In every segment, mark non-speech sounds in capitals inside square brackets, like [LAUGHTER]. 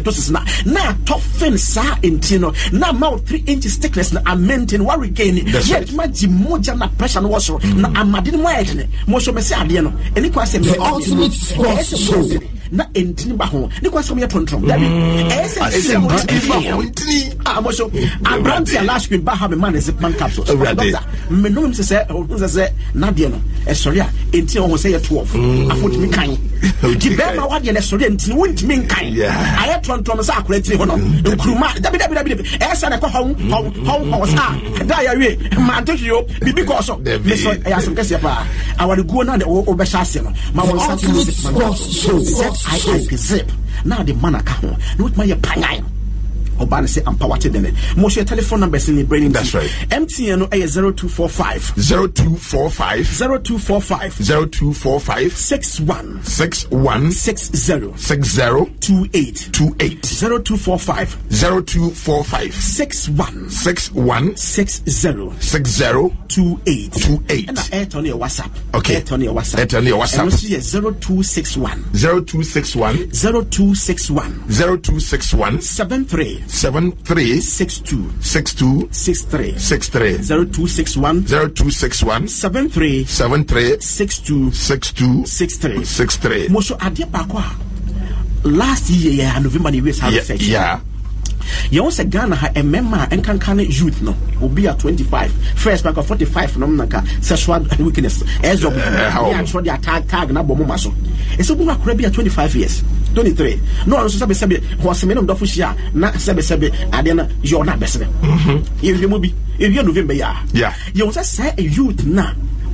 phytosis na na atɔfen saa nti no na ma wo three inches thickness na amaintain waregain yɛ adwuma gye mogya na pressure no wɔ soro mm. na amade no mu ayɛ dene mo nso mɛsɛ adeɛ no ɛni kɔ asɛm the ultimate sports show na ɛntini ba ho ne kwa sɛm yɛ tontrom dabi ɛyɛ sɛ amɔ so mm. aberante a last week ba ha me oh, eh, ah, mm. ma ne zipman capsules doctor menom sɛ sɛ sɛ nadeɛ no ɛsɔre mm, a ɛntini ɔho sɛ yɛ 12 afotumi kan nti bɛrima wadeɛ no ɛsɔre a ntini wontumi nkan ayɛ tontrom sɛ akora tiri hɔ nkuruma dabi dabi dabi ɛyɛ eh, ne kɔ hɔn hɔn hɔn hɔn sa da yɛwie mante hwee o biribi kɔɔ so mesɔ ɛyɛ asɛm kɛseɛ paa awareguo no a wɔbɛhyɛ ase no ma wɔn sa to no zipman capsules I, I, zip. Now the man aka ho. Na wotima yɛ Obana say Ampawate Dene. Moshe telephone numbers in the brain. That's right. MTN no 0245 0245 0245 0245 61 61 60 60 28 28 0245 0245 61 61 60 28 28 and I on your WhatsApp. Okay. Air on your WhatsApp. Air on your WhatsApp. Moshe 0261 0261 0261 0261 73 seven three six two six two six three six three zero two six one zero two six one seven three seven three six two six two six three six three. Most of last year, November, we had yeah, yeah. yɛwɔ sɛ ghana ha mmarima a nkanka ne youth no obi a 25 first bank of 45 no nanka sexual weakness [LAUGHS] ɛzɔ atwerɛ de atag tag na bɔ mo ma so ɛsɛ bu akora bi a 25 years 23 na ɔno nso sɛbesɛbe hɔseme No, ndɔfo hyia na sɛbesɛbe adeɛ no yɛ ɔno abɛsrɛ mhm. yɛwie mu bi ɛwie november yɛ a yɛwɔ sɛ sɛ youth no a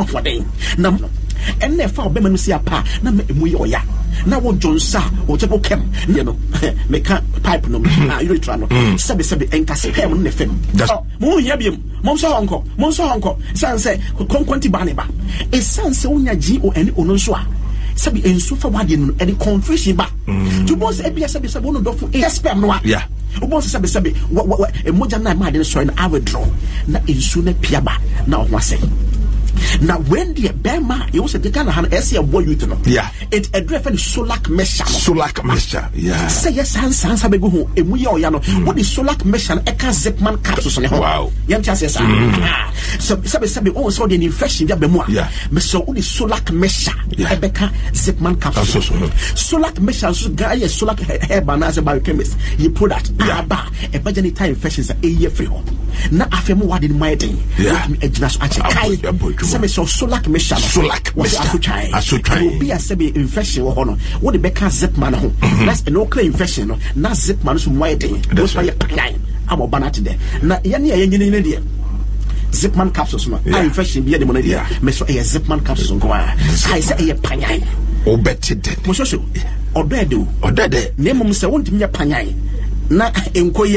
mo ahoɔden na ɛnna ɛfa ɔbɛma no si apa na ɛmu yɛ ɔya na wo jonsa wɔkyɛ bo kɛm neɛ no [LAUGHS] meka pipe no mm. uretra no mm. sɛbesɛbe ɛnka spam no ne fam mohohia biam mom sɛ hɔnkɔ mom sɛ hɔnkɔ ɛsiane sɛ kɔnkɔnti baa ne ba ɛsiane sɛ wonya gye o ɛne ɔno nso a sɛbi nsu fa wadeɛ no ɛde confusion ba mm. nti wobɔ sɛ ebia sɛbi sɛbi wɔn dɔfo ɛyɛ spam no a wobɔ sɛ sɛbi sɛbi wɔ wɔ mogya no a ɛma ade no sɔre no awɛdrɔ na nsu no pia ba na ɔho asɛe Now when the bema you say the Ghana hand SC boy you no yeah it a driven solak mesha solak mesha yeah say yes hands hands abegu ho emu ya oyano. Hmm. what is solak mesha e ka zipman capsules ne ho wow yam chance yes so sabe sabe oh so the infection dia bemu Yeah. me so the solak mesha Yeah. be ka zipman capsules solak mesha so guy yes solak herb and as a biochemist you product aba e ba genital infections a year free ho na afemu wadi my yeah me ejina so ache kai sɛ mehyɛ solak mehyɛ no solak wode asotwae asotwae obi a sɛ bi infection wɔ hɔ no wode bɛka zipma no ho mhm. na ɛna wokra infection no na zipma no so mu wayɛ den wospa yɛ payan ama ɔba no ate dɛ na yɛne a yɛnyinayina deɛ zipman capsules no a infection bi yɛ de mu no deɛ mɛsɔ ɛyɛ zipman capsules nko a ae sɛ ɛyɛ panyan wobɛte dɛ mosɛ so ɔdɔ ɛde o ɔdɔ ɛdɛ na mmom sɛ wontumi nyɛ panyan na nkɔ yi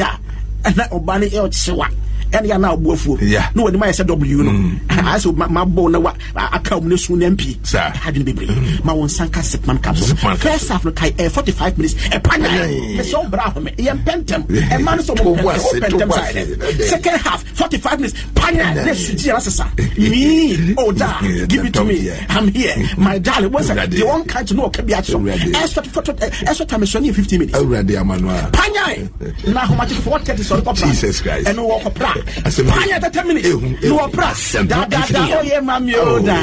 na ɔba no ɛɔkyewa ɛne yɛ na aboafuo na wɔde ma yɛ sɛ w no ayɛ sɛ mabɔ na aka mu no su no mpi ah, adwene bebree mm. ma wɔn nsa nka sipman first half no kae eh, 45 minutes ɛpanya ahome ɛyɛ mpɛntɛm ɛma eh, no second half 45 minutes panya na sugyi ara sesa me Oda, oh, give it to me I'm here my darling what's that the one kind to know can be action extra extra time is 15 minutes panya na ahomagye 430 sɔre kɔpra ɛno wɔ paanya tata minutes na wɔpra daadaada ɔyɛ mami o da.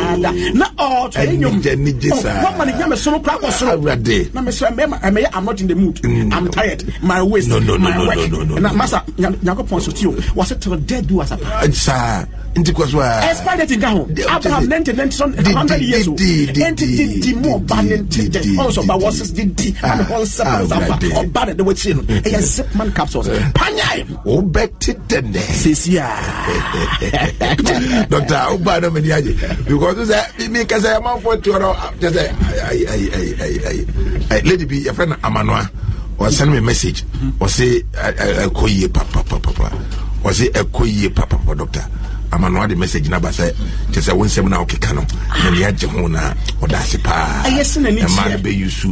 na ɔtɔ enyom wɔma ne nyame soro kora kɔ soro na mesra mɛma ɛmɛyɛ eh, i'm not in the mood mm, i'm tired my waist no, no, no, my work na masa nyankopɔn so ti o wɔsɛ till dead do us apart nti kɔ eh, so a. ɛsipa de ti da ho abraham ne nti ne nti sɔn hundred years o ɛnti di di mu ɔba ne nti dɛ ɔsɔ ba wɔsi di di ani wɔn sɛpɛ nsafa ɔba de de wɔ akyire no ɛyɛ zip man capsules panya ye. o bɛ ti dɛ dɛ. sisi a. dɔkita o ba dɔ mi ni a ye because sɛ mi kɛsɛ a ma fɔ tiwɔrɔ kɛsɛ ayi ayi ayi ayi ayi lady bi yɛ fɛ na amanoa ɔsɛn mi message ɔsi ɛkɔ yie papapapa ɔsi ɛkɔ yie papapa dɔkita ama no ade message na ba sɛ kyɛ sɛ wo nsɛm na wokeka no na ne agye ho na ɔda ase paa ɛma no bɛyi su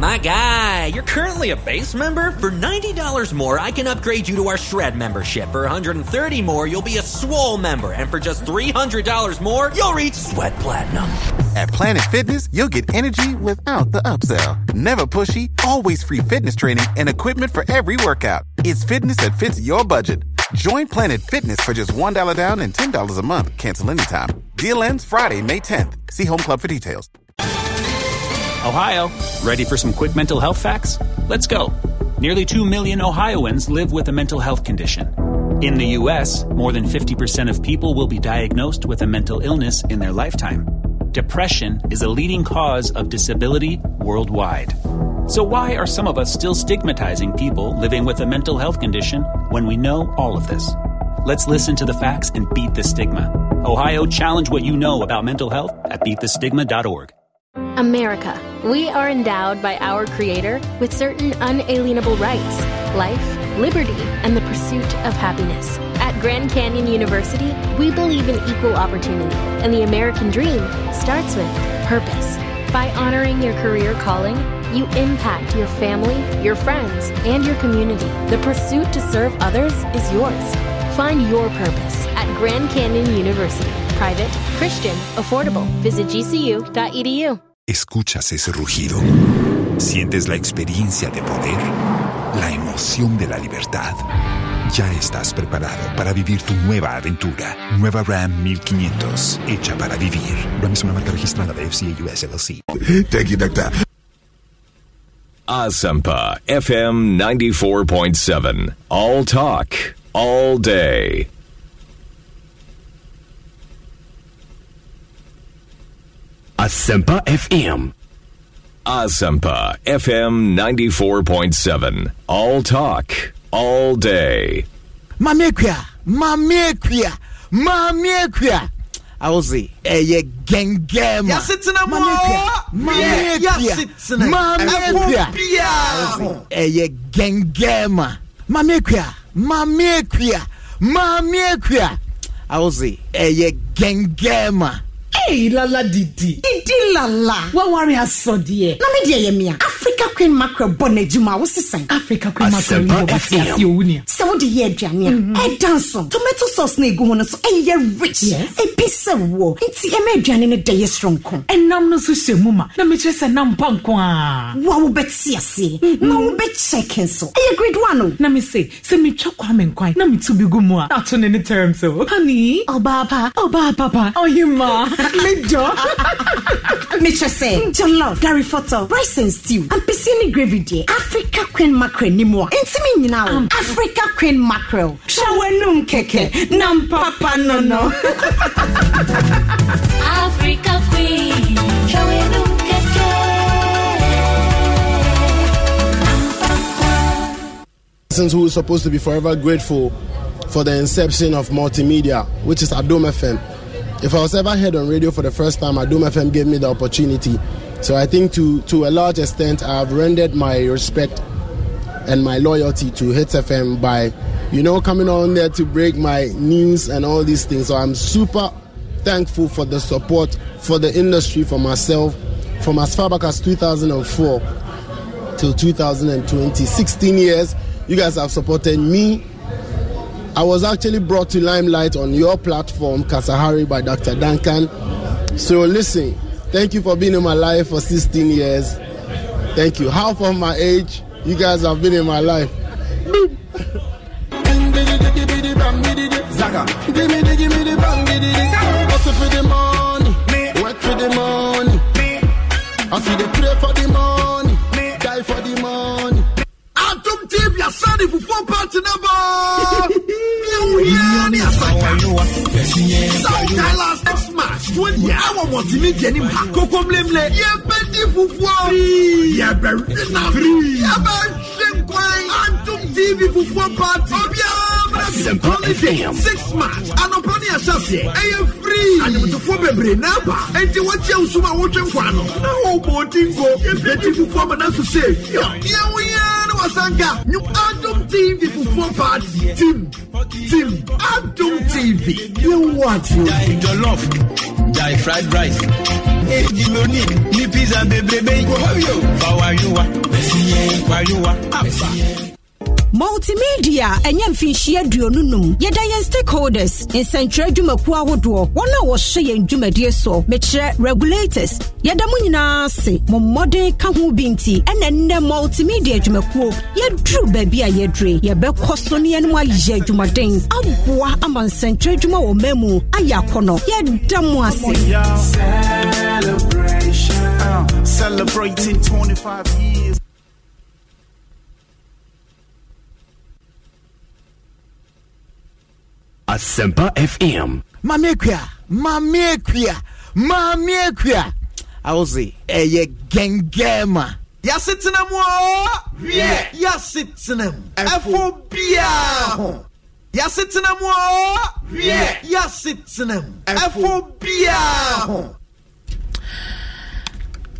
My guy, you're currently a base member? For $90 more, I can upgrade you to our Shred membership. For $130 more, you'll be a Swole member. And for just $300 more, you'll reach Sweat Platinum. At Planet Fitness, you'll get energy without the upsell. Never pushy, always free fitness training and equipment for every workout. It's fitness that fits your budget. Join Planet Fitness for just $1 down and $10 a month. Cancel anytime. Deal ends Friday, May 10th. See Home Club for details. Ohio, ready for some quick mental health facts? Let's go. Nearly 2 million Ohioans live with a mental health condition. In the U.S., more than 50% of people will be diagnosed with a mental illness in their lifetime. Depression is a leading cause of disability worldwide. So, why are some of us still stigmatizing people living with a mental health condition when we know all of this? Let's listen to the facts and beat the stigma. Ohio, challenge what you know about mental health at beatthestigma.org. America we are endowed by our Creator with certain unalienable rights life, liberty, and the pursuit of happiness. At Grand Canyon University, we believe in equal opportunity, and the American dream starts with purpose. By honoring your career calling, you impact your family, your friends, and your community. The pursuit to serve others is yours. Find your purpose at Grand Canyon University. Private, Christian, affordable. Visit gcu.edu. Escuchas ese rugido. Sientes la experiencia de poder, la emoción de la libertad. Ya estás preparado para vivir tu nueva aventura. Nueva Ram 1500, hecha para vivir. Ram es una marca registrada de FCA US Thank you, FM 94.7. All talk, all day. Asempa FM. Asempa FM 94.7. All talk, all day. Mamekia, Mamekia, Mamekia. I will say, eh, gengem. Yasitina mamekia, mamekia, mamekia. Eh, gengema. Mamekia, mamekia, mamekia. I will say, eh, gengema. Hey, lala didi. Didi lala. Wawari asodie. Na me deɛ yɛ mea. Africa Queen Mackerel bɔ n'adwuma wo sisan. Africa Queen Mackerel yi wɔba si ase owu nia. Sɛ wode yɛ aduane a, mhm. ɛda so. Tomato sauce na egu ho no so ɛyɛ rich. Ebi sɛ wɔ. Nti ɛma aduane no dɛ yɛ soronko. Ɛnam no nso hyɛ nam pa nko a. Wa wo bɛte ase. Mhm. Na wo bɛkyɛke nso. Ɛyɛ grade one o. Na me se, sɛ metwa Kwame Nkwan na metu bi gu mu a, ato ne ne term Honey, ɔbaa pa, ɔbaa papa, ɔhema. [LAUGHS] mẹ́jọ. metrese jollof gari fọtọ rice and stew ni gravy africa queen mackerel ni um. africa queen mackerel kẹkẹ na mpapa nono. africa queen supposed to be forever grateful for the inception of multimedia, which is Adom FM if I was ever heard on radio for the first time, Adum FM gave me the opportunity. So I think to, to a large extent, I've rendered my respect and my loyalty to Hits FM by, you know, coming on there to break my news and all these things. So I'm super thankful for the support for the industry, for myself, from as far back as 2004 till 2020. 16 years, you guys have supported me I was actually brought to limelight on your platform, Kasahari, by Dr. Duncan. So listen, thank you for being in my life for 16 years. Thank you. Half of my age, you guys have been in my life. I see pray for the money, die for the asade fufuo party number. South Island X March 20. Our multimedia name ha. Coco Mlemle. Yebedi fufuo. Yebedi na. Yebedi nkwai. Antum TV fufuo party. Obiara asɛmpa fm six march anɔpa ne I am free adwomtofoɔ bebree na aba enti wɔkyɛ wosom a watching for no na wɔbɔ ɔtinko yɛfɛti fufuɔ ma na so we are ne wasanka new adom tv fufuɔ party tim tim adom tv You watch your love. Die fried rice èdè lónìí ní pizza bèbèrè bẹ́ẹ̀. Fàwáyúwa, wáyúwa, àbá multimedia ɛnyɛ mfinhyia aduonu num yɛda yɛn stakeholders nsɛnkyerɛ dwumakuo ahodoɔ wɔn a wɔhyɛ yɛn dwumadie so mekyerɛ regulators yɛda mo nyinaa ase mo mmɔden ka ho bi nti ɛna nnɛ multimedia dwumakuo yɛduru baabi a yɛdure yɛbɛkɔ so ne yɛn mu ayɛ adwumaden aboa ama nsɛnkyerɛ adwuma wɔ mmaa mu ayɛ akɔnɔ yɛda mo ase. Uh, celebrating 25 years. Asempa FM. Mami Equia, Mami Equia, Mami Equia. I will say, Eye Gengema. Yasitenam wo! Yeah! Yasitenam. F-O-B-A. F-O-B-A. Yasitenam wo! Yeah! Yasitenam. f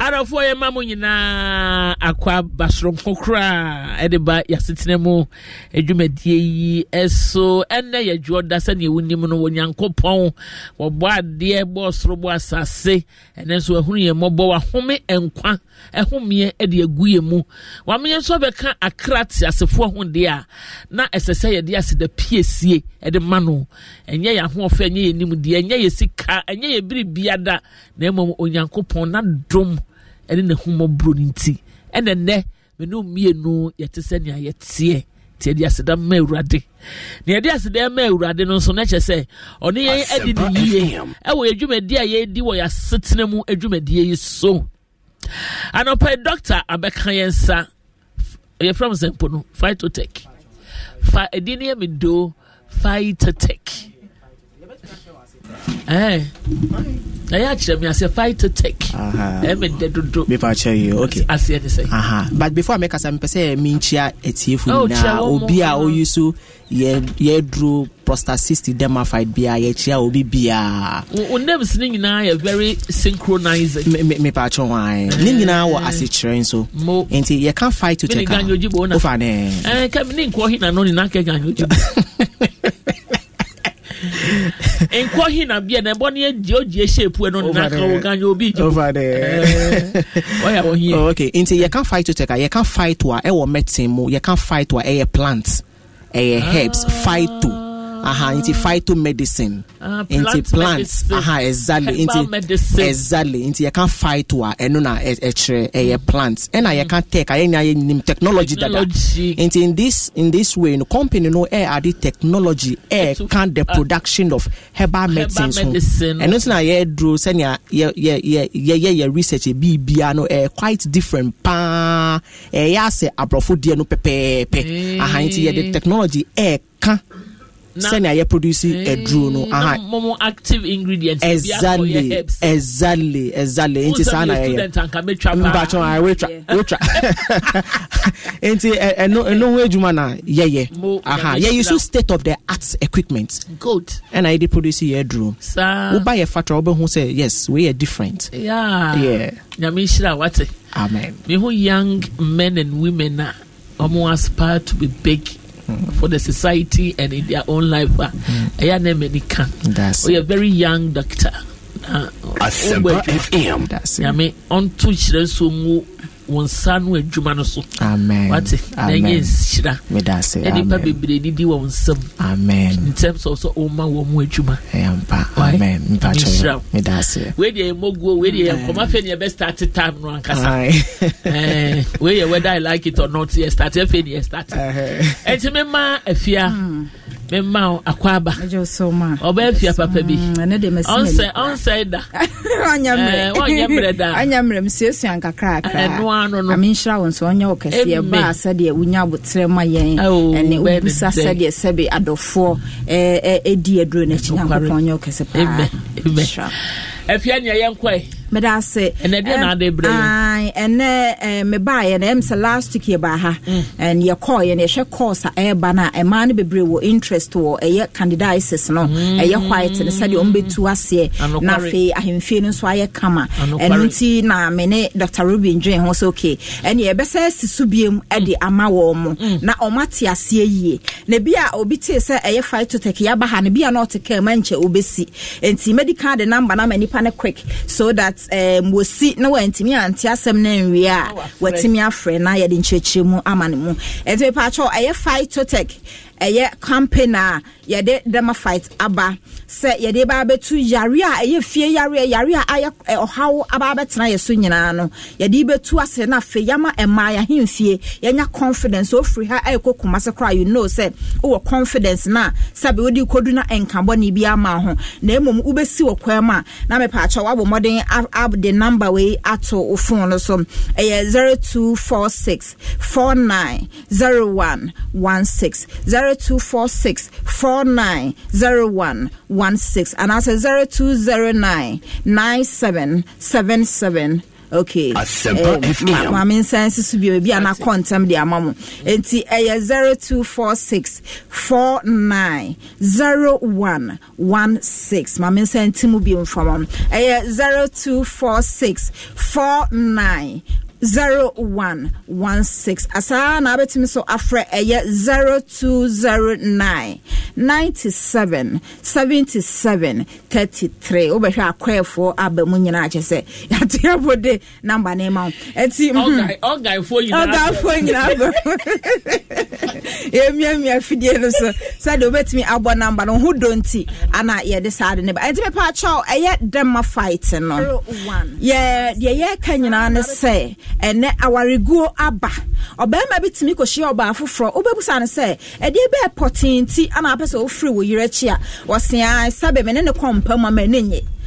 arafoɔ yɛ ma mo nyinaa akɔ abasoronko koraa ɛde ba yasetena mu adwumadie yi ɛso ɛnɛ yɛ dwoɔda sɛnea ɛwo nim no onyankopɔn wɔbɔ adeɛ bɔ ɔsoro bɔ asase ɛnɛ nso wahunu yɛn mmɔbɔ wahome nkwa ɛhomeɛ ɛde agu yɛn mu wameɛ nso bɛka akra asefoɔ ho deɛ a na ɛsɛ sɛ yɛde aseda piesie ɛde ma no ɛnyɛ yɛ ahoɔfɛ ɛnyɛ yɛ nim deɛ ɛnyɛ yɛ sika ɛnyɛ yɛ biribiada na mmom onyankopɔn na ɛne ne ho mmɔborɔ no nti ɛna nnɛ me ne mmienu yɛte sɛ nea yɛteɛ nti yɛde aseda mma awurade na yɛde aseda mma awurade no nso na sɛ ɔne yɛn adi ne yie ɛwɔ adwumadi a yɛdi wɔ yɛasetena mu adwumadie yi so anɔpɛ dɔkta abɛka yɛn nsa yɛfrɛ m sɛ mpo no phytotech fa ɛdin no yɛ medoo phytotech ɛɛ eh. ɛyɛ akyerɛ mi asɛ fight to take ɛmɛ dɛ dodo mipa akyerɛ yi okay aseɛ de sɛ. but before mi kasa mi pɛ sɛ mi nkyia etiefo oh, nyinaa obi a oyi so yɛ yɛ duro prostacyst dermafite bia yɛkyia obi bia. o names ne nyinaa yɛ very synchronized. synchronizing. mipa akyerɛ wɔn ayi ne eh. nyinaa wɔ asekyerɛ nso nti yɛ ka fight to take a ofa ne. ɛɛ eh, kɛmi ne nkɔ hinna no nyinaa kɛ ganyo jibo. [LAUGHS] nkɔ hi na bia na ɛbɔ ne yɛ o die shape ɛno na ka o ganye obi gye over there wɔ hi yɛ nti yɛ ka phytotech a yɛ ka fight a ɛwɔ medicine mu yɛ ka phyto a ɛyɛ plant ɛyɛ ah. herbs phyto aha into phytomedicine uh, ah, into plants. aha exactly nti exactly into you yɛka fight a ɛno na ɛkyerɛ e plant ɛna yɛka tech ayɛ nyinaa yɛ nim technology dada into in this in this way no company no ɛɛ ade technology ɛɛ can the ah. production of herbal medicines ho ɛno nti na yɛ duro sɛnea yɛ yɛ yɛ yɛ yɛ research ebi bia no ɛɛ quite different paa eh, ɛyɛ asɛ aborɔfo deɛ no pɛpɛɛpɛ aha into yɛ de eh. technology ɛɛ can. sɛnea yɛ produce eh, aduro no ingredients. exactly exactly exactly nti saa na yɛyɛ mbatwɔn wetwa wetwa nti ɛno ɛno ho adwuma na yɛyɛ aha yɛyɛ so state of the art equipment good ɛna yɛde produce yɛ aduro woba yɛ factory wobɛhu sɛ yes we are different yeah yeah nyame nhyira wate amen mehu young men and women na ah, wɔn aspire to be big mm. for the society and in their own life. Ah, mm. We are very young doctor. I FM. on onto kyerɛ so mu wɔn nsa adwuma no so wate na ɛnyɛ nhyira na nipa bebree didi wɔn nsam in terms of sɛ ɔma wɔn mu adwuma nhyira wedeɛ yɛ mɔguo wedeɛ yɛ nkɔmɔ afɛ neɛ bɛ start time no ankasa [LAUGHS] wedeɛ whether i like it or not yɛ start afɛ neɛ start ɛnti mema afia. Hmm mema wo akɔ aba ɔbɛyɛ fia papa bi ɔnsɛe mm, da ɔnyɛ [LAUGHS] mmerɛ eh, da ɔnyɛ [LAUGHS] mmerɛ msuasua nkakrakra ɛnoa eh, no no amenhyira wo nso ɔnyɛ wo kɛseɛ baa sɛdeɛ wonya abotrɛ ma yɛn ɛne wobusa sɛdeɛ sɛbe adɔfoɔ ɛdi aduro no akyi nyankopɔn ɔnyɛ wo kɛse paa afia nea yɛnkɔe meda ase ɛnɛ mebaeɛ na ɛm eh, sɛ last week yɛbaa ha ɛn mm. yɛkɔɔyɛ no yɛhwɛ course a ɛɛba no a ɛmaa eh, no bebree wɔ interest wɔ ɛyɛ eh, candidiasis no ɛyɛ white no sɛdeɛ ɔm bɛtu aseɛ na afei ahemfie no nso ayɛ kama ɛno nti na me ne dr rubin dwen ho sɛ okay ɛne yɛbɛsɛ si so biom de mm. ama wɔ mu mm. na ɔma te aseɛ yie na bi a obi tee sɛ ɛyɛ phytotech yɛaba ha no bi a na ɔte kaa ma nkyɛ wobɛsi nti medical de number na ma nipa no quick so that um, eh, wɔsi na wɔantumi ante asɛm no nwie a oh, wɔatumi afrɛ na yɛde nkyerɛkyerɛ mu ama no mu ɛnti mepaatwɛ ɛyɛ fitotech ɛyɛ campaign a yɛde dema fight aba sɛ yɛde ba abɛtu yare a ɛyɛ fie yare yare a ayɛ ɔhaw aba abɛtena yɛ so nyinaa no yɛde bɛtu ase na afei yɛama mmaa yɛahemfie yɛnya confidence ofiri ha ɛrekɔ kɔma se koraa you know sɛ wowɔ confidence na sɛbe wodi kɔdu na ɛnka bɔne bi ama ho na mmom wobɛsi wɔ kwan mu a na mepaakyɛ woabɔ mmɔden de number wei ato wo phone no so ɛyɛ 0246 49 0246 49 one six and I say zero two zero nine nine seven seven seven. okay maame nsa nsusu bi obi ana kɔntɛm de ama mo nti ɛyɛ zero two four six four nine zero one one six Mama nsa nti mu bi mfam ɛyɛ eh, zero two four six four nine zero one one six asaa na abɛtumi so afrɛ ɛyɛ zero two zero nine ninety seven seventy seven thirty three wobɛhwɛ akɔɛfoɔ aba mu nyinaa kyɛ sɛ [LAUGHS] yɛateɛbo de namba no ma wo ɛti ɔgaefoɔ mhm. nyinaa bɛ yɛmiamia [LAUGHS] fidie no so sɛdeɛ wobɛtumi abɔ namba no ho dɔ nti ana yɛde saa de ne ba ɛnti mepɛ akyɛw ɛyɛ dɛma fight no yɛ deɛ yɛka nyinaa ne sɛ ɛnɛ awareguo aba ɔbarima bi tumi kɔhyia ɔbaa foforɔ wobɛbusa no sɛ ɛdeɛ bɛɛ pɔtee ana apɛ sɛ wofiri wo yerɛ akyi a wɔsea sɛbe me ne ne kɔmpa mu ama ne nye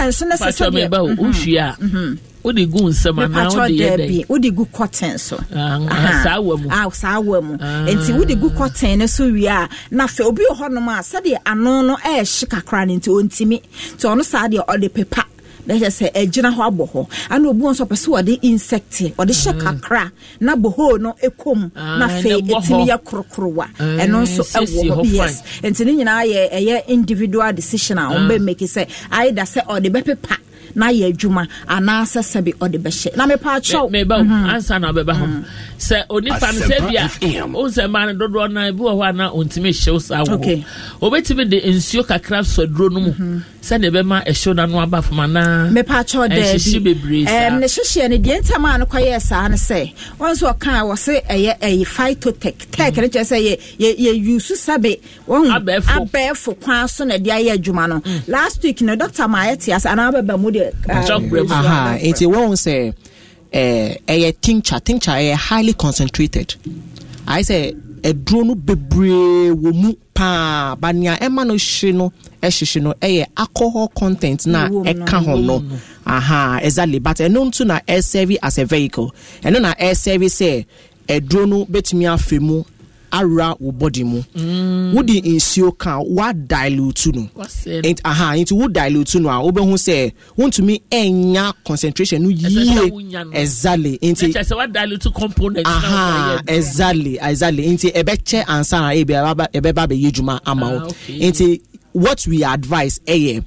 pants na sɛ sɛ deɛ wo hwia wode gu nsɛm anaa wode yɛ dɛ wode gu cotton so ah, ah, saa wa mu ah saa wa mu ah. nti wode gu cotton ne so wie a na afɛ obi wɔ hɔnom a sɛdeɛ ano no ɛɛhye kakra no nti ɔntimi nti ɔno saa deɛ ɔde pepa na ɛhyɛ sɛ ɛgyina eh, hɔ abɔ hɔ ana obi wɔn nso pɛ sɛ wɔde insect ɔde hyɛ mm. kakra na bohol no ekom ah, na afei etimi yɛ korokorowa ɛno nso ɛwɔ hɔ yes nti ne nyinaa yɛ ɛyɛ eh, individual decision a wɔn ah. bɛ make sɛ ayɛ da sɛ ɔde na yɛ adwuma anaasɛ sɛbi ɔde bɛhyɛ na mepa akyɛw me, meba mm ansa na ɔbɛba ho mm. sɛ onipa no sɛ bia wo sɛ ma no dodoɔ no bi wɔ hɔ a ɔntumi hyew saa wɔ hɔ obɛtumi de nsuo kakra sɔduro no mu mhm. sɛdeɛ ɛbɛma ɛhyew no aba fama na mepa akyɛw daabi bebree saa ne hyehyeɛ no deɛ ntam a no kɔyɛɛ saa no sɛ wɔn nso ɔkaa wɔ se ɛyɛ ɛyɛ phytotech tech no kyerɛ sɛ yɛ yɛ yɛ yusu sabe wɔn abɛɛfo kwan so na ɛde ayɛ adwuma no mm. last week no dɔkta maa yɛ te ase anaa bɛbɛ mu de nti wɔhu sɛ ɛyɛ tincha tincture ɛyɛ highly concentrated ayɛ sɛ aduro no bebree wọ mu paa ba nea ɛma no hye no ɛhyehye no ɛyɛ alcohol content na ɛka ho no aha exactly but ɛno nso na ɛserve as a vehicle ɛno na ɛserve sɛ aduro no bɛtumi afa mu ara wo body mu mm. wode nsuo ka wadilute no nti aha nti wo dilute no a wobɛhu sɛ wontumi ɛnya concentration no yie exactly nti aha exactly exactly nti ɛbɛkyɛ ansa na ebi ɛbɛba bɛyɛ dwuma ama wo ah, nti what we advise ɛyɛ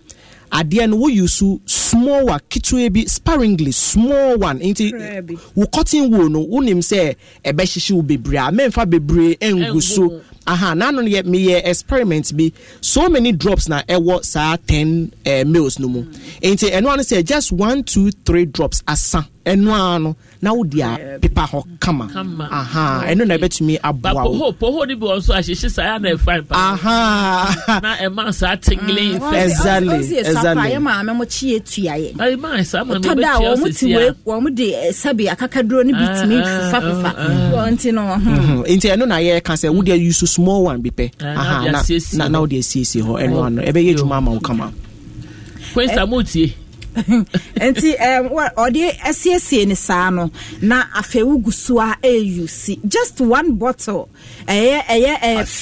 adeɛ no yusu small wa ketewa bi sparingly small one nti wo cotton wool no wonim sɛ ɛbɛhyehye wo bebree a mɛmfa bebree ngu so aha n'ano no yɛ meyɛ experiment bi so many drops na ɛwɔ saa ten uh, mils no mu mm. nti ɛno ano sɛ just one two three drops asa ɛno ara no na wodi a pepa hɔ kama aha ɛno na ɛbɛtumi aboa wo poho de bi wɔ so ahyehye saa na ɛfa pa aha na ɛma sa tingling ah, effect exactly exactly fiaeɛ ɔtɔ da a wɔn ti wɔ wɔn de eh, sabi akakaduro no bi tumi fufafufa ah, ah, ah, nti no hmm, hmm. nti ɛno na yɛ ka sɛ wodeɛ yusu hmm. small one bi pɛ na na wode asiesie hɔ ɛno ano ɛbɛyɛ adwuma ama wo kama kwesa eh. mo tie [LAUGHS] nti ɔde asiesie ne saa no na afei gu so a ɛyɛ just one bottle ɛyɛ ɛyɛ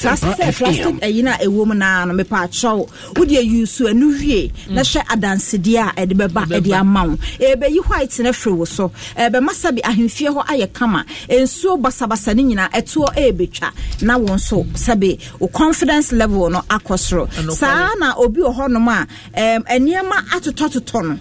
plastic plastic ɛyi na ɛwɔ mu naa no mepɛ atwɛw wode ayi ɛnu hwie mm. na hyɛ adansedeɛ a ɛde bɛba ɛde ama wo ɛbɛyi white no firi wo so ɛbɛma sɛbi ahemfie hɔ ayɛ kama nsuo basabasa no nyinaa ɛtoɔ ɛɛbɛtwa na wo nso sabi wo confidence level no akɔ soro saa na obi wɔ hɔnom a nneɛma atotɔtotɔ no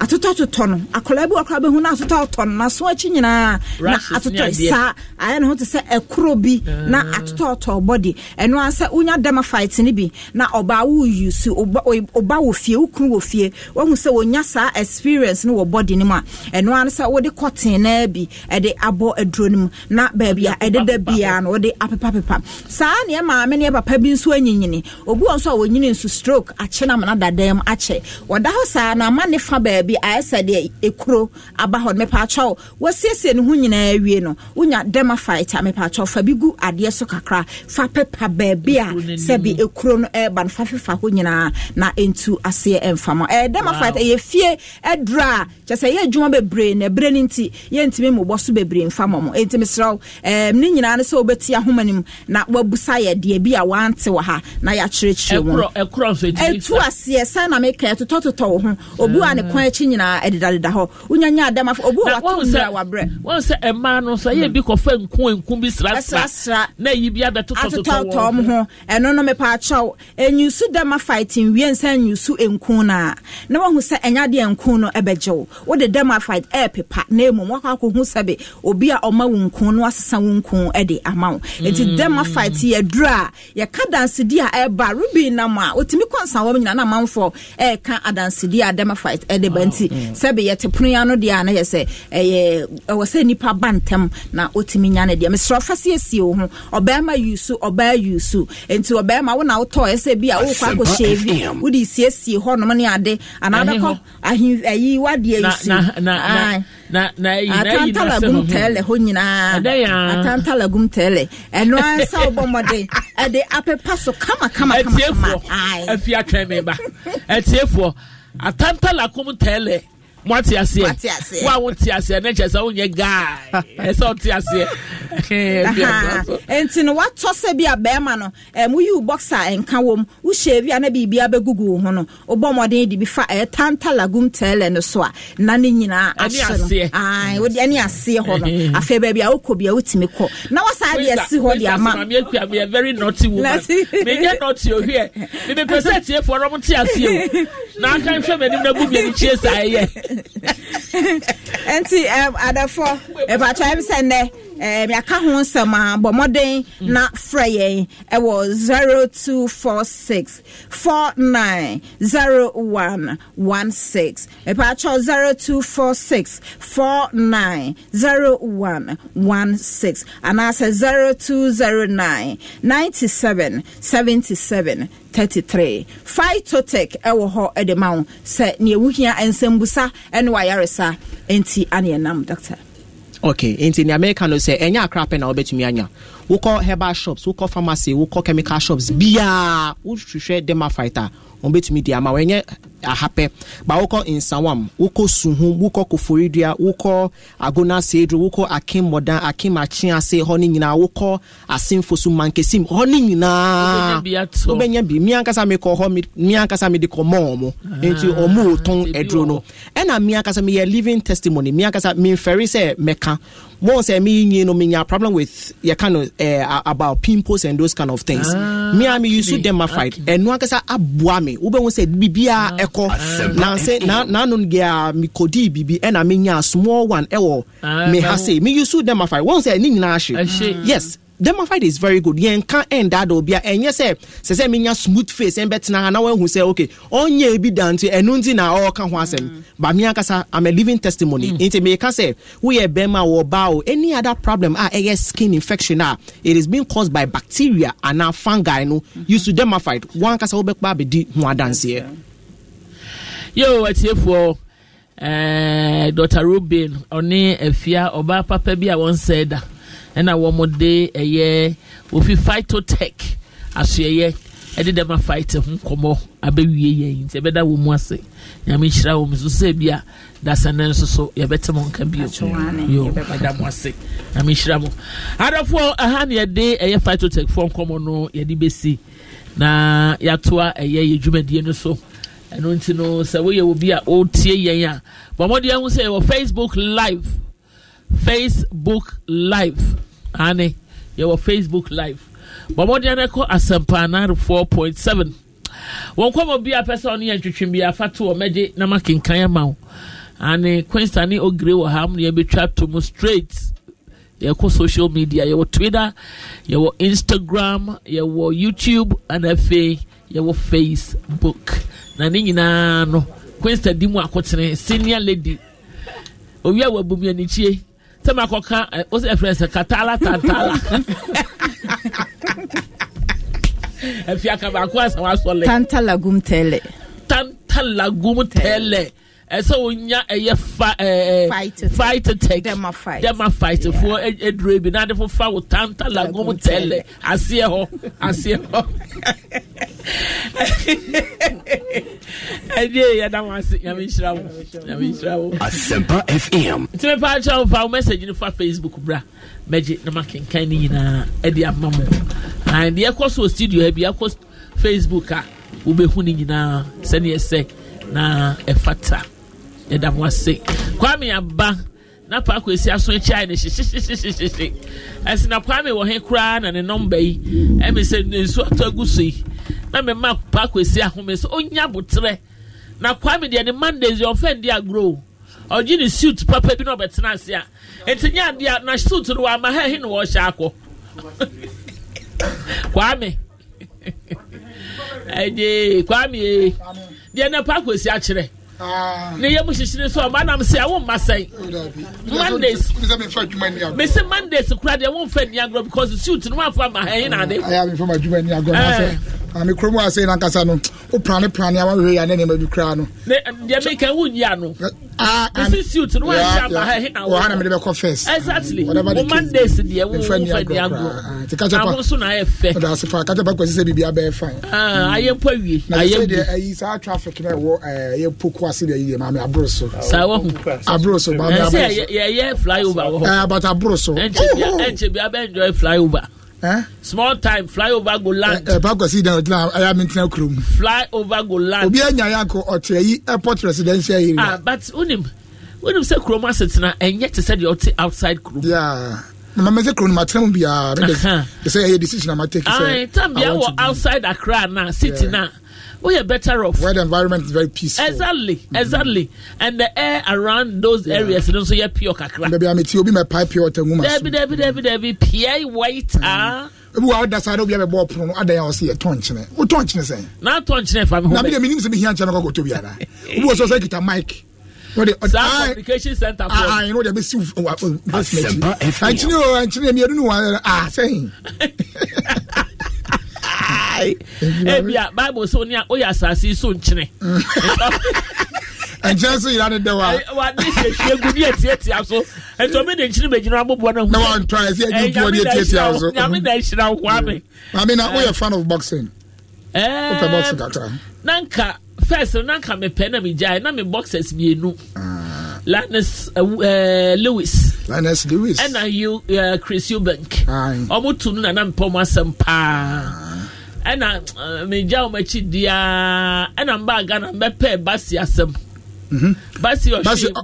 atotɔ totɔ no akwadaa bi wakora bɛhu na atotɔ totɔ no naso akyi nyinaa na atotɔ sa, ayɛ ne ho te sɛ ɛkoro bi na ah. atotɔ totɔ bɔdi ɛno asɛ wonya dɛm fight ne bi na ɔbaa wo yusu ɔba wɔ fie wokunu wɔ fie wahu sɛ wonya saa experience no wɔ bɔdi ne mu a ɛno ano sɛ wode kɔten naa bi ɛde abɔ aduro no mu na baabi a ɛdeda biara no wode apepapepa saa neɛ maame neɛ papa bi nso anyinyini obi wɔ nso a wɔnyini nso stroke akye na mena dadaa mu akyɛ wɔda hɔ saa na ama ne fa baabi ayɛ sɛ deɛ ekuro aba hɔ no mepaakyɛw wɔsiesie ne ho nyinaa awie no wonya dermafight a mepaakyɛw fa bi gu adeɛ so kakra fa pepa beebi a sɛbi ekuro no no fa fefa nyinaa na ntu aseɛ ɛmfama ɛɛ dermafight ɛyɛ fie ɛdura a kyɛ sɛ yɛ adwuma bebree na ebire ne nti yɛntumi mobɔ so bebree nfa mɔm nti mesrɛw ne nyinaa no sɛ na wabusa yɛ deɛ bi a wante na yɛakyerɛkyerɛ mu aseɛ sɛ na ho a ne kwan akyi nyinaa ɛdedadeda hɔ wonyanya adam afo obi wɔ wato mmerɛ wabrɛ wɔn sɛ mmaa no nso ɛyɛ bi kɔfa nku nku bi srasra na eyi bi abɛtotɔ totɔ wɔn ho ɛno no mepa akyɛw enyusu dama fighting wie nsa enyusu nku na na wɔn ho sɛ ɛnya deɛ nku no ɛbɛgyew wɔde dama fight ɛɛpepa na emu wɔkɔ akɔhu sɛbi obi a ɔma wɔn nku no asesa wɔn nku ɛde ama wɔn nti dama fight yɛ duro a yɛka dansidi a ɛɛba rubi nam a otumi kɔnsa wɔn nyinaa na amanfoɔ ɛɛka adansidi a dama fight ɛde bɛ nti mm. sɛbi yɛ te pono ya no deɛ a na yɛ sɛ ɛyɛ ɛwɔ sɛ nipa ba ntɛm na otimi nya ne deɛ mesrɛ ɔfa siesie wo ho ɔbɛrima yusu ɔbaa yusu nti ɔbɛrima wo na wotɔ ɛsɛ bi a wokɔ akɔ hyɛvi wode siesie hɔnom ne ade anaa bɛkɔ ahen ayi na, yusu atanta lagum tɛɛlɛ hɔ nyinaa atanta lagum tɛɛlɛ ɛno ara sɛ wobɔ mmɔden ɛde apepa so kama kama kama kama ayi. ɛtiɛfoɔ ɛtiɛfoɔ atantala kum tɛɛlɛ mo ate aseɛ wo a wo te aseɛ ne kyerɛ sɛ wonyɛ guy ɛsɛ wote aseɛ nti no woatɔ sɛ bi a bɛrima no woyi eh, wo box a ɛnka eh, wɔ m wohyɛ bi a na biribia bɛgugu wo ho no wobɔ mmɔden de bi fa ɛɛtanta eh, lagum tɛɛlɛ no so a na ne nyinaa ahye no wode ɛne aseɛ hɔ no afei baabi a wokɔ bia wotumi kɔ na wosaa de asi hɔ de ama very naughty woman menyɛ naughty ohwɛ mebɛpɛ sɛ atiefoɔ no mo te aseɛ o na aka nhwɛ m'anim na bu biani kyie saa ɛyɛ nti adafo ɛpatwa ɛbi sɛ nnɛ yɛaka eh, ho nsɛm a bɔ mmɔden na frɛ yɛn ɛwɔ 0246 49 0116 mepaakyɛw 0246 49 0116 anaasɛ 0209 97 77 33 phytotech ɛwɔ hɔ ɛde ma wo sɛ nea ɛwohia nsɛmbusa ɛne waayaresa ɛnti aneɛ nam doctor okay nti ní america no sɛ ɛnyɛ akra pɛ na wobɛtumi anya wokɔ herbal shops wokɔ pharmacy wokɔ chemical shops biya, wohwehwɛ derma fight a wɔbɛtumi de ama ɛnyɛ ahapɛ ba wokɔ nsawam wokɔ suhu wokɔ koforidua wokɔ agona seedro wokɔ akemmɔdan akemakye ase hɔ no nyinaa wokɔ asemfo so mankesim hɔ no nyinaa wobɛnya bi me ankasa mekɔ hɔ me mede kɔmɔɔ mo enti ɔmo ɔtɔn aduro no ɛna me ankasa meyɛ living testimony me ankasa memfɛre sɛ mɛka mo sɛ me nyi no menya problem with yɛ kind of uh, eh, about pimples and those kind of things ah, me a me use dermafight ɛno ankasa aboa me wobɛhu sɛ biribiaa ah ɛkɔ na sɛ n'ano mikodi bibi biribi ɛna menya small one ɛwɔ ah, me ha se meyusu demafai wɔn sɛ ne nyinaa hye mm. yes demafide is very good yɛn ka ɛnda da obi a ɛnyɛ sɛ sɛ sɛ menya smooth face ɛn bɛtena ha na wɔn ahu sɛ okay ɔnyɛ ebi da nti ɛnu nti na ɔɔka ho asɛm mm. ba mi ankasa i'm a living testimony mm. nti meka sɛ woyɛ bɛrima wɔ ɔbaa o any other problem a ɛyɛ skin infection a it is being caused by bacteria ana fungi no mm -hmm. you should demafide wɔn ankasa wɔbɛkpa ho adanseɛ. Okay yo atiefoɔ ɛɛ eh, dr ruben ɔne afia ɔbaa papa bi eh, eh, a wɔn sɛ da ɛna wɔn de ɛyɛ ofi phytotech asoɛyɛ ɛde dɛm afaite ho nkɔmɔ abɛwie yɛn nti ɛbɛda wɔn mu ase nyame nhyira wɔn nso sɛ bi a dasɛnɛ nso so yɛbɛte mo nka bio yo ɛda mo ase nyame nhyira mo adɔfoɔ aha na yɛde ɛyɛ phytotech foɔ nkɔmɔ no yɛde bɛsi na yɛatoa ɛyɛ yɛ dwumadie no so ɛno nti no sɛ woyɛ obi a ɔretie yɛn a bɔ mmɔden ho sɛ yɛwɔ facebook live facebook live Ani. yɛwɔ facebook live bɔ mmɔden no kɔ asɛmpaanaare four point seven wɔn kɔmɔ bi a pɛ sɛ ɔne yɛ ntwitwi bi afa to wɔ mɛgye na ma kenkan ama wo ane quinsta ne ogire wɔ ha mu na yɛbɛtwa to mu straight yɛkɔ social media yɛwɔ twitter yɛwɔ instagram yɛwɔ youtube ana afei yɛwɔ facebook na ne nyinaa no quinsta di mu akotene senior lady owi a wabu mi anikyie sɛ ma kɔka o sɛ ɛfrɛ sɛ katala tantala [LAUGHS] afiaka baako asa wasɔle tantala gum tɛlɛ tantala gum tɛlɛ ɛsɛ wonya ɛyɛ fa ɛɛ fight tech dema fight dema fight foɔ eduro bi n'ade fofa wo tanta lagom tɛlɛ aseɛ hɔ aseɛ hɔ ɛdie yɛ dam ase nyame nhyira wo nyame nhyira wo. asempa fm. ntumi paakyɛ wo fa wo message no fa facebook bra mɛgye na ma kenkan ne nyinaa ɛde ama mo ɛn deɛ ɛkɔ so studio ɛbi ɛkɔ facebook a wobɛhu ne nyinaa sɛneɛ sɛ na ɛfata. E yɛda mo ase kwame aba na paako esi aso akyi ne hyehyehyehyehyehye ɛsi na kwame wɔ he koraa na ne nɔmba yi ɛmi sɛ ne ato agu so yi na mɛ ma paako esi ahome so onya botrɛ na kwame deɛ ne mondays yɛ ɔfɛn di agorɔ o ɔgye ne suit papa bi na ɔbɛtena ase a nti nye adeɛ na suit no wama ha he na wɔhyɛ akɔ [LAUGHS] kwame [LAUGHS] ɛdi kwame deɛ na paako esi akyerɛ ne ah. yɛ mu hyehyere so ɔba nam sɛ ɛwo mma sɛn mondays mesɛ mondays kora deɛ womfa nni agorɔ because suit no wamfa ma hɛhe naade ami ah, kurom wa sɛ nankasa no wo prane prane awa hwɛ ya ne nneɛma bi kura no eh, deɛ meka wo nyi ano institute no wɔahyɛ ama ha hena wɔ ha na mede bɛkɔ first exactly wo mondays deɛ wo fa ni agorɔ aho so na ayɛ fɛ ɔda ase fa kakyɛ pa kɔsi sɛ biribi abɛɛ fan ah, ayɛ mpo awie ayɛ bi ayi saa traffic na ɛwɔ eh, ɛyɛ poko ase deɛ yi deɛ maame aboro so saa wɔ ho aboro so maame aboro so flyover wɔ hɔ eh, but aboro so ɛnkyɛ bi abɛɛ enjoy flyover small time fly over go land. ẹ bá gọ̀ọ́sì ìdáhùn ọ̀dún náà ayá mi tẹ́lẹ̀ kurom. flyover go land. obi ẹ̀yàn ayá kọ ọ̀tún ẹ̀yí airport residential area. ah but unim unim sẹ kurom asetena ẹ̀yẹ ti sẹ di ọtí outside kurom. Yeah. mama mi sẹ kurom ma tẹ́lẹ̀ mu bi aa ẹ sẹ ẹ yẹ decision ma take. ayi tàbí ẹ wọ outside Accra náà city náà we are better off. Where the environment is very peaceful. Exactly, mm-hmm. exactly. And the air around those yeah. areas, you know, so you're pure kakra. Maybe I'm a tio, be my pipe, you're a woman. Debbie, Debbie, Debbie, Debbie, Pierre White, mm-hmm. ah. ebi wa ɔda saa de obi abɛbɔ ɔpono no ada yɛ ɔsi yɛ tɔn kyene o tɔn kyene sɛn. n'a tɔn kyene fa mi ho bɛ. na mi de mi ni mi sɛ mi hiya nkyɛn na kɔkɔ tobi ara obi wɔ sɔ sɛ kita mic. saa communication center for. aa yɛn o de bɛ si wa o bɛ si mɛ kyi. ɛnkyini o ɛnkyini mi yɛ dunu wa sɛyin ebia bible sọ ní a ó asase so nkyene. nkyɛn so yira ne dɛ wa. wa ne se se gu ne etiatia so ntoma de nkyiri bɛgyina aboboa ne ho. na wa n tɔn esi eji ntuo ne etiatia so. nyame na ehyira nkwa mi. maame na o fan of boxing. ɛɛ o pɛ boxing kakra. nanka first nanka mi pɛ na mi gya na mi boxers mienu. Ah. Linus uh, uh, Lewis. Linus Lewis. Ɛna you uh, eh, Chris Eubank. Ɔmo tunu na na mpɔmɔ asɛm paa. ɛna eh, megya wɔn akyi diaa ɛna mba ghana mbɛpɛ basi asɛm. basi ɔhwɛ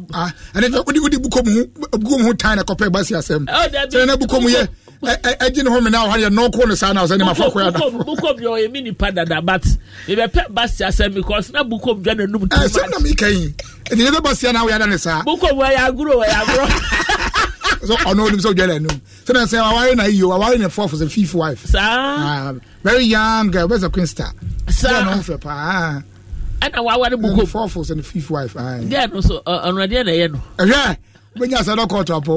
ɛnɛ wodi wodi bukom ho bukom ho tan na kɔpɛ basi asɛm sɛ ɛnɛ bukom yɛ ɛgye ne ho mi na ɔha yɛ nɔɔko ne saa na ɔsɛ ne ma fɔ kɔ yɛ da bukom yɛ ɔyɛ mi nipa dada but mebɛpɛ basi asɛm because na bukom dwa na num too much ɛsɛm na mi kɛyin ɛdi yɛ bɛ basi yɛ na ɔyɛ ada ne saa bukom wɔyɛ agorɔ wɔyɛ agorɔ. [LAUGHS] so ɔno onim sɛ odwale anum sɛna sɛ waware na yio waware ne fourth sɛ fifth wife saa uh, very young girl bɛsɛ queen star saa ɔno fɛ paa ɛna waware buko fourth sɛ ne fifth wife deɛ ah. no so ɔno deɛ na ɛyɛ no ɛhwɛ bɛnya sɛ dɔkɔtɔ apɔ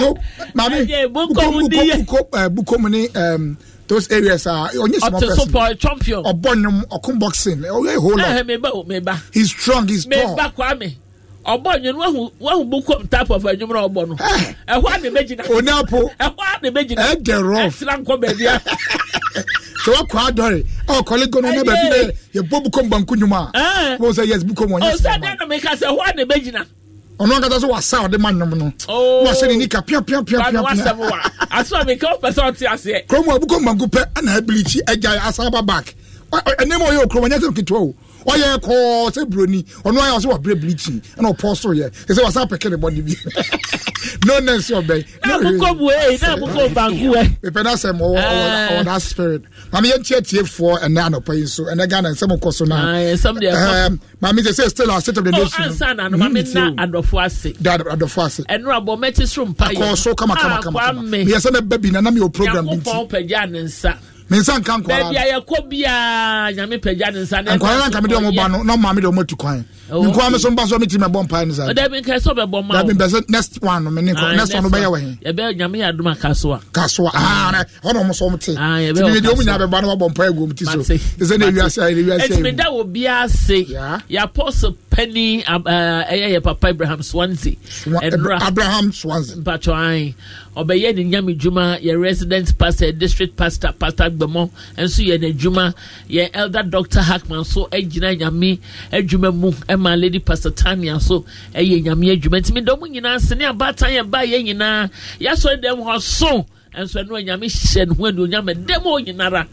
no maame buko buko buko buko mu ni um, those areas are ah. onye small person ọtí champion ọbọ nnum ọkun boxing ọyọ a whole eh, he's strong he's tall ɔbɔ nyono wahu wahu bukom type of enyim na ɔbɔ no ɛhɔ a na ebegyina onapo ɛhɔ a na ebegyina ɛdɛ rɔf ɛsra nkɔ beebi a sɛ wakɔ adɔre ɔ kɔle gɔnɔ na baabi dɛ yɛ bɔ bukom banku nyuma a wɔn sɛ yɛs bukom wɔn yɛ sɛ ɔsɛ dɛ na meka sɛ ɛhɔ a na ebegyina ɔno ankasa so wasa ɔde ma nnwom no wahyɛ ne nika piapiapiapiapiakurom a bukom banku pɛ ana abirikyi agya asaba back ɛnɛma ɔyɛ okurom anyɛ sɛ nketewa o ɔyɛ kɔɔ sɛ buroni ɔno ayɛ ɔsɛ wabrɛ bleaching ɛna ɔpɔ so yɛ ɛ sɛ wasa pɛkɛ ne bɔne bi no nɛ sɛ ɔbɛn mepɛ no asɛm ɔwɔ that spirit mame yɛntia tiefoɔ ɛnɛ anɔpa yi so ɛnɛ ghana nsɛm kɔ so um, oh, no mame sɛ sɛ still asset of the nationadɔfo ase ɛkɔɔ so kamakamakamakameyɛ sɛ mɛba bi na na meyɛ program bi nti me nsa nka nkwara baabi a yɛkɔ biaa nyame pagya ne na nka mede ɔmo ba no na ɔma mede ɔmo tu kwan oh, nkwara me so mba ah, next one next one no bɛyɛ wɔ he yɛbɛ nyame yɛ adom a kasoa kasoa aa ah, mm. ɔna ɔmo so ɔmo te ah, nti mede ɔmo nyinaa bɛba no wabɔ mpae agu ɔmo ti so ɛsɛ na ewiase ayɛ na ewiase papa abraham swansea ɛnora abraham swansea mpatwɔ an ɔbɛyɛ ne nyame dwuma yɛ resident pastor district pastor pastor agbɛmɔ nso yɛ n'adwuma yɛ elder doctor hackman so gyina nyame adwuma mu ma lady pastor tania so yɛ nyame adwuma ntumi dɔm nyinaa sene abaatan yɛ ba yɛ nyinaa yɛasɔre dɛm hɔ so nso ɛno nyame hyɛ ne ho anuonyam dɛm hɔ nyinara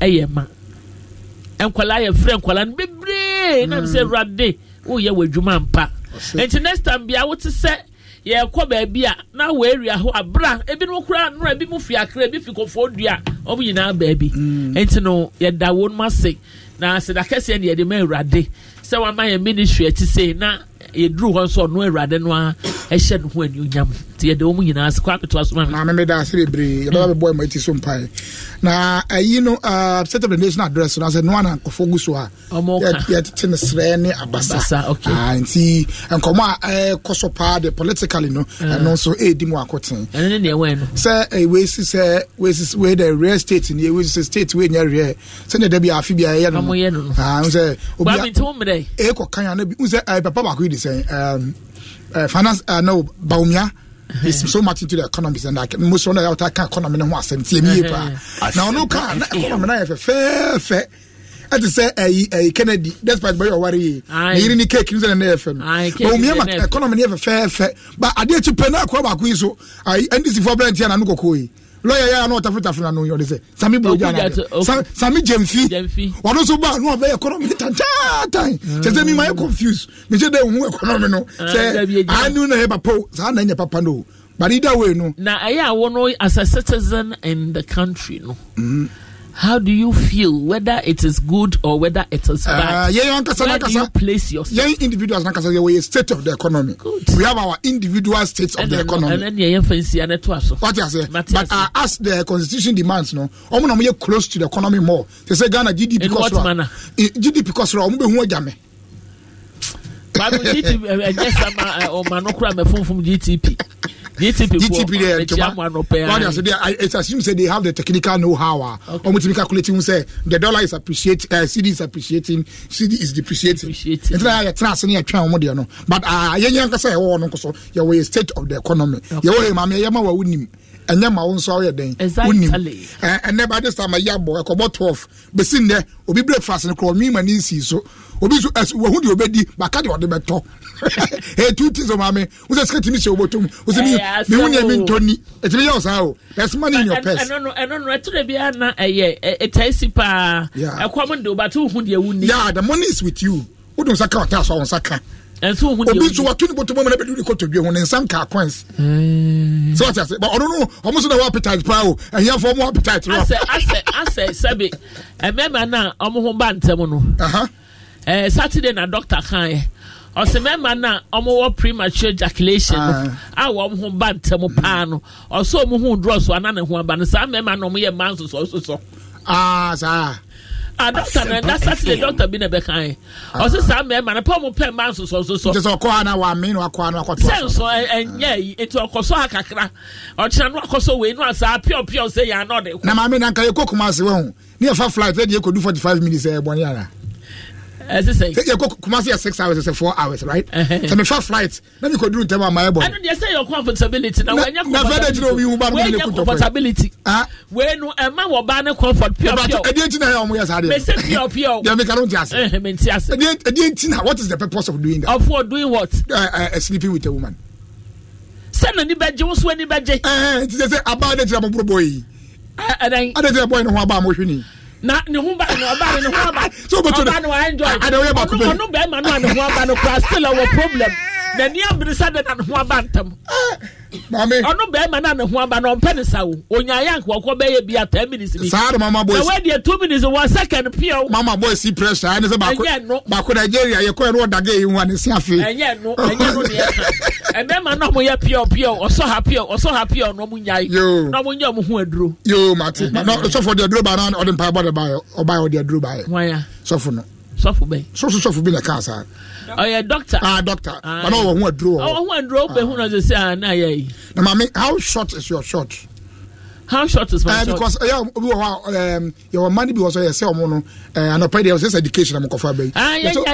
ɛyɛ ma nkwadaa yɛ frɛ nkwadaa no bebree nam sɛ mm. awurade woyɛ wɔ adwuma mpa nti next time bia wote sɛ yɛkɔ baabi a na wɔaria hɔ abra ebinom kora nnora bi mu fi akra bi fi kɔfoɔ dua wɔn nyinaa baabi mm. nti no yɛda wɔn ase na seda kɛseɛ ne yɛde ma awurade sɛ wama yɛn ministry ɛti sɛ na yɛduru hɔ nso ɔno awurade no a ɛhyɛ no ho anionyam nti yɛde wɔn nyinaa ase kɔ apetoa so mi. maame mi da ase bebree yɛbɛba mm. bɛbɔ ɛmɔ eti so mpae na ɛyi eh, uh, no state of the nation address na sɛ no ana nkɔfo gu so a yɛtete ne serɛ ne abasa nti nkɔmmɔ a ɛkɔ so paa de politically no ɛno nso ɛdi mu akɔten sɛ weisi sɛ wei dɛ real state ne weisi sɛ state wei real sɛneɛ da bi afe bi a ɛyɛ no sɛ ɛkɔkan ana bi sɛ papa baako yi de sɛ finance no baomia it's so much into the economies, and like most of the out I can't economy no asɛm tie me pa na ɔno ka na economy na yɛ fɛfɛɛfɛ ɛte sɛ ɛyi ɛyi kennedy despite bɛyɛ ɔware yi na yiri the cake nisɛn na yɛ fɛ no ɔwɔ mi yɛ ma economy ni yɛ fɛfɛɛfɛ ba adeɛ ti pɛ na akɔrɔ baako yi so ayi ndc fɔ bɛrɛ ntia na ano kɔkɔɔ yi lọ́yà yára náà tafurutafuru náà yọ̀ọ́ de sẹ́ sami bòjá náà sami jẹ̀mfi wọn nso bá àwọn ọbẹ̀ ẹ̀kọ́nọ́mì ní tàjáàtàn ṣẹṣẹ mi máa yẹ confuse mi ṣe de ohun ẹ̀kọ́nọ́mì nù sẹ àánú náà yẹ papa o sáà yẹ papa nù o but either nù. na ẹ̀yà àwọn asẹ̀ citizen in the country nù. No? Mm -hmm how do you feel whether it is good or whether it is uh, bad? Uh, yeah, Where do you place yourself? Yeah, individuals, yeah, we are state of the economy. Good. We have our individual states and of the no, economy. And then yeah, fancy and it was. What you But, but uh, as the constitution demands, no, I'm going to close to the economy more. They say Ghana GDP. In what ra, manner? GDP because I'm going to GDP. I'm going to GDP. DTP DTP de nkema wadi ase de I it's assumed say they have the technical know how a ah. wɔn ti mi calculating. hun sɛ the dollar is appreciating uh, CD is appreciating CD is depreciating ntina yɛ tena ase ne yɛ twɛn wɔn deɛ no but ah, yɛn yɛn kasa yɛ wɔ wɔn nkoso yɛ state of the economy yɛ wɔ yɛ maame yɛ ma ɛnyɛ ma wo nso awoyɛ den wonim ɛnɛ eh, ba this time ayi abɔ ɛkɔbɔ twelve bɛsi nnɛ obi breakfast no korɔ nwima ne nsii so obi nso ɛs eh, wɔhu deɛ ɔbɛdi baka deɛ ɔde bɛtɔ ɛyɛ two things [LAUGHS] eh, o maame wosɛ sika tumi hyɛ obotom wosɛ mi mi hu nea e mi ntɔ ni ɛtumi yɛ ɔsan o there's money in your purse. ɛno no ɛno no ɛtúrɛ bi ana ɛyɛ ɛtɛ si paa ɛkɔm de o ba ti hu deɛ wuni. yeah the money is with you wodun nsa ka ɔtɛ asɔ ɔnsa ka obi nso wato ne bɔtɔ mu na bɛdi ne ho ne nsa nka coins sɛ wate ase ɔno no ɔmo so na wɔ appetite paa o ɛhiafo ɔmo appetite no asɛ asɛ sɛbi mmarima no ɔmo ho ba ntɛm no ɛɛ saturday na doctor kan yɛ ɔsɛ mmarima no ɔmo wɔ premature ejaculation no a wɔn ho ba ntɛm paa no ɔsɛ ɔmo ho drɔs ana ne ho aba no saa mmarima no ɔmo yɛ mmaa nsoso soso. aa saa adɔkta na ɛda saturday doctor bi na bɛ kan ye ɔsi ah. saa mɛɛma na pɔmu pɛ mba nsosɔ nsosɔ. nti sɛ ɔkɔ ha na wa mi na wakɔ ha na wakɔ to. sɛ nsɔ ɛnyɛ yi nti ɔkɔsɔ ha kakra ɔkyerɛ no akɔsɔ wei no asa pɛɔpɛɔ sɛ yɛn anɔ de. na maame nanka yɛ kó kumasi wɛn o ni yɛ fa flight ɛdi yɛ kɔ du forty five minutes ɛyɛ bɔ ne yàrá ɛsɛ sɛ yɛkɔ kumasi yɛ six hours sɛ four hours right sɛ mefa flight na mi kɔ duru ntɛm a ma yɛ bɔ. ɛnu deɛ sɛ yɛ comfortability na wɔnyɛ comfortability wɔnyɛ comfortability wɛn nu ɛma wɔ ba ne comfort pure pure. ɛdiɛ ntina yɛ ɔmo yɛ saa deɛ. mɛ sɛ pure pure. deɛ mi ka no ti ase. mɛ n ti ase. ɛdiɛ ntina what is the purpose of doing that. of doing what. Uh, sleeping with a woman. sẹ́nu ni bẹ́ẹ̀ jẹ́ wọ́n sún ẹni bẹ́ẹ̀ jẹ́. ẹ̀ẹ́n ti sẹ́ sẹ́ abáyé de ti ra mo bọ̀ bọ̀ yìí. ẹ̀ẹ́n. adé ti na ne ho ba ne ɔba ne ho aba [LAUGHS] ɔba ne wa enjoy ɔno bɛrima no a ne ho aba no kura still ɛwɔ problem n'ani abiri de na ne ho aba ntam ah, maame ɔno bɛrima na ne ho aba na ɔmpɛ ne sa o onya yank wɔkɔ bɛyɛ bia ten minutes bi saa de mama boy na wɔdeɛ two minutes wɔ second pio mama boy si pressure ɛne sɛ baako baako nigeria yɛkɔ ɛno ɔdage yi ho ne si afei ɛnyɛ no ɛnyɛ no deɛ [LAUGHS] ɛbɛrima na ɔmo yɛ pio pio ɔsɔ ha pio ɔsɔ ha pio na ɔmo nyae na ɔmo nyɛ ɔmo ho aduro yoo mate na mm-hmm. sɔfo deɛ aduro ba na ɔde mpaebɔ de ba yɛ ɔba yɛ ɔde aduro ba yɛ sɔfo no sɔfo bɛyi. soso sɔfo bi na kaa saa. ɔyɛ doctor. aa doctor. bana wɔn ho aduro wɔ hɔ. wɔn ho aduro bɛ hun na sɛ sɛ aa n'a yɛ yi. na maame how short is your short how short is my uh, because ɛyà obi wɔ hɔ a yɛwɔ mma ni bi wɔ so yɛ sɛ ɔmo no eh, anapa education I'm mo kɔfa bɛyi yeah yeah. so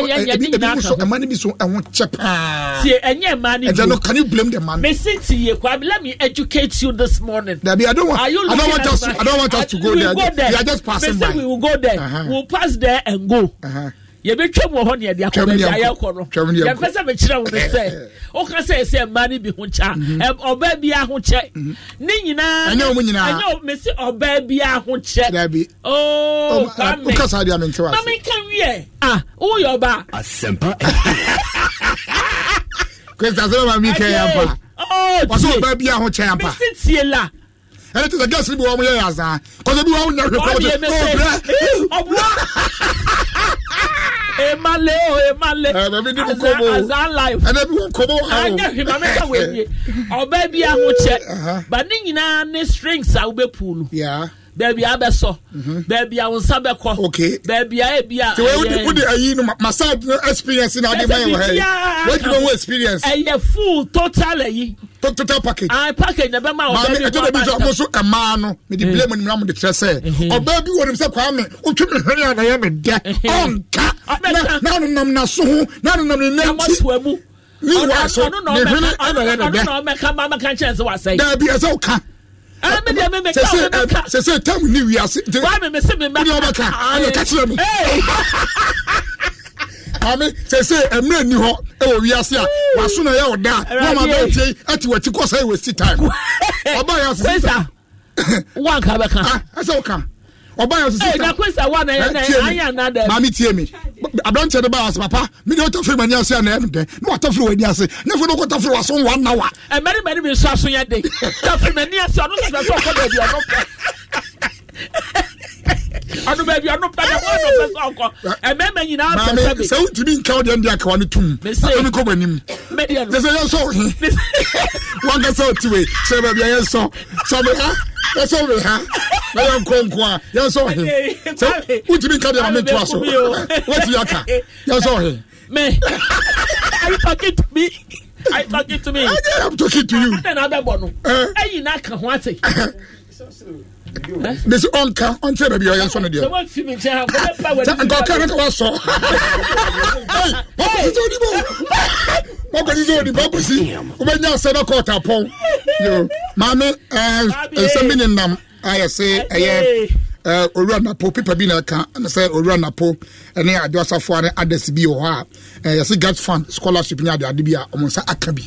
ɛma ni bi so ɛho kyɛ paa tie ɛnyɛ mma ni bi can you blame the man. Me ti ye kwabi let me educate you this morning. dabi i don't want i don't want us i don't want us to go there we are just passing by. we will go there uh-huh. we will pass there and go. Uh -huh yɛbɛtwam wɔ hɔ ne yɛde akɔbɛbi ayɛ kɔ no yɛmpɛ sɛ mekyerɛ wo no sɛ eh, eh, eh. woka sɛ ɛsɛ mmaa no bi ho kyɛ mhm. ɔbaa biara ho kyɛ mhm. ne nyinaa ɛnyɛ ɔmo nyinaa ɛnyɛ mesi ɔbaa biara ho kyɛ dabi ooo oh, kwame woka saa deɛ mente wase na meka wiɛ a woyɛ ɔbaa asɛmpa kwesi asɛmpa mi kɛ yɛ ampa wɔsɛ oh, ɔbaa biara ho kyɛ ampa mesi ɛne te sɛ gas bi wɔ mo yɛyɛ asaa kɔsɛ bi wɔ mo nyɛ hwɛ kɔbrɛ emale o emale ɛbɛbi di mu kobo azan life ɛna bi wɔn kobo ha o anya hwima mi ka wɔ ebie ɔbɛ bi aho kyɛ ba ne nyinaa ne strings a wobɛ puulu baabi abɛsɔ mhm. baabi a wo nsa bɛkɔ baabi a ebi a ɛyɛ wode ayi no masad no experience na ade mayɛ wɔ ha yi wadwuma ho experience ɛyɛ full total ayi total package. ayi package na bɛ ma ɔbɛ bi kɔ ayi ta maame ɛtɔ de bi sɔ ɔmo mi di bile ni mu na mu de kyerɛ sɛ eh. ɔbaa bi wɔ ne mu sɛ kwame otwi mi hwɛni a na yɛ mi dɛ eh. ɔnka na nanam na so ho na nanam ne ti ni wa so ne hwɛni a na yɛ mi dɛ. ɔno na ɔmɛka maa mɛka kyerɛ sɛ wa sɛ yi. daabi ɛsɛ o ka. Eh, sese eh, tam ah, [LAUGHS] eh, ni wiase wone wobɛka ɛna ka kyerɛ me maame sese mmerɛ ni hɔ ɛwɔ wiase a waso na ɛyɛ wo da wama bɛtie ate wati kɔ sɛ ɛwɛsi time ɔba yɛ asesɛ woanka bɛka ɛsɛ woka ọba yẹn sisi kan ẹ tie mi maami tie mi abiranteɛ de ba wa sɛ papa mi de o ta firi ma ni ase ɛna ɛnu dɛ ne wa ta firi wa ni ase ne fo ne ko ta firi wa so n wa na wa. ɛmɛrimɛri mi sɔ asonya de [LAUGHS] ta firi ma ni ase ɔno sɛ sɛ ɔkɔ dɛbi ɔno pɛ ɔno baabi ɔno pɛ dɛ hɔ ɔno pɛ sɛ nyinaa pɛ sɛ bi. sɛ wotumi nka ɔdeɛ ndi akawa no tum ɔno kɔ m'anim mɛdeɛ no sɛ yɛsɔ ɔhe [LAUGHS] wankasa ɔti wei sɛ baabi a yɛsɔ sɛ ɔbɛ ha yɛsɔ ɔbɛ ha na yɛn nkɔ nkɔ a yɛsɔ ɔhe sɛ wotumi nka deɛ ɔme ntoa so wɔti yaka yɛsɔ ɔhe. mɛ are you talking to me. Are you talking to me? I am talking to you. Ɛyi eh? na aka ho ate. [LAUGHS] de sɛ ɔnka ɔnkyerɛ baabi ɔyɛ nsɔ no deɛ nka ɔka naka wasɔ mɔkɔsi sɛ ɔdi bo mɔkɔsi sɛ ɔdi babosi wobɛnya sɛ no kɔɔta pɔn yo maame nsɛm bi ne nam ayɛ sɛ ɛyɛ owura napo pepa bi na ɛka ne sɛ owura napo ne adwo asafoa ne adɛse bi wɔ hɔ a yɛse eh, gat fund scholarship ne adeade bi a ɔmo nsa aka bi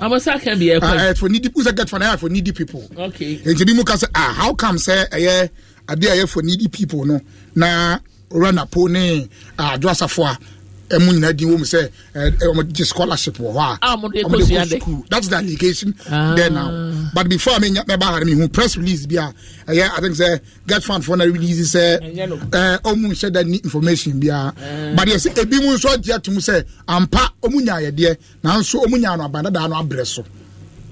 abɔsa ka bi ɛkɔ. Eh, ah, ɛɛ eh, for needy people sɛ get fund for needy people. okay nti bi mu ka sɛ ah how come sɛ ɛyɛ eh, ade a ɛyɛ for needy people no na runner po ne adwasafoa. Ah, uh, ɛmu nyinaa din wɔ mu sɛ ɔmo gye scholarship wɔ hɔ a ah, ɔmo de kɔ school that's the allegation ah. there now but before mi nya mɛba ha mi hu press release bi a ɛyɛ i think sɛ get fund for na release sɛ ɛɛ ɔmo nhyɛ da ni information bi a eh. but yɛ sɛ ebi mu nso agye atum sɛ ampa ɔmo nya ayɛdeɛ nanso ɔmo nya ano aban dada ano abrɛ so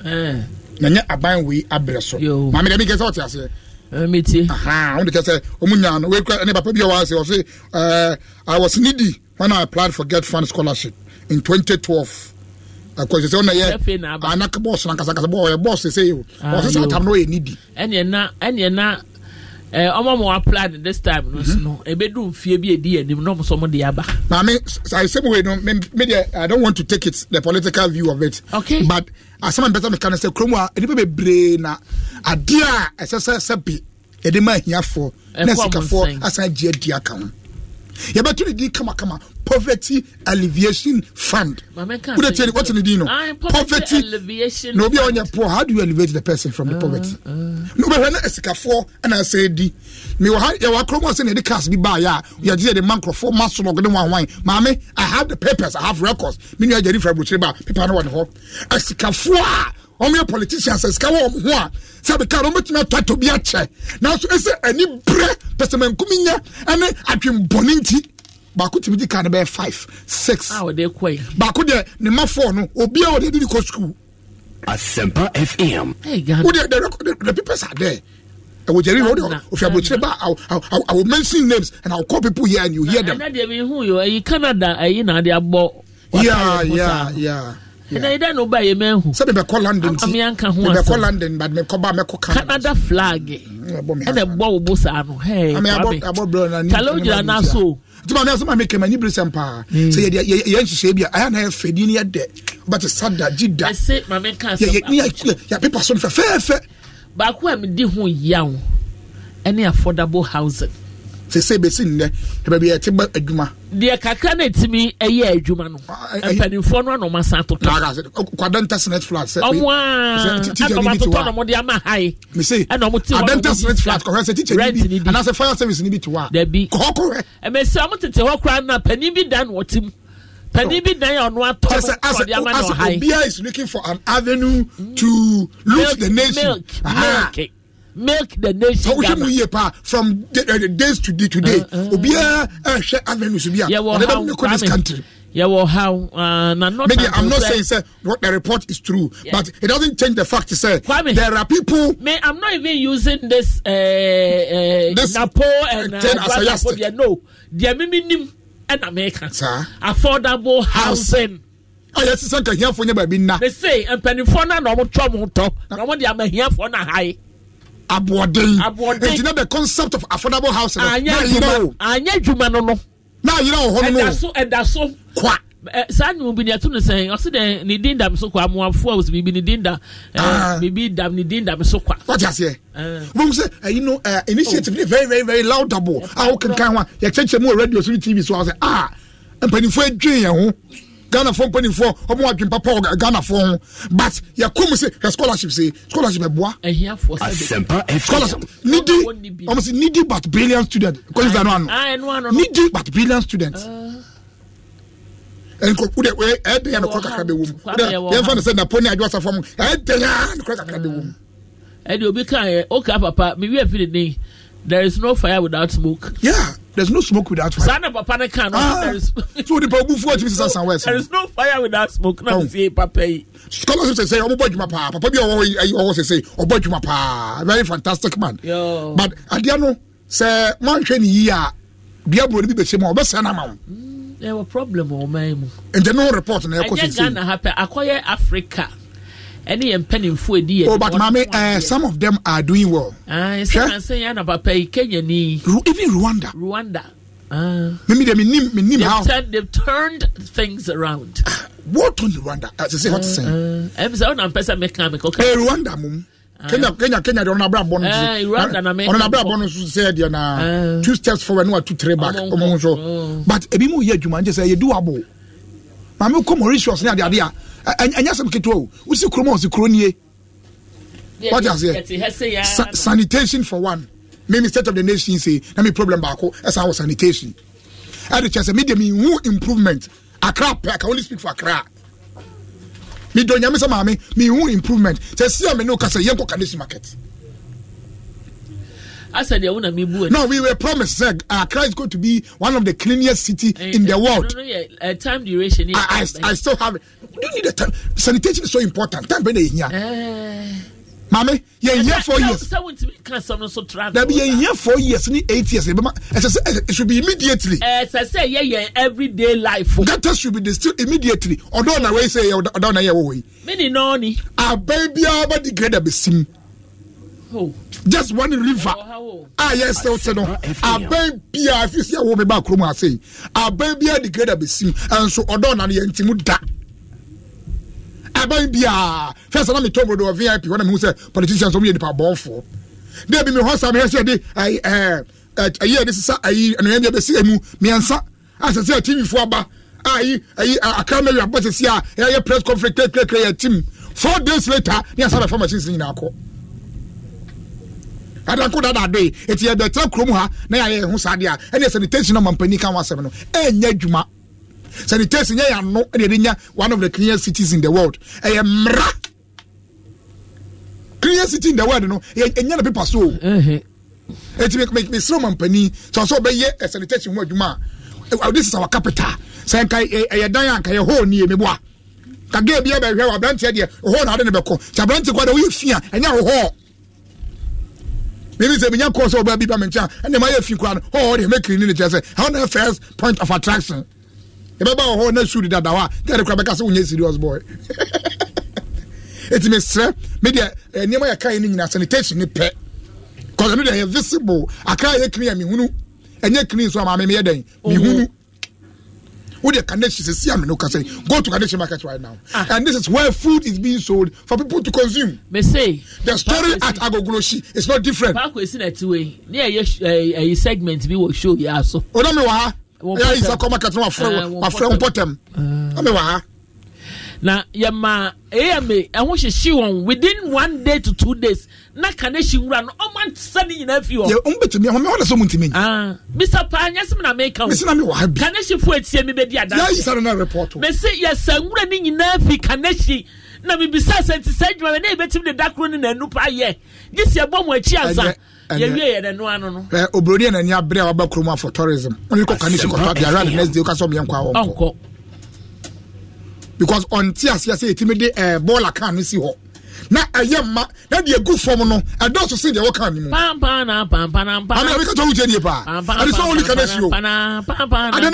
eh. na nye aban wei abrɛ so maame dɛm ikɛ sɛ ɔte aseɛ eh, mɛtie ɔmo nya ano wei kura ɛne papa bi a wɔase ɔse ɛɛ was needy. when I applied for Get Fund Scholarship in 2012. akɔsi sɛ ɔnayɛ anaka bɔs na nkasakasa bɔ ɔyɛ bɔs sɛ yɛ o ɔsɛ sɛ atam no ɔyɛ nidi. ɛnìyɛ na ɛnìyɛ na ɛɛ ɔmɔ mu apply this time no sinu mm-hmm. ebedu nfie bi edi anim na ɔmu di aba. maame asemu wei no me me i don't want to take it the political view of it. okay but as someone better me can say, kurom a ah, nipa bebree na adeɛ a ɛsɛ sɛ demand bi ɛde ma ahiafoɔ na sikafoɔ asan gye adi aka ho. yɛbɛto ne din kamakama poverty alleviation fund wode tiɛ wate ne din no poverty na obi a ɔnyɛ poor how do you elevate the person from the uh, poverty na uh. wobɛhwɛ no asikafoɔ ana asɛ di mewɔ ha yɛwɔ akuro mu a sɛne yɛde cars bi baeɛ a yɛgye yɛde ma nkurɔfoɔ ma sorɔg ne wanwan maame i have the papers i have records me nua gyari fra aburokyire ba pepa no wɔ ne hɔ asikafoɔ a wɔn yɛ politicians sika wɔ wɔn ho a sɛbi kaa wɔn bɛtumi ato ato bi akyɛ nanso ɛsɛ ɛni brɛ pɛsɛmɛnkum nya ɛne adwimbɔni nti baako tìmi di kaa no five six baako deɛ ne ma four no obiara wɔde di ni kɔ sukuu. asempa fm. o de the record the papers are there. I will jerry road if you are about I, I, will mention names and I'll call people here and you hear them. Canada, yeah, yeah, yeah ɛnna ɛdá canada. flag mm, ɛnna ɛbɔ wo bo saa no n'aso. tuma mi asoma mi kɛmɛ ni a mm. ɛyà n'a yɛ fɛ ni yɛ dɛ ɔba ti sada ji da ɛsɛ maame nka asɛm baako yɛ yɛ yɛ pepa so fɛ fɛɛfɛ. baako a mi di affordable housing sese besi nnɛ baabi yɛte ba adwuma. deɛ kakra na etimi ɛyɛ adwuma no mpanimfoɔ no anoma san toto. n'aga se kwadanta senate flat. ɔmo aa ɛnna ɔmo atoto na ɔmo de ama ha yi. mese adanta senate flat kɔhɛ sɛ teacher ni bi anaasɛ fire service ni bi ti wa. dabi kɔhɔ kɔhɛ. ɛmɛsɛ ɔmo tete hɔ kora na panin bi da na ɔte mu panin bi dan yɛ ɔno atɔ no kɔdi ama na ɔha yi. obiara is looking for an avenue to loot the nation. milk milk. make the nation so from the, uh, the days to day today uh, uh, uh. obiara ẹhwẹ avenues bi a this country. Yeah, well, how? Uh, not Maybe I'm not saying say, what the report is true, yeah. but it doesn't change the fact. Say Kwame, there are people. I'm not even using this. Uh, uh, this Napo and uh, as a yeah, no, the minim and America affordable housing. ayɛ sisan ka baabi they say na na wɔn tɔ wɔn tɔ na wɔn de ama na ha aboɔden nti na the concept of affordable housing ah, na yira o ah, anya dwuma no no na yira o hɔ no ɛda so ɛda so kwa saa nnwom bi neɛto no sɛn ɔse dɛ ne din dam so kwa amoafoɔ a wɔsɛ biribi ne din da ah. biribi dam ne din dam so kwa wɔte aseɛ wohu sɛ ayi eh, no eh, initiative ne very very very laudable a wokenkan ho a yɛkyerɛkyerɛ mu wɔ radio so ne tv so a wɔ sɛ a mpanimfoɔ adwen yɛn ho ghanafoɔ mpanimfoɔ ɔmo adwene papa wɔ ghanafoɔ ho but yɛkɔ mu sɛ hɛ scholarship se scholarship ɛboa scholarship nidi ɔmo sɛ nidi but brilliant student kɔnyi fɛ ano ah, ano nidi but billion student. Uh. Ah. nkɔkude ɛdɛn yɛ nokora kakra bɛwɔ mu yɛmfa no sɛ naponi adwo asafo mu ɛdɛn a nokora kakra bɛwɔ mu ah. ɛde obi ka ɛ eh, oka papa mewiafi ne there is no fire without smoke. yeah there's no smoke without fire. sanni papa ne kan Ah, there is. so nipa ogun fún ọtí mi sisan sanwó there is no fire without smoke náà oh. see si papa yi. scholarship sese ọmọ bọ juma pa. papa bi ọwọ ẹyi ọwọ sese ọbọ juma pa. very fantastic man. Yo. but adeɛ no sɛ maa n hwɛ ni yi a bia buroni bi bɛ se ma ɔbɛ sɛn na ma o. ẹ mm, wọ problem wọ ọmọ yẹn mu. ǹjẹ́ n'o report na ẹ kọ́ sese. ẹ jẹ́ ghana ha pẹ́ africa ɛne yɛn mpanimfoɔ adi yɛ. oh but maame uh, eh, some of them are doing well. sɛ na yɛn na papa yi eh, kenya ni. even rwanda. rwanda. Ah. mímí de mi nim mi nim how. they turned things around. Ah, what tún rwanda I ṣe hot sẹ́yìn. ẹ bí sẹ́ ọ̀nà mpẹ́sẹ̀ mi kàn mí kọ́kọ́. ẹ rwanda mu. Ah. kenya kenya kenya de ɔnabra bɔ no ɔnabra bɔ no so na two steps forward ne two three back ɔmo ho so oh. but ebi eh, mu yɛ adwuma n jɛ sɛ yɛ duwabo maame kɔ mauritius near the a ɛnyɛ sɛm ketewa o wosi kurom a wosi kuro nie what you sanitation for one me me state of the nation say na me problem baako ɛsan wɔ sanitation ɛde kyerɛ sɛ me deɛ improvement akra pɛ i can only speak for akra me dɔnyamisa maame me hu improvement sɛ si a me ne o kasa yɛn kɔ kanesi market asɛ deɛ wona mebu no we were promised sɛ uh, accra is going to be one of the cleanest city uh, in the eh, world. no no yɛ uh, time duration. I, I, still have it you need the time sanitation is so important time bɛ na ehia. maame yɛn hia four years. sɛ wɔn ti kan sɛm so tra. dabi yɛn hia four years ni eight years ebema ɛsɛ sɛ it should be immediately. ɛsɛ sɛ yɛ yɛn everyday life. gata should be distilled immediately ɔdɔn na wei sɛ ɔdɔn na yɛ wɔ wɔ yi. mi ni nɔɔni. abɛn biara bɛ di greda bɛ sim just one river ah, a yɛ sɛw sɛ no abɛn bia efi si awo mi ba kurom ase yi abɛn bia di greda bɛ si nso ɔdɔn na yɛn ti mu da abɛn bia fɛsɛ na mi tɔn brodo wɔ vip wɔn na mi hu sɛ politicians wɔn yɛ nipa bɔɔfo de bi mi hɔ sa mi hɛ sɛ de ɛɛ ɛɛ ɛyɛ de sisa ayi ɛnuyɛn bia bɛ si emu mmiɛnsa a sɛ sɛ tv fo aba a ayi ayi akaramɛri abɔ sɛ si a yɛyɛ press conference kirekire yɛ tim four days later ni asa bɛ fɔ machines nyinaa kɔ adako dada ado yi eti yɛ bɛ tẹ kurom ha na yɛ ayɛ ɛho saa a ɛna sanitation na mampanin kan wasɛm no ɛnyɛ e adwuma sanitation yɛ yɛ ano ɛna yɛde nya one of the cleanest cities in the world ɛyɛ e mmra cleanest city in the world no ɛnyɛ e na pepa so eti mesrɛ mampanin sɛ ɔsɛ ɔbɛyɛ sanitation ho adwuma a this is our capital sɛ nka ɛyɛ dan a nka yɛ hoo nie meboa kage bi ɛbɛhwɛ wɔ aberanteɛ deɛ hoo na ade ne bɛkɔ sɛ aberanteɛ kɔ de woyɛ fia ɛnyɛ hohoo maybe sɛ menya kɔɔ sɛ ɔbaa bi ba me nkyɛn a ɛne mayɛ fi koraa no hɔ ɔde mɛkiri ne ne kyerɛ sɛ how na first point of attraction ɛbɛba wɔ hɔ na suri dada hɔ a tɛde koraa bɛka sɛ wonyɛ serious boy ɛti mesrɛ medeɛ nneɛma yɛkae no nyina sanitation ne pɛ bcause ɛno deɛ ɛyɛ visible akra yɛ kini a mehunu ɛnyɛ kini nso a maame meyɛ dɛn mehunu with the Kaneshi see I mean no go to Kaneshi market right now. Ah. And this is where food is being sold for people to consume. Me say the story at Agogoloshi is not different. Park is in a two way. Yeah, a segment we will show you also. Oh no me wa. Yeah, is a market no afro afro potem. No me wa. Na yɛ ma AMA ɛho hyehye wɔn within one day to two days na kanehyi nwura no ɔmo ansa ne nyinaa fi hɔ. yɛ ɔmo bɛtumi ɛhɔn mi hɔn ntumi. aa mr paa nyɛ sɛm na meka o. mesina mi wɔ ha bi. kanehyi fo etie mi bɛ di adansi. yɛ ayi sanu na report o. mesi yɛsɛ nwura ne nyinaa fi kanehyi na mibisa sɛ nti sɛ edwuma mi ne ebetumi de dakoro ne n'anu pa yɛ gyesi ɛbɔ mo akyi ansa. yɛwie yɛ n'anu ano no. ɛ obroni yɛ n'ani abere waba kurom afɔ tourism ɔno kɔ kanehyi kɔtɔ abi ara the next day because ɔnti aseɛ sɛ yɛtumi de ɛɛ bɔɔla kan no si hɔ na ɛyɛ mma na deɛ gu fam no ɛdɔɔso sen deɛ wɔka ne mu ame ɛbɛka tɔ wogye die paa ɛde sɛ woli kana si o ade na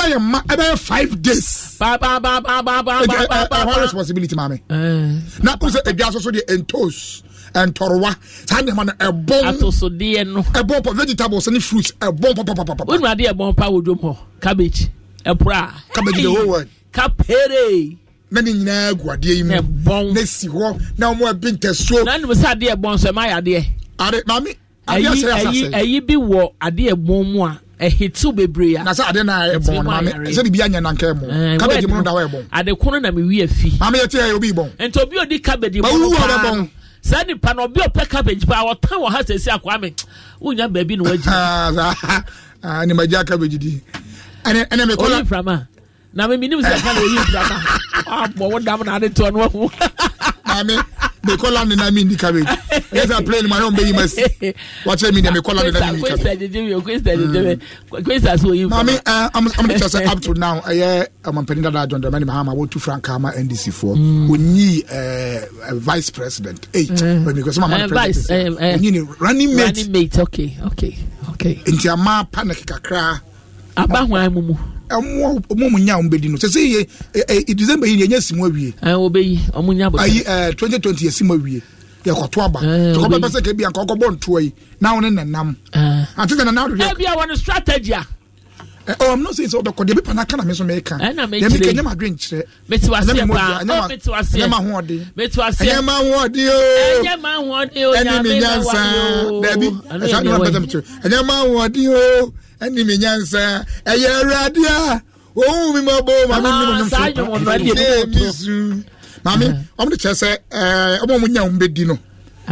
yɛ mma ɛbɛyɛ five days ɛhɔ responsibility ma me eh. na wo sɛ adwa so so deɛ ɛntos ntɔrɔwa saa nneɛma no ɛbɔn atosodeɛ no ɛbɔn pɔ vegetables ne fruits ɛbɔn papapapa. wọnú adi ɛbɔn pa wọdwom hɔ cabbage ɛpura. cabbage the whole word. kapere na ne nyinaa gu adeɛ yi mu na si hɔ na wɔn ɛbi ntɛsuo. na nnum sɛ adeɛ bɔn nso ɛma yɛ adeɛ. ade maame adeɛ sɛ yɛ asase. ɛyi bi wɔ adeɛ bɔn mu a ɛhitiw bebree a. na sɛ adeɛ na yɛ bɔn maame sɛ bibi anya nanka yɛ bɔn kabegi mu da hɔ yɛ bɔn. ade kono na mi wi efi. maame yɛ ti yɛ obi bɔn. nti obi odi kabegi mu no paa no saa nipa na obi ɔpɛ kabegi paa ɔtan wɔ ha sɛsi akwame wunya baabi na wagyina. [LAUGHS] Ah, ah, ah, ɛnimagya kabegi di ɛnɛ ɛnɛ na mi nim sɛ kala oyi mpira ka abɔ wo dam na ade tɔ no ahu. maame mi kɔla ne na mi ndi cabbage ɛyɛ sɛ plane ma yɛn bɛ yi ma si wakyerɛ mi deɛ mi kɔla ne na mi ndi cabbage. kwesita jẹjẹrẹ kwesita jẹjẹrẹ kwesita so oyi mpira. maame ɛ am de kyerɛ sɛ up to now ɛyɛ ɔmampanin dada John Dramani Mahama wotu frankaa ma NDC foɔ onyi ɛɛ vice president eight bɛmi mm. kɔsɛ mama uh, president onyi uh, uh, ni running mate running mate okay okay okay. nti a maa panic kakra aba hwan mu mu. ɛmo eh, ɔmo mu nya ɔmo bɛ di no sese yɛ ɛ eh, ɛ eh, december yi yɛ nyɛ simu awie. ɛn o bɛ yi ɔmo twenty twenty yɛ simu awie yɛ kɔtɔ aba tɔkɔ bɛ pɛsɛ kɛ bi yan kɔkɔ bɔ na yi n'aw ne nenam. ati sɛ nana adodo. ɛbi awɔ ni strategy a. ɛ ɔ m n'ose sɛ ɔbɛ kɔ deɛ bi pana kana mi so mɛ kan. ɛna mɛ kyerɛ yɛ mi kɛ ɲɛma adwen kyerɛ. metiwaseɛ paa ɔ metiwaseɛ ɲɛma ahoɔden. o. ɲɛma ahoɔden o ɲa mi na wa oh. o ɛne me nyansa ɛyɛ awurade a ɔhu mi ma bɔ mame ne mu nom so maame ɔmde kyerɛ sɛ ɔma ɔmo nya wo bɛdi no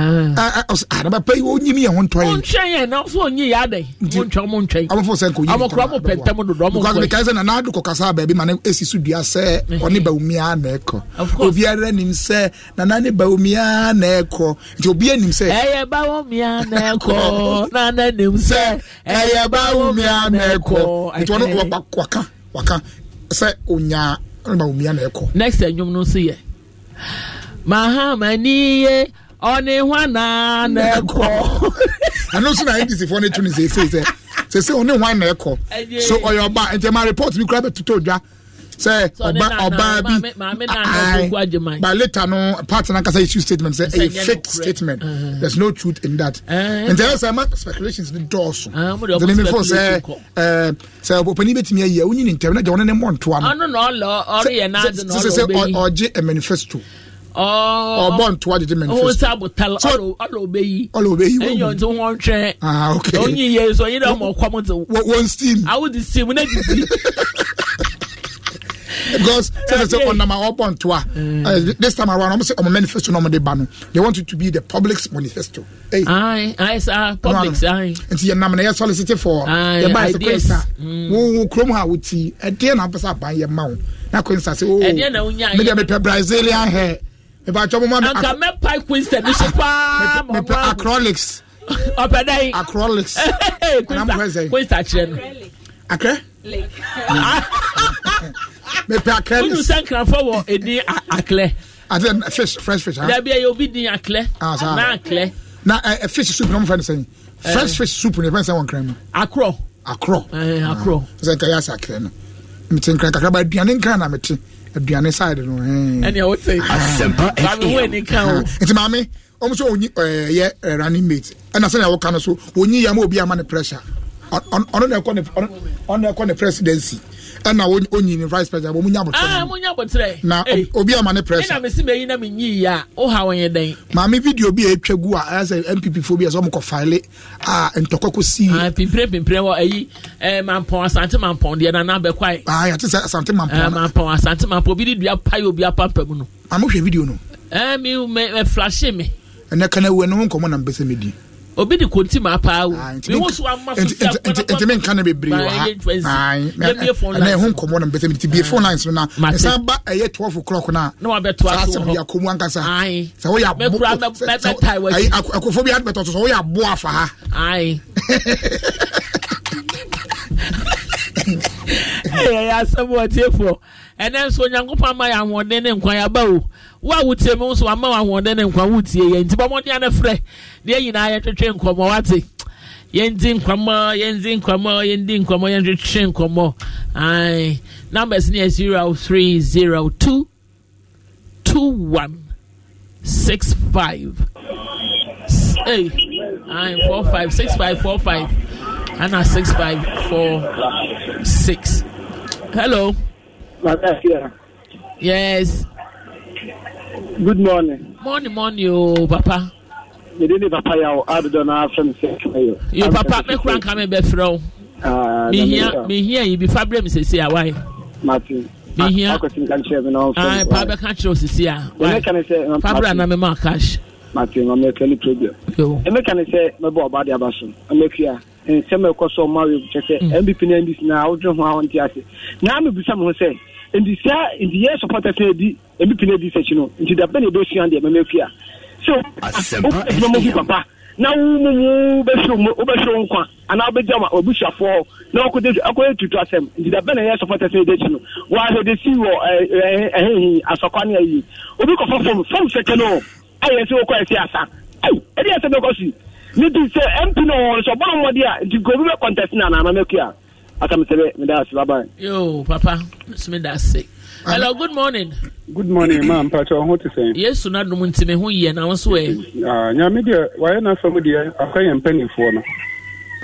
adaba ah. ah, ah, pɛ yi onyimi yɛ ho ntɔ yɛ. ntwɛn yɛ na so onyi yɛ adɛ. mo ntwɛn mo ntwɛn. awo fɔ sɛ nko yi. awo kura mo pɛ ntɛm dodo ɔmo nkɔ yi. because na n'adu kɔ kasa bɛɛbi ma ne esi so dua sɛ ɔne bawumia na ɛkɔ. obiara nim sɛ nana ne bawumia na ɛkɔ nti obiara nim sɛ. ɛyɛ bawumia na ɛkɔ nana nim sɛ ɛyɛ bawumia na ɛkɔ nti wɔn waka waka sɛ onya ne bawumia na ɛkɔ. next ɔne ho anaa na ɛkɔ ɛno nso na ndc foɔ no tu no seesei sɛ sɛsɛ ɔne ho ana ɛkɔ so ɔyɛ ɔba nti ma report bi koraa bɛtotɔ dwa sɛ ɔba ɔbaa bi by later no party nankasa issue statement sɛ a fake statement there's no truth in that nti ɛyɛ sɛ ma speculations no dɔɔso nti ne mefo sɛ sɛ ɔpani bɛtumi ayi a wonyi ne ntɛm na gya wɔne ne mmɔ ntoa no sɛ sɛ ɔgye manifesto ọbọ ntoa didi manifesto. owó sábò tal ọlọ ọbẹ yìí. ọlọ ọbẹ yìí wọ́n mu ẹ̀yọ̀ tí wọ́n twẹ́. ah ok onyin yẹ sọ yín dẹ́ ọmọ ọkọ mu ti. wọ́n steam. awo di steam ne di steam. because sɛ sɛ ɔnam a ɔbɔ ntoa this time around ɔmo sɛ ɔmo manifesto na ɔmo de ba no they want it to be the public's manifesto. ayi ayi sa public ayi. nti yɛ nam na yɛ solicit for yɛ ba yɛ sɛ kɔn sa wo kurom ha wo ti ɛdeɛ na apɛsɛ aban yɛ ma wo na kɔn sa o mi de mi pɛ brazilian hair ìbàjọ́ mo máa mi. nka mẹ́pa quinset ní ṣe paa. mẹ́pa acrylics. ọ̀pẹ̀ dẹ́ yìí. acrylics. quinset kyerẹ́ nu. akẹ́. [LAUGHS] mẹ́pa acrylics. wúni sẹ́ nkranfọ́ wọ ẹni e akẹ́lẹ́. àti eh, fish fresh fish. dàbí ẹyẹ e, obi dín akẹ́lẹ́. náà ah, akẹ́lẹ́. na ẹ eh, eh, fish soup ní wọ́n fẹ́ ní sẹ́yìn fresh fish soup ní fẹ́ ní sẹ́yìn wọ́n kẹ́rẹ́ mu. akorɔ. akorɔ. akorɔ. sɛ nkɛ yɛ asɛ akẹ́lẹ́ nù. mìtì nkran kakra aduane nkran na mìtì aduane side no ɛnea wote asɛmpa nti maame ɔm sɛ ɔnyi ɛyɛ running mate ɛna sɛnea woka no so ɔnyi yɛ ma obi ama ne pressure ɔno na ɛkɔ ne presidency ɛna onyini vice president wɔn mu nya abotire. Ah, mu nya abotire. na obi ama ne pressure. ɛna mesi meyi na mi nyi ya o ha wɔn yɛ dɛn. maame video bi a etwa gu a ɛyɛ sɛ npp fo bi a sɛ ɔmo kɔ faile a ntɔkwa ko si. Ah, pimpire pimpire wɔ ɛyi ɛɛ eh, mampɔn asante mampɔn deɛ nana bɛ kwa yi. aa ah, yɛ ti sɛ asante mampɔn. Eh, mampɔn asante mampɔn obi di dua pa obi apa pɛ mu no. amu hwɛ video no. ɛɛ eh, mi mɛ flashe mi. ɛnɛ kana wu ɛnu nkɔmɔ na mpɛsɛ mi di obi de konti maa paa o mi wo so ama so fi akɔnɔ kɔnɔ ntɛmɛ nkan na bebree wɔ ha naan ɛnna ɛho nkɔmɔ na mbɛsɛ mi ti bie phone lines na ɛsan ba ɛyɛ twelve o'clock na saa sɛ bi akomu ankasa sɛ o yɛ abo sɛ ayi akofo bi adibɛtɔ so sɛ o abo afa ha. [LAUGHS] ɛyɛ asɛm wɔtiefoɔ ɛnɛ nso onyankopɔn ama yɛ ahoɔden ne nkwa yɛaba o wo a wotie mu nso ama wo ahoɔden ne nkwa wotie yɛ nti bɔmmɔden ano frɛ deɛ nyinaa yɛtwetwe nkɔmmɔ wate yɛndi nkɔmmɔ yɛndi nkɔmmɔ yɛndi nkɔmmɔ yɛntwetwe nkɔmmɔ ae numbers ne yɛ 0302 21 65 Hey, I'm four five six five four five ana six five four six. Hello. Yes. Good morning. Morning, morning, o papa. Mede ne papa yà wò adodɔ náà afẹ́ mi sẹ́ kí ẹ yọ. Yo papa mi kura nka mi bẹ fẹ́ o. Mihia mihia yi bi fabre mi sese awa yi. Mati. Mihia. Akọsi nka n ṣe mi náà fẹ́. Ayi pa bẹ kan kyerɛ o sisi a. Wọ́n kàn sẹ́. Fabre anamí ma cash. Mati, mami ẹ kẹ́lí problem. Yo. Ẹ mẹ́ka ni sẹ́ mẹ́ bọ́ ọba de aba so, ẹ nsɛm ɛkɔ so ɔma wei kyɛ sɛ mpp mm. ne ndc na wodwe ho a ase na mebisa me ho sɛ nti saa nti yɛ supporters na ɛdi mpp no adi sɛkyi no nti da bɛ na ɛbɛsua deɛ mɛma fi a sɛ wobɛsuma mu papa na womumu wobɛhwɛ nkwa anaa wobɛgya ma wabusuafoɔ na akɔyɛ tutu asɛm nti da bɛ na yɛ supporters na ɛdakyi no wɔahwɛ de si wɔ ɛhehi asɔkwa ne ayi obi kɔfa fam fam sɛkɛ no ayɛ sɛ wokɔɛ sɛ asa ɛdeɛ sɛ bɛkɔ so ne ti sɛ mp na wɔn nso ɔbɔn mɔdi a nti gobi bɛ kɔntɛsi na anana mɛ kuya asamsɛbɛ mi da ase baba. yoo papa mi da ase. hello good morning. good morning maa mpatsɛ ɔho ti sɛn. yesu na dum nti mi ho yɛ na nso yɛ. aa ah, nyame deɛ wayɛ na fam deɛ akɔyɛ mpanimfoɔ no.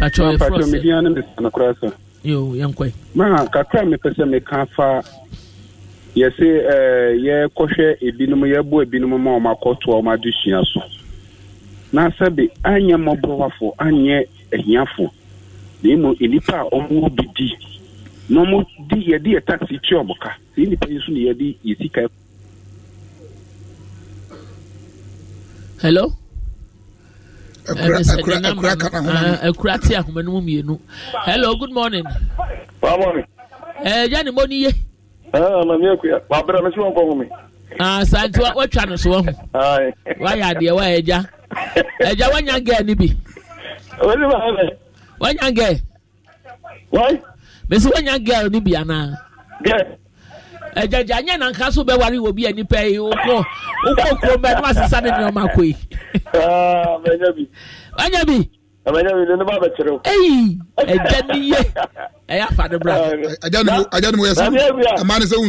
patsɛ yɛ fɔ sɛ patsɛ mi diya ne mi sanu kura sɛ. yoo yɛn kɔɛ. maa kakra mi pɛ sɛ mi kan fa yɛsi ɛɛ eh, yɛ kɔhwɛ ebinom yɛ bɔ ebinom ma ɔmo akɔto ɔmo adesua so. na sɛbe anyɛ mmɔborɔwafo anyɛ na mmom nnipa a ɔmo bi di na di ya yɛ taxi tua nnipa yi nso na ya di ya hello. ka na eh, akura ti ahoma no mu mmienu hello good morning. good morning. ɛɛ eh, yanni mo ni ye. ɛɛ ah, maami akuya wa abira mi si wọn kɔ mi. Ah, saa nti watwa no so wɔn ho wayɛ ẹja wọn yan gẹẹ níbi. wọ́n ní bàbá bẹ̀. wọ́n yan gẹẹ. wọ́n. bẹ́sẹ̀ wọ́n yan gẹẹ níbi àná. gẹẹ. ẹja ẹja nyẹ na nka so bẹ wari wo bi ẹni pẹ yi o kọ o kọ kuro mbẹ ẹni ma sisa ni nìyẹn ma ko yi. aa mẹ nya bi. wọ́n bi. mẹ nya bi ne b'a bẹ kyerɛ o. eyi ẹja ni ye ẹ y'a fa ni bra. ẹja ah, ni mo ẹja ni mo ni sẹ n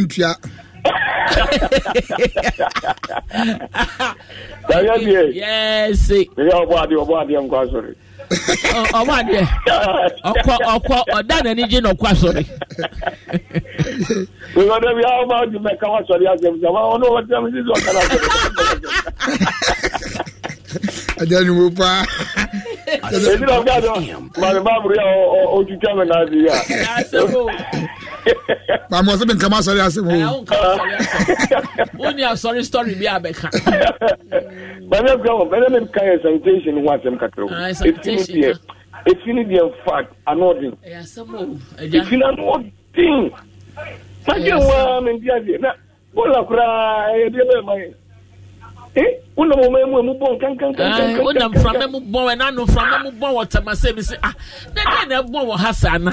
yes. ọmọ adìẹ ọkọ ọkọ ọdá nani jí n'ọkọ asọri. ìrọ̀lẹ́ mi àwọn máa dùn mẹ́ka wá sọ̀rí àgbẹ̀ mi sàmá ọ̀nà ọ̀tí àmì sísè ọ̀kan náà sọ̀rọ̀. ajá ni mo náà rí ojú náà di yà. pàmò ọsẹ mi nkà máa sọrọ yasẹ mọ. wọn ni asọrí story bí abẹka. bẹ́ẹ̀ni ẹgbẹ wọn bẹ́ẹ̀ni ẹgbẹ kan yẹ sanitation ni wọn asẹm kakra o efi ni diẹ efi ni diẹ nfa anọdin efi ni anọdin májè wọn mi di adiẹ na bọọlù akura ẹyẹ diẹ bẹ́ẹ̀ máa yẹ. wonam ɔma mu a mu bɔn kankanwonam framɛ mu bɔn ɛna no framɛ mu bɔn wɔ tamasɛ bi sɛ ah dɛ dɛ na ɛbɔn wɔ ha saa na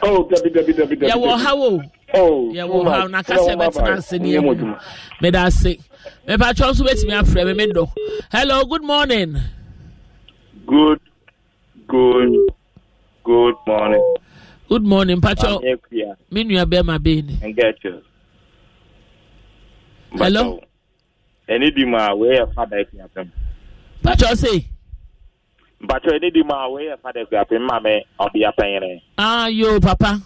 Oh, dabi dabi dabi dabi. Yẹ̀wọ̀ ha wo. Yẹ̀wọ̀ ha na kásẹ̀ bẹ́ẹ̀ tẹ̀lé ase ní ẹ̀mú. Mẹ́ta ase. Mẹ́fà tí wọ́n tún bẹ́ẹ̀ tì mí afẹ́rẹ́ Hello, good morning. Good good good morning. Good morning, Pacho. Mi nua bẹ́ẹ̀ ma bẹ́ẹ̀ ni. Hello. Ẹni di mu a, wẹ́ẹ́ yẹ fada ẹ̀kú yàtọ̀ Pacho sèé mpatwa e ne di mu e a wɔyɛ fada kuape mma me ɔbea pɛnyere ayo papa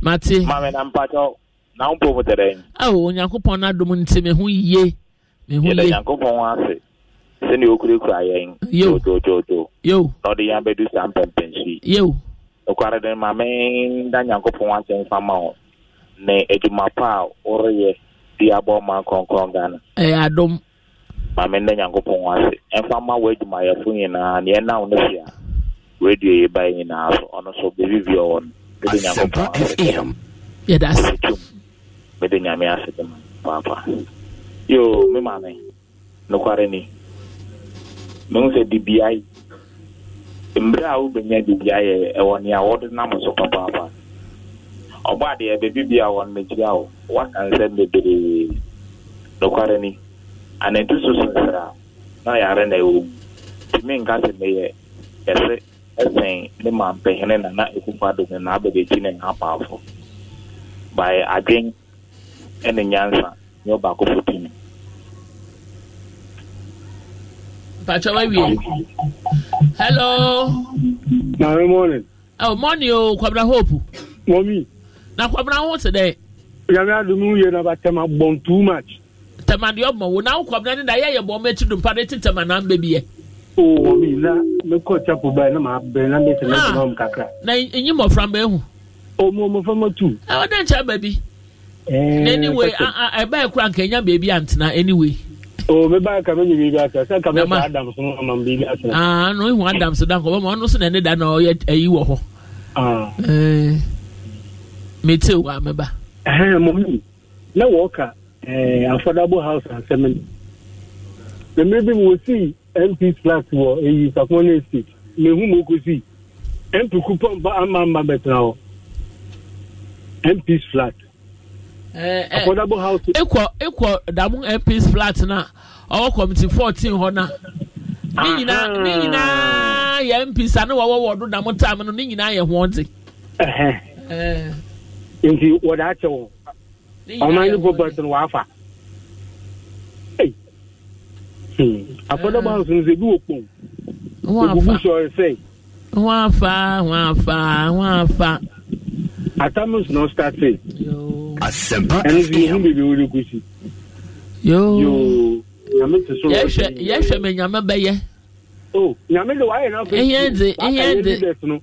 mate ma me na mpatwa na wompo mu tɛdɛn ao onyankopɔn no adom nti me ho ye me ho yɛda nyankopɔn ase sɛnea ɔkurakura yɛn dododoodo na ɔde yɛn bɛdu saa mpɛmpɛnsi nokware de ma me da nyankopɔn ase mfa ma wo ne adwuma pa e, a woreyɛ de abɔ ma nkɔnkɔn ghana ɛyɛ adom maame nda nyankopɔn ase ɛmfa ma w'adwumayɛfo nyinaa neɛ ɛnam no fi a radio yi bae nyinaa so ɔno so baabi bi ɔwɔ no mede nyankopɔn asetum mede nyame ase de ma paapa yo me maame nokware ni mehu sɛ dibiae mmerɛ a wobɛnya dibiae ɛwɔ nea wɔde nam so papaapa ɔbɔ adeɛ baabi bi a wɔ no mekyira wo waka nsɛm bebree nokware ni ana ɛdi so si na yare na ewu mu tumi si sɛ na ese ɛsɛn ne ma na na ekufu ado na abɛbɛkyi ne na apaafo gbaa e adwen ɛne nyansa ne hello. hope. na oh, ho ti dẹ. yàrá yẹn na bàtẹ́ ma gbọ̀n too tɛma deɛ ɔma wo n'akwụkwọ wokɔm na ne ya yɛyɛ bɔ ma akyi do mpa de te tɛma na mbɛ biɛ mi na mekɔ chapo bae na maabɛn na mesɛ mɛtɛma m kakra ah, na ma ahu ɔmu mmɔfra ma tu ah, ɔdɛ nkyɛ ba bi na anyway ɛbɛɛ kora nka ɛnya anyway adams ah, na ɔhu adams da nkɔ bɛma ɔno na ɛne na ɔyɛ ayi wɔ Eh, affordable house asɛm maybe we will see empis flat wɔ ɛyi state mehu ma ɔkɔsii mp kupɔn ba ama ama bɛtena hɔ mp flat eh, eh. affordable house ekɔ ekɔ damu mps flat na committee na nyinaa nyinaa nti ɔman no bɔbɔs no wafa afɔdɔbɔ nso nso ebi wɔ kpɔn ebubu sɔre sɛ. wafa wafa wafa. atamus na ɔsta se. asempa fm ɛnu bi ihu bebe wuli kusi. yoo yoo nyame ti so. yɛhwɛ yɛhwɛ mi nyame bɛyɛ. o nyame de wayɛ n'afɔ eyi eyi de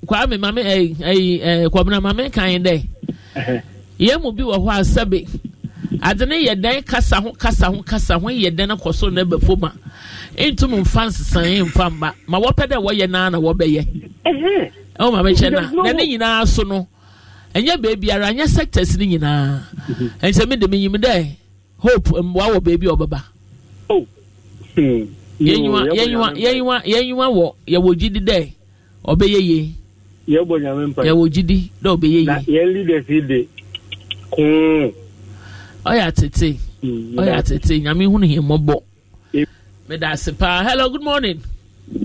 kwame maame ɛyi ɛyi ɛɛ kɔmina maame kan yi dɛ yɛn mu bi wɔ hɔ asɛbe ade ne yɛ dan kasa ho kasa ho kasa ho yɛ dan kɔ so na ɛbɛ fom a ntum nfa nsesan nfa mba ma wɔpɛ dɛ wɔyɛ naa na wɔbɛyɛ ɛwɔ maame kyɛn na na ne nyinaa so no ɛnyɛ beebiara ɛnyɛ sectors ne nyinaa nsɛmí de mi yim dɛ hope mboa wɔ beebi ɔbɛba oh. hmm. yɛnyiwa yɛnyiwa yɛnyiwa yɛnyiwa wɔ yɛwɔ gidi dɛ ɔbɛyɛ yie yɛwɔ gidi dɛ ɔbɛyɛ yie na yɛn leaders yi de ɔyɛ atete ɔyɛ mm, atete nyame hu no hia mmɔbɔ meda ase paa hello good morning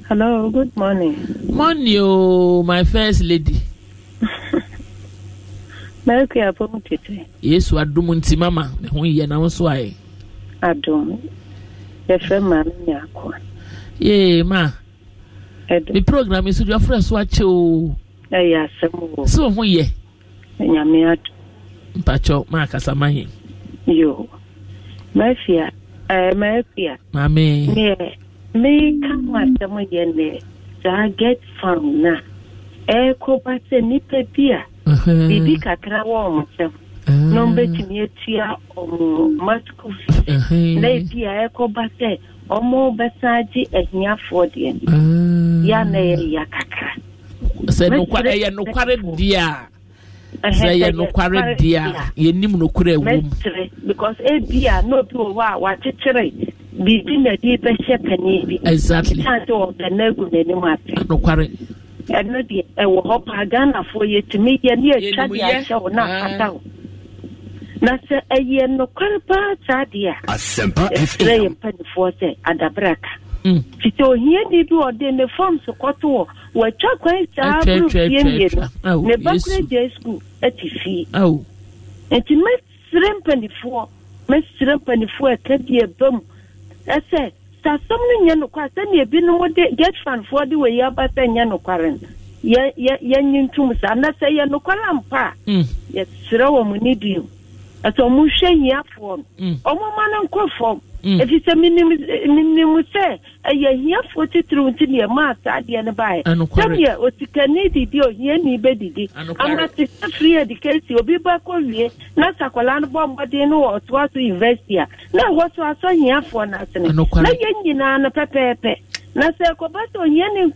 hello good morning morning o oh, my first lady [LAUGHS] mɛkua apɔmu tete yesu adom nti mama ne ho yɛ na wo so ayɛ adom yɛfrɛ maame nyaako yee ma me program yi so deɛ ɔfrɛ so akyɛ o ɛyɛ asɛm wɔ sɛ wo ho yɛ nyame adom mpakyɛw maakasa mahe yo maafia uh, eh, maafia mee meɛ meka ho asɛm yɛ get farm na ɛɛkɔ e ba sɛ nnipa bi a kakra wɔ ɔmo n'o be ɔmbɛtumi atua ɔmo masco na ebi a ɛɛkɔ e ba sɛ ɔmo bɛsan agye ahiafoɔ deɛ ya na e ya kakra sɛ ɛyɛ nokware deɛ a sɛ yɛ nokware deɛ a yɛnim nokorɛ ɛwɔ mu because ebi a na obi wɔ hɔ a biribi na ɛde bɛhyɛ panyin bi exactly kan sɛ na egu n'anim ase nokware ɛno deɛ ɛwɔ hɔ paa ghanafoɔ yɛtumi yɛ ne yɛtwa deɛ ahyɛ wo na afata ah. wo na sɛ ɛyɛ nokware paa saa deɛ a ɛsrɛ yɛ mpanifoɔ sɛ adabraka fiti ohia di bi ɔde ne forms kɔto wɔ wɔatwa kwan saa aburo fie mmienu ne bakura gya school ati fie nti mesere mpanifoɔ mesere mpanifoɔ ɛka bi ɛba mu ɛsɛ sɛ asɛm no nyɛ nokware sɛnea ebinom de get fanfoɔ de wɔyi aba sɛ nyɛ nokware no yɛnyi ntom saa na sɛ yɛ nokware ampa a mm. yɛserɛ wɔ mo ne bio ɛsɛ ɔmo nhwɛ hiafoɔ mm. ɔmo ma no nkɔ fam mm. ɛfiri sɛ menim sɛ ɛyɛ hiafoɔ titiriw nti maa saa sɛdeɛ osikani didi ohiani bɛdidi ama sɛ free education obi wie na sakwala no bɔ mmɔden no wɔ ɔtoa so university a na ɛhɔ so asɔ hiafoɔ no asene na yɛn nyinaa no na sɛ ɛkɔba sɛ ohiani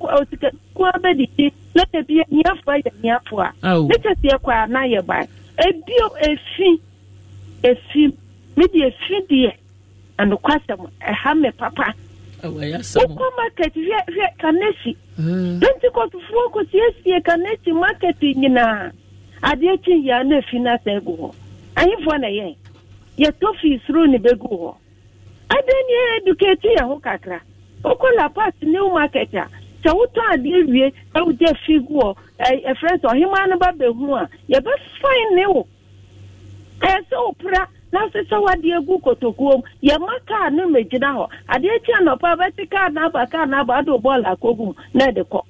bɛdidi na ebi hiafoɔ yɛ hiafoɔ a ne kyɛ a na yɛ bae efi mi di efi deɛ ɛnukwasɛm ɛha mi papa wokɔ market hwɛ hwɛ kanesi hmm. pentikɔtufoɔ kɔsiesie kanesi market nyinaa adeɛ kyi yɛ ano efi n'asɛ egu hɔ ahenfoɔ na yɛn yɛtɔ fi soro ne gu hɔ adeɛ ni eduketi yɛ ho kakra wokɔ lapas new market a sɛ wotɔ adeɛ wie na wogya fi gu hɔ ɛfrɛ sɛ ɔhemaa no ba bɛhu a yɛbɛfain ne wo. ɛsɛ opra e na ase sɛ wade egu kotokuom yɛma kaa no megyina hɔ adeɛ kyi anɔpa bɛte kaa n'aba kaa n'aba ade bɔɔl akogu mu na ɛde kɔ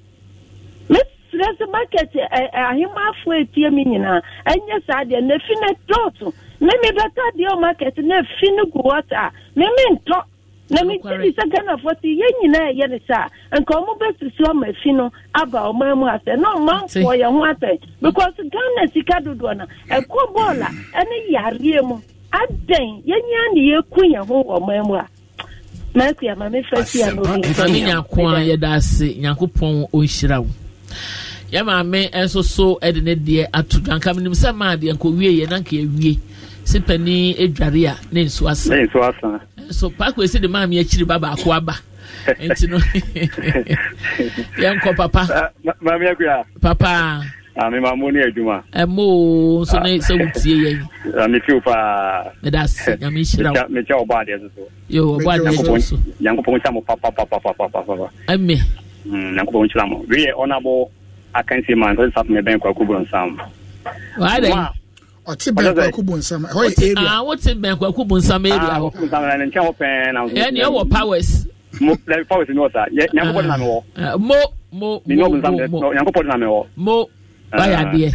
mesrɛ sɛ market ɛ eh, eh, ahemafo etie mi nyinaa ɛnyɛ saa deɛ na efi na dɔɔso na mi deɛ market na efi no gu wɔta a mimi ntɔ. na mekye di sɛ ghanafoɔ sɛ yɛn nyinaa ɛyɛ ne sɛ a nka ɔmo bɛsusu ɔma afi no aba ɔma mu asɛ na ɔmanfoɔ yɛ ho asɛ because ghana sika dodoɔ no ɛkɔ bɔɔla ɛne yareɛ mu adɛn yɛnyia ne yɛku yɛn ho wɔ ɔma mu a mɛsi ama mefɛ si a nobifa ne a yɛda ase nyankopɔn ɔnhyira wo yɛ maame nso so de ne deɛ ato dwanka menim sɛ maa deɛ nkɔwieɛ na nka yɛwie sɛ panin adware a ne nso asa ne nso asa so paako esi de maame akyiri ba baako aba nti no [LAUGHS] yɛnkɔ papa ah, maame akua papa ame ah, maamo ne adwuma ɛmo nso ne ah. sɛ wotie yɛn ame tiw paa meda ase [LAUGHS] nyame wo mekyɛ ɔbɔ adeɛ so so yo ɔbɔ adeɛ so so nyankopɔn hyɛ mo papapapapapapa ame hmm, nyankopɔn hyira mo weyɛ ɔnabɔ akansi ma nkɔsɛ sapemɛbɛn kwaku bronsam ɔte bɛn kwaku bu nsam ɛhɔ yɛ area aa ah, wote bɛn kwaku bu nsam area ah, hɔ ɛne ɛwɔ powers mo powers ni wɔ sa nyankopɔ na mi wɔ ah, mo mo mo mo nyankopɔ na mi wɔ mo bayɛ adeɛ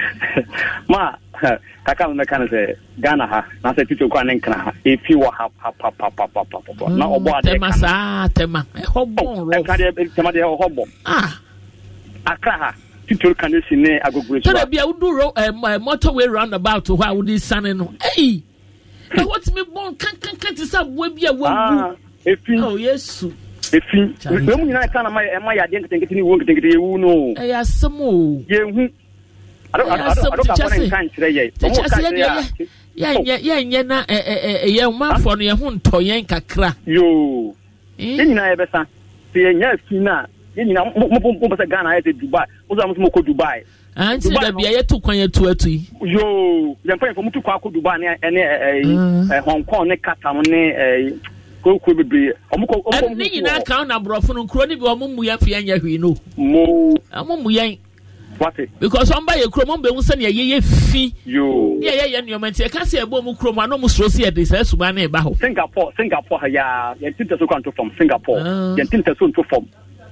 [LAUGHS] ma [LAUGHS] kaka mi mɛka no sɛ ghana ha na sɛ titi okura ne nkana ha efi wɔ ha papapapapapa na ɔbɔ hmm, adeɛ kan tɛma saa tɛma ɛhɔ bɔn oh, rɔ ɛka deɛ tɛma deɛ ɔhɔ bɔ akra ha titoro kane si ne agogoro so. tọ́lá bi a wúdú ro motorway roundabout hɔ a wòde sani no ɛyi [LAUGHS] ẹ wọ́n ti mi bọ́ nkankankan ti sá bọ́ bi a wọ́n bu ah, efin ọ̀ oh, yéésù. efin lẹ́mu nyinaa kan náà ẹ̀ má yà adé nketenkete ni wo nketenkete yẹ wú nù. ẹ yà sẹ́mu o. yẹ hu yɛnyɛ na yɛn mma afɔ no yɛn ho ntɔ yɛn kakra. yoo ne eh? nyinaa yɛ bɛ sa sɛ yɛnyɛ fi na yɛn nyinaa mo sɛ ghana ayɛ sɛ dubai mo sɛ dubai. anti dabi a yɛtu kwan yɛtu atu yi. yoo yɛmpɛ yɛmpɛ mo tu kwan dubai ne ɛne mm. hong kong ne katam ne ɛɛ kurokuro bebree. ɛnu ne nyinaa kan na aborɔfo no nkuro ne bi wɔn mu yɛn fi yɛn yɛ no. mo wɔn mu yɛn. because wọn bá yẹ kurom wọn bẹ n sẹ ni ẹ yẹ fi. ni ẹ yẹ yẹ nìyọmọ nti ẹ ká sẹ ẹ bọ ọmọ kurom àná ọmọ sí ẹ sẹ ẹ sùnmọ àná ẹ bá singapore singapore ha yaa yẹn ti n tẹ so kan to fam singapore ah. yẹn ti n tẹ so n to fam.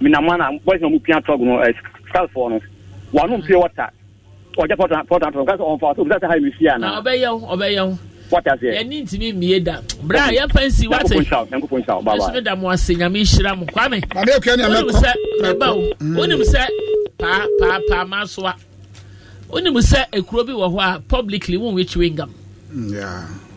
menama eh, mm. na boys na mupia trog no scarfoɔ no wɔanom pie wata ɔgya pɔtaɔka sɛ ɔmfa so obisa sɛ ha mesie ana ɔbɛyɛw ɔbɛyɛw yɛne ntumi mmie da berɛ a yɛmfa nsi wateɛsome da mo ase nyame nhyira mo kwame wonim sɛ meba wo wonim sɛ paa paa paa maasoa wonim sɛ ekuro bi wɔ hɔ a publicly wonwɛkyiwe ngam mm,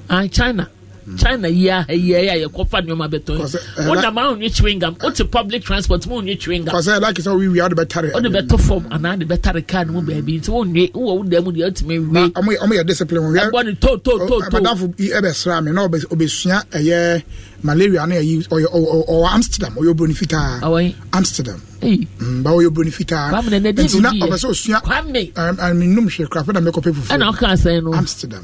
ah, china china yi aha yi ɛyɛ yɛkɔfa nneɛma bɛtɔ yi wonam eh, ahonwe chewing gum wote public transport mu onwe chewing gum kɔsɛ ɛlaki sɛ wiwi ade bɛtare wode bɛtɔ fam anaa de bɛtare kaa ne mu baabi nti wonwe wowɔ wo dan mu deɛ wotumi wie ɔmo yɛ discipline wo ɛbɔ ne to to to to ɛbɛdafo ɛbɛsra me na ɔbɛsua ɛyɛ malaria no yɛyi ɔyɛ ɔwɔ amsterdam ɔyɛ oburoni fitaa amsterdam mm, ba ɔyɛ oburoni fitaa nti na ɔbɛ sɛ osua ɛminum hwɛ kura fɛ na mɛ kɔpɛ fufu ɛna ɔka asɛn amsterdam amsterdam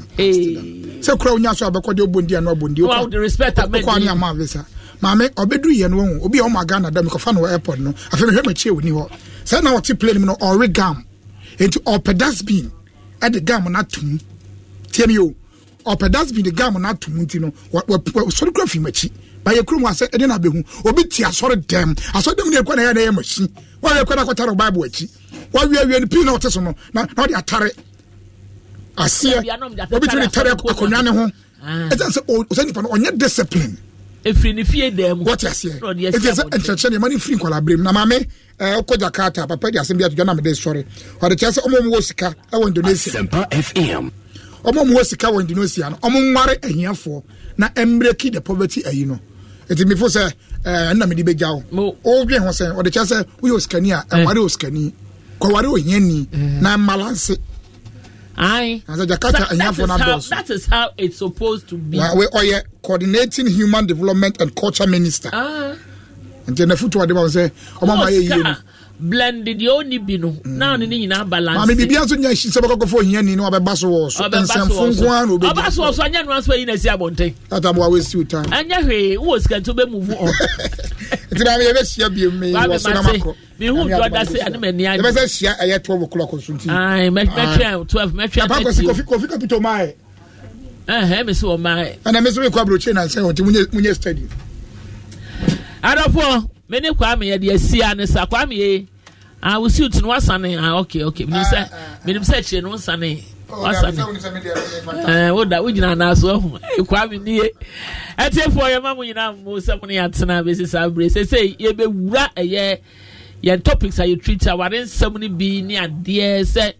sɛ kura onya so abɛkɔ de obondi ano obondi okɔ ani ama avisa maame ɔbɛduru yɛn no ohun obi a ɔmo agana dɛm kɔfa no wɔ airport no afei mehwɛ mɛkyia wɔ ni hɔ sɛ na ɔte plane mu no ɔre gam nti ɔpɛ dustbin ɛde gam no atum tiɛ mi o ɔpɛ dasbin de gam no ato mu nti no sɔre kura firi m'akyi bayɛ kurom asɛ ɛde na abɛhu obi ti asɔre dɛm asɔre dɛm ne ɛkɔ na ɛyɛ na ɛyɛ machine wɔawie ɛkɔ na akɔtare ɔbaa bɔ akyi wɔawie awie no pii na ɔte so no na na ɔde atare aseɛ obi tumi de tare akonnwa ne ho ɛsɛ sɛ ɔsɛ nipa no ɔnyɛ discipline efiri ni fie dɛm. wɔte aseɛ eti sɛ nkyɛnkyɛn nìyɛn ma ni firi nkɔla abirem na maame ɛɛ ɔkɔ jakarta papa di asɛm bi ato gya na mi de sɔre ɔde kyerɛ sɛ ɔmo wɔn wɔ sika ɛwɔ indonesia. asempa fm ɔmo mu sika wɔn dino sia no ɔmo nware ahiafoɔ na mmereki the poverty ayi no eti mifo sɛ ɛɛ ɛnna mi de eh, bɛ gya o ɔɔdwe ho sɛ ɔde kyɛ sɛ woyɛ osikani a ɛware eh. osikani kɔware ohiani eh. na mmalanse. Aye. As a that, that, how, that is how it's supposed to be. we are yeah, coordinating human development and culture minister. Ah. And then the foot say, Oh, my, Blended, deɛ ɔni bi no na ɔne ne nyinaa balance. maame bibi aso nya ehyia sɛbɛ kɔkɔfo ohia ni na ɔbɛba so wɔ so nsɛmfo nko ara na ɔbɛdi. ɔba so wɔ so anya nua so ayi na esi abɔnten. tata bo awo esiw tan. anya hwee wɔ sika nto bɛ mu vu ɔ. nti maame yɛ bɛ hyia bi mu wɔ so na ma kɔ. mi hu jɔ da se ani ma ni anyi. yɛ bɛ sɛ hyia ɛyɛ twelve o'clock nso ti. ayi mɛtwɛn twelve mɛtwɛn mɛtwɛn. apakɔsi kofi kofi kapito maa yɛ. ɛhɛn mi so wɔ maa yɛ. ɛna so mi kɔ aburokye na nsɛn wɔn steady. adɔfoɔ mene kwame yɛde asi a ne sa kwame ye a wo siw ti no wasane a ah, ok ok menim sɛ ah, ah, menim sɛ kyerɛ no wosane oh, wasane woda wogyina anaaso ahu [LAUGHS] kwame nie ɛtiefoɔ yɛma mo nyinaa mo sɛ mo ne yɛatena bɛsi saa berɛ sɛsei yɛbɛwura ɛyɛ eh, yɛn topics a yɛ treat a nsɛm no bi ne adeɛ sɛ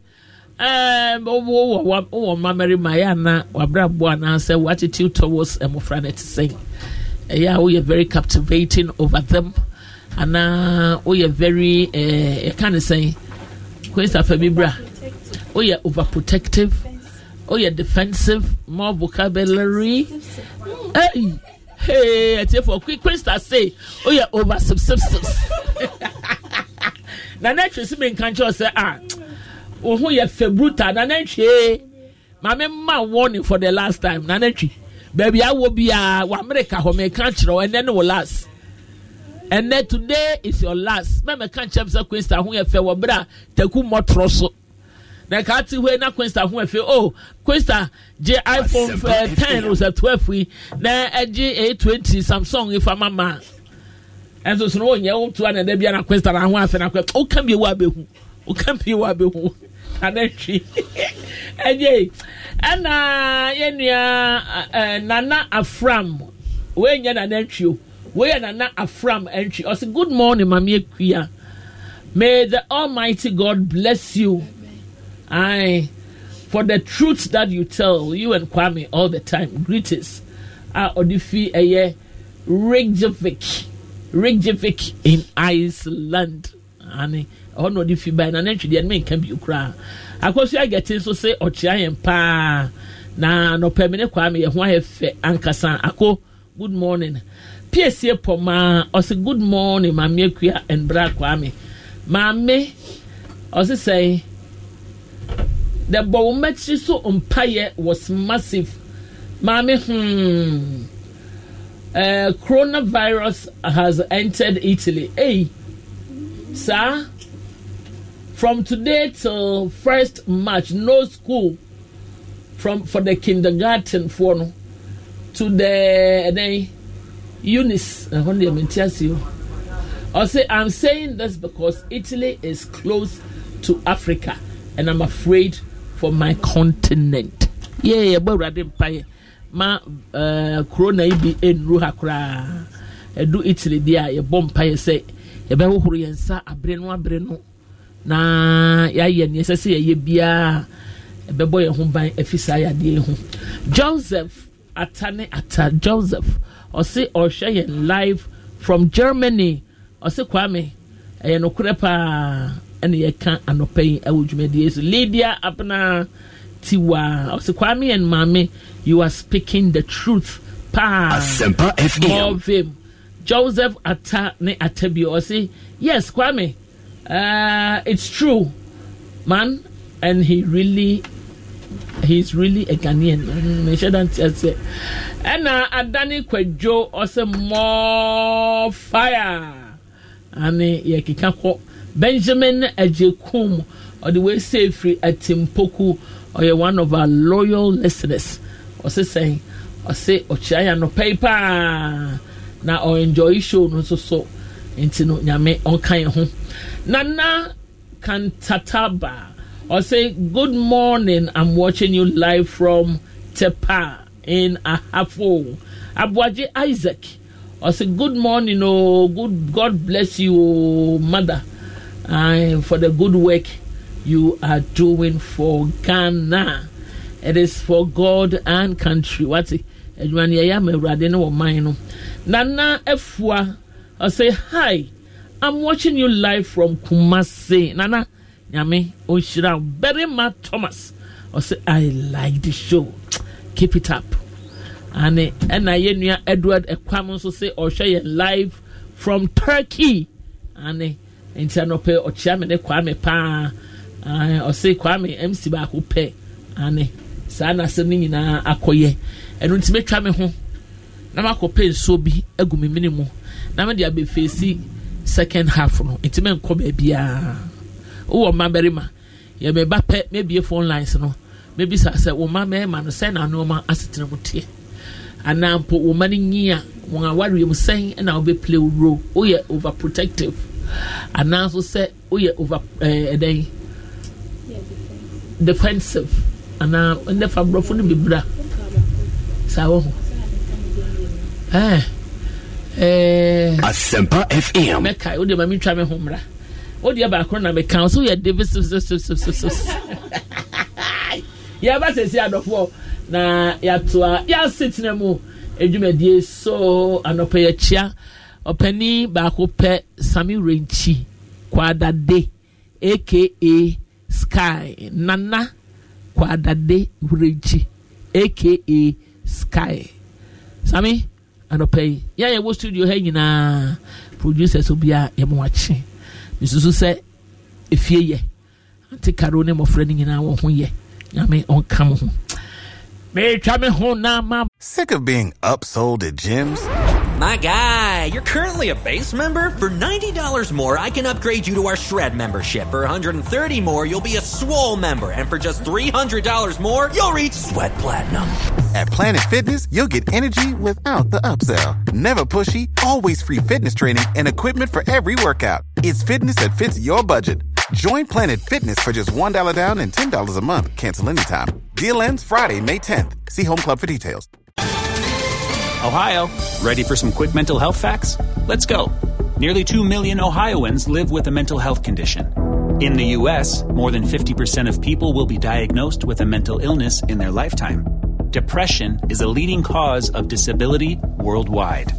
eh, wowɔ mmammarima yɛ ana wabrɛboɔ anaasɛ woattitude towards eh, mmɔfra no te sɛn ɛyɛ a woyɛ very captivating over them anaa woyɛ very ɛka ne sɛn kwesafɛ bi bra woyɛ overprotective woyɛ defensive more vocabulary hey hey ɛtiɛfo kwesta say woyɛ over subsistence [LAUGHS] na n'atwi si mi nka nkyɛn sɛ a ah, wo ho yɛ fɛ brutal na n'atwi eh, maame mma warning for the last time na n'atwi baabi awo biara ah, wɔ america hɔ mɛ nka kyerɛ ɛnɛ ne wɔ last ɛnɛ today is your last mɛmɛ ka nkyɛn sɛ kwesta ho yɛ fɛ wɔ bere a taku mmɔtorɔ so na ka ate hɔ na kwesta ho yɛ fɛ o kwesta gye iphone fɛ ten o sɛ twelve yi na ɛgye eight twenty samsung yi fama ma ɛnso so na wɔn nyɛ wɔn to ana ɛdɛ bi ana kwesta na ho afɛ na kwɛ o kan bi ewu abehu o kan bi ewu abehu anatwi [LAUGHS] ɛnyɛ [LAUGHS] ɛna uh, yɛn nua ɛɛ eh, nana afram wɔn nyɛ nana o wɔyɛ nana afram ɛntwi ɔsi good morning maame ekuya may the almighty god bless you aye for the truth that you tell you and kwame all the time greetings Ah, ɔde aye, ɛyɛ reykjavik in iceland ani ɔhɔ na ɔde fi ban na nantwi deɛ ɛnum nka bi koraa akɔsu agɛte nso so say yɛn paa na nɔpɛmini kwame yɛ ho ayɛ fɛ ankasa ako good morning. piesie pɔmaa ɔsi good morning maame akua mbra kwame maame ɔsi sɛn the bɔwɔmɛkyi so mpaeɛ was massive maame hmm uh, coronavirus has entered italy eh, sir from today till first march no school from for the kindergarten for no to the then. Eunice, uh, I'll say, I'm saying this because Italy is close to Africa and I'm afraid for my continent. Yeah, yeah, but rather empire. Ma uh, corona be enru ha koraa. Edu Italy dia yɛbɔ mpaeɛ sɛ yɛbɛhohoro yɛn nsa abere no abere no na yɛayɛ neɛ ɛsɛ sɛ yɛyɛ biara ɛbɛbɔ yɛn ho ban afi saa yadeɛ yi joseph atane ne ata joseph ɔsi ɔhwɛ yɛ live from germany ɔsi kwame ɛyɛ nokorɛ paa ɛna yɛka anɔpɛ yi ɛwɔ dwumadie so lydia abena tiwa ɔsi kwame and maame you are speaking the truth paa asempa fm fm joseph ata ne atabio ɔsi yes kwame uh, it's true man and he really he's really a Ghanaian. Mehyɛ mm, dan ti ase. Ɛna Adani Kwadwo ɔsɛ more fire. Ane yɛ kɔ. Benjamin Ajekum ɔde wei sɛ efiri Atimpoku ɔyɛ one of our loyal listeners. Ɔsɛ sɛn ɔsɛ ɔkyerɛ yɛ no yi paa na ɔenjoy show no nso so nti no nyame ɔnka yɛn ho. Nana Kantataba. or say, Good morning, I'm watching you live from Tepa in Ahafo. Abwaje Isaac, or say, Good morning, oh, good God bless you, oh, mother, and for the good work you are doing for Ghana. It is for God and country. What adwumani ɛyɛ ama awurade no wɔ man no nana ɛfua ɔsɛ hi i'm watching you live from kumase nana nyame ɔnhyira barima thomas ɔsɛ i like the show keep it up ane ɛna yɛ nua edward ɛkwam nso sɛ ɔhwɛ yɛn live from turkey ane nti anɔpɛ ɔkyea me ne kwame paa ɔsɛ kwame mc baako pɛ ane saa nasɛm no nyinaa akɔyɛ ɛno nti mɛtwa me ho na makɔpɛ nsuo bi agu me mene mu na mede abɛfeesi second half no nti mɛnkɔ baabiaa wowɔ mma barima yɛmɛ ba pɛ mɛbie phone lines no mɛbisa sɛ wo mma mɛɛma no sɛn na nneɛma asetena mu teɛ anaa mpo wo mma no nyi a wɔn awareɛ mu sɛn ɛna wobɛpile wo role woyɛ overprotective anaa nso sɛ woyɛ over ɛɛ ɛdɛn defensive anaa nnefa borɔfo no bibira saa wɔ ho ɛɛ eh, ɛɛ eh. asɛmpa fm mɛka o de ma mi twa mi ho mra. wo deɛ baako na meka so yɛ de yɛba sɛsi adɔfoɔ na yɛatoa yɛasetena mu adwumadie so anɔpɛyɛkyia ɔpani baako pɛ sami renkyi kwadade aka sky nana kwadade renkyi aka sky sami anɔpɛ yi yɛn yɛ studio ha nyinaa producers obiara yɛ mo mesusu sɛ efie yɛ ante karo ne mmɔfra no nyinaa wɔ ho yɛ nyame ɔnka mo ho meretwa me ho na ma sick of being upsold at gyms my guy, you're currently a base member? For $90 more, I can upgrade you to our Shred membership. For $130 more, you'll be a Swole member. And for just $300 more, you'll reach Sweat Platinum. At Planet Fitness, you'll get energy without the upsell. Never pushy, always free fitness training and equipment for every workout. It's fitness that fits your budget. Join Planet Fitness for just $1 down and $10 a month. Cancel anytime. Deal ends Friday, May 10th. See Home Club for details. Ohio, ready for some quick mental health facts? Let's go. Nearly 2 million Ohioans live with a mental health condition. In the U.S., more than 50% of people will be diagnosed with a mental illness in their lifetime. Depression is a leading cause of disability worldwide.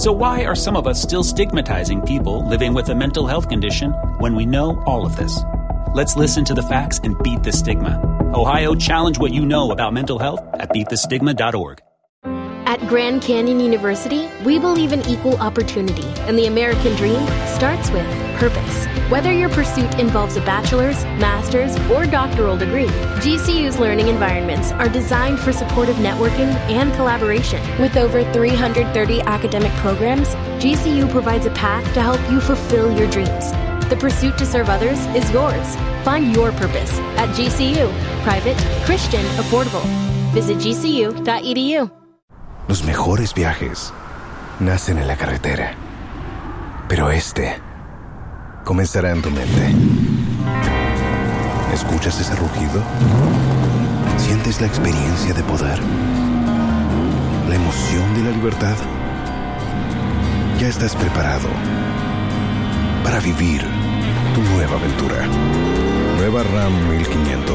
So, why are some of us still stigmatizing people living with a mental health condition when we know all of this? Let's listen to the facts and beat the stigma. Ohio, challenge what you know about mental health at beatthestigma.org. At Grand Canyon University, we believe in equal opportunity, and the American dream starts with purpose. Whether your pursuit involves a bachelor's, master's, or doctoral degree, GCU's learning environments are designed for supportive networking and collaboration. With over 330 academic programs, GCU provides a path to help you fulfill your dreams. The pursuit to serve others is yours. Find your purpose at GCU, private, Christian, affordable. Visit gcu.edu. Los mejores viajes nacen en la carretera, pero este comenzará en tu mente. ¿Escuchas ese rugido? ¿Sientes la experiencia de poder? ¿La emoción de la libertad? Ya estás preparado para vivir tu nueva aventura. Nueva RAM 1500.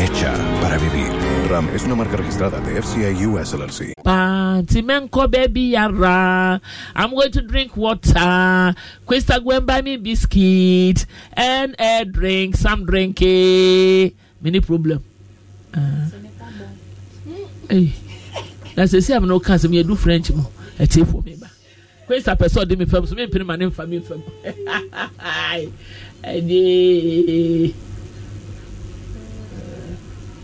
Hecha para vivir. RAM es una marca registrada de FCA US LLC. Pantimenko baby yara. I'm going to drink water. Questa gwen and buy me biscuit and a drink. Some drink. Eh. Mini problem. Uh, hey. na sɛ sɛ amena woka sɛ meyɛdu french mu atiefoɔ meba kwesta Questa sɛ ɔde me fam so mempene ma ne mfa me [LAUGHS] I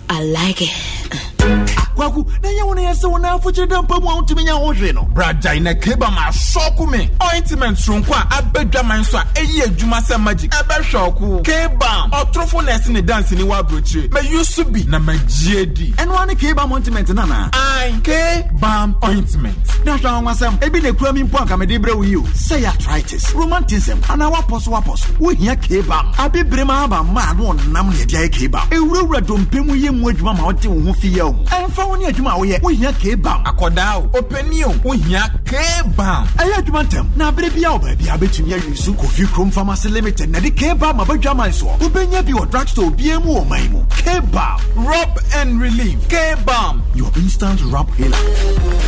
like it. kwaku na ɛnyɛ wo no yɛ sɛ wo na afokyere da mpa mu a wotumi nya wo no bragyae na keba ma asɔko me ointment soronko a abɛdwaman so a ɛyi adwuma sɛ magic ɛbɛhwɛ ɔko kebam ɔtorofo nɛse ne danseni wɔ aburokyire mayu so bi na magyie di ɛnoa ne kebam ointment no anaa kebam ointment na hwɛ awawasɛm ebi na ekura mi mpo anka mede brɛ wo yi o sɛ yɛ romantism anaa woapɔ so wapɔ so wohia kebam abibire ma aba mmaa no ɔnam ne yɛde ayɛ kebam ewurawura dompe mu yɛ mu adwuma ma ɔde wo ho fi yɛ wo mu ɛmfa wo ne adwuma a woyɛ wohia kbam akɔdaa o ɔpani o wohia kbam ɛyɛ adwuma ntɛm na aberɛ bia a baabia bɛtumi awe su kofi krom pharmacy limited na de kbam abadwaman a wobɛnya bi wɔ drugstore bia mu wɔ man mu kbam rub and relief kbam your instant rub healer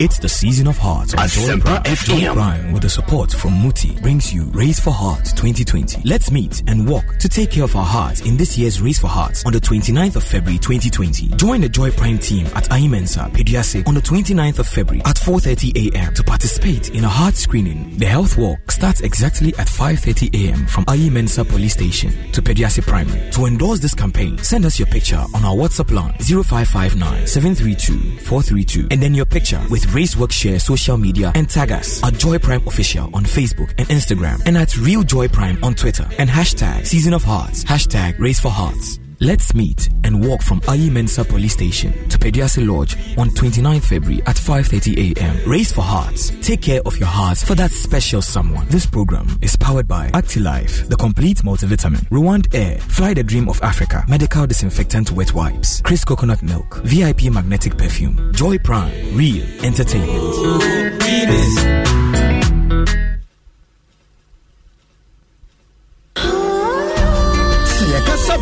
It's the season of hearts. At Semper FDM. Prime, with the support from Muti, brings you Race for Hearts 2020. Let's meet and walk to take care of our hearts in this year's Race for Hearts on the 29th of February 2020. Join the Joy Prime team at Aimensa, Pediase on the 29th of February at 4.30 a.m. to participate in a heart screening. The health walk starts exactly at 5.30 a.m. from Aimensa Police Station to Pediase Primary. To endorse this campaign, send us your picture on our WhatsApp line 0559 732 432 and then your picture with Race Workshare social media and tag us at Joy Prime Official on Facebook and Instagram and at Real Joy Prime on Twitter and hashtag Season of Hearts, hashtag Race for Hearts. Let's meet and walk from Ayi Mensa Police Station to Pediasi Lodge on 29 February at 5.30 a.m. Race for hearts. Take care of your heart for that special someone. This program is powered by ActiLife, the complete multivitamin, Rwand Air, Fly the Dream of Africa, Medical Disinfectant Wet Wipes, Chris Coconut Milk, VIP Magnetic Perfume, Joy Prime, Real Entertainment.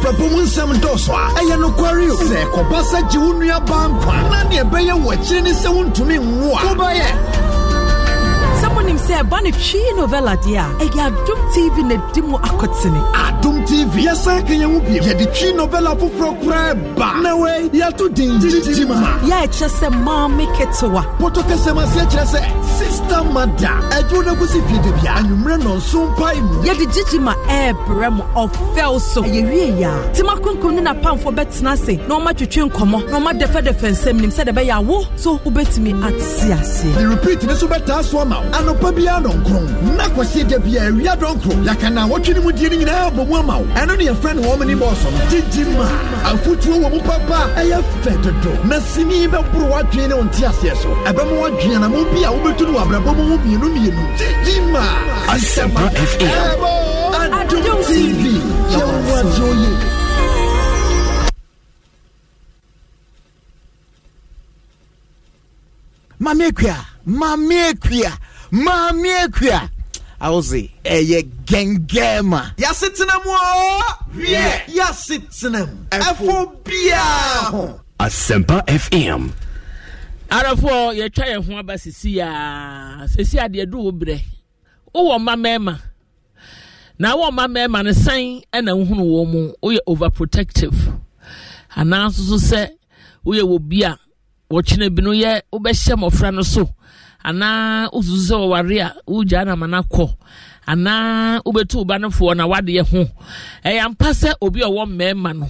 papa mu nsɛm dɔsɔ a ɛyɛ nokware o sɛ ɛkɔba sɛ gye wo nnuaba nkwa na neɛ ɛbɛyɛ wɔ akyiri ne sɛ wontumi nwo a wobɛyɛ wonim sɛ ɛba no twee novella deɛ a ɛyɛ adom tv na di mu akɔtene adom tv yɛsan ka yɛn ho bio yɛde twi novella foforɔ koraa ba na wei yɛato din gyigyima yɛakyerɛ sɛ maame ketewa pɔtɔ kɛsɛm ase akyerɛ sɛ sista mada adwo no kɔsi fie da bia anwummerɛ nɔnso mpae mu yɛde gyigyima ɛɛbrɛ mo ɔfɛw so ɛyɛwie yɛ a tema konkom ne napamfoɔ bɛtena ase na ɔma twetwe nkɔmmɔ na ɔma dɛfɛdɛfɛ nsɛm nim sɛdeɛ ɛbɛyɛ awo so wobɛtumi ate aseɛ ne repeat ne so bɛtaa so ama wo ano papa biara dɔnkron na kwasi da biara awia dɔnkron yaka na wɔtwe ne mu die no nyinaa bɔ mu ama wo ɛno ne yɛfrɛ no wɔm ne bɔɔsɔ no gyegye ma afotuo wɔ mu papa ɛyɛ fɛ dodo na sini bɛboro w'adwene ne wo nte aseɛ so ɛbɛma w'adwene anamo bi a wobɛtu no wɔ abrabɔ mu ho mmienu mmienu gyegye ma asɛmpa ɛbɔ adom tv yɛwɔ agye oye Mamekua, Mamekua maame akua awose ɛyɛ gɛngɛɛma yɛasetena mu o wiɛ yɛasetena mu ɛfo biaa ho asɛmpa fm arafoɔ yɛtwa yɛn ho aba sisi ya, sisi adeɛ do wɔ berɛ wowɔ mma mmarima na wɔ mma mmarima no san na wohunu wɔn mu woyɛ overprotective anaa nso so sɛ woyɛ wɔ bi a wɔkyena bi no yɛ wobɛhyɛ mmɔfra no so anaa wosusu sɛ wɔware a wogyaa na ana kɔ anaa wobɛtu ụba no foɔ na wadeɛ ho ɛyɛ ịya sɛ obi ọwọ mmarima no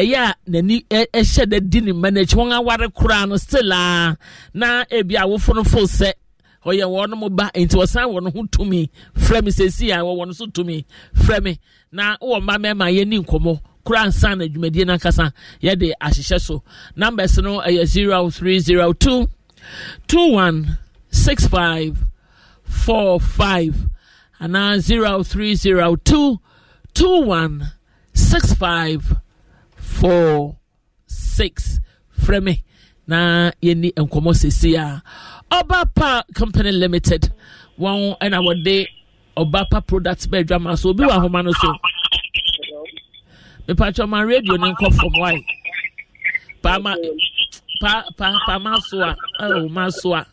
ịya a n'ani ịhye e, dị di ne mma n'akyi wɔn aware koraa no silaa na ebi awofo no fo sɛ ɔyɛ wɔn ba nti wɔsan wọn ho tumi frɛ mi sɛsi a wɔwɔ no so tumi frɛ na wɔn mma mmarima yɛ ni nkɔmɔ kura nsa na dwumadie n'ankasa yɛde ahyehyɛ so numbers no ɛyɛ zero three zero two two one. six five four five and zero three zero two two one six five four six frɛ me na yɛni nkɔmmɔ sesi a ɔba pa company limited wɔn ɛna wɔde ɔba pa product bɛɛ dwama so obi wɔ ahoma no so mepatwa ma radio ne nkɔ fam wae paama pa pa paama so a ɛwɔ ma so a. Oh,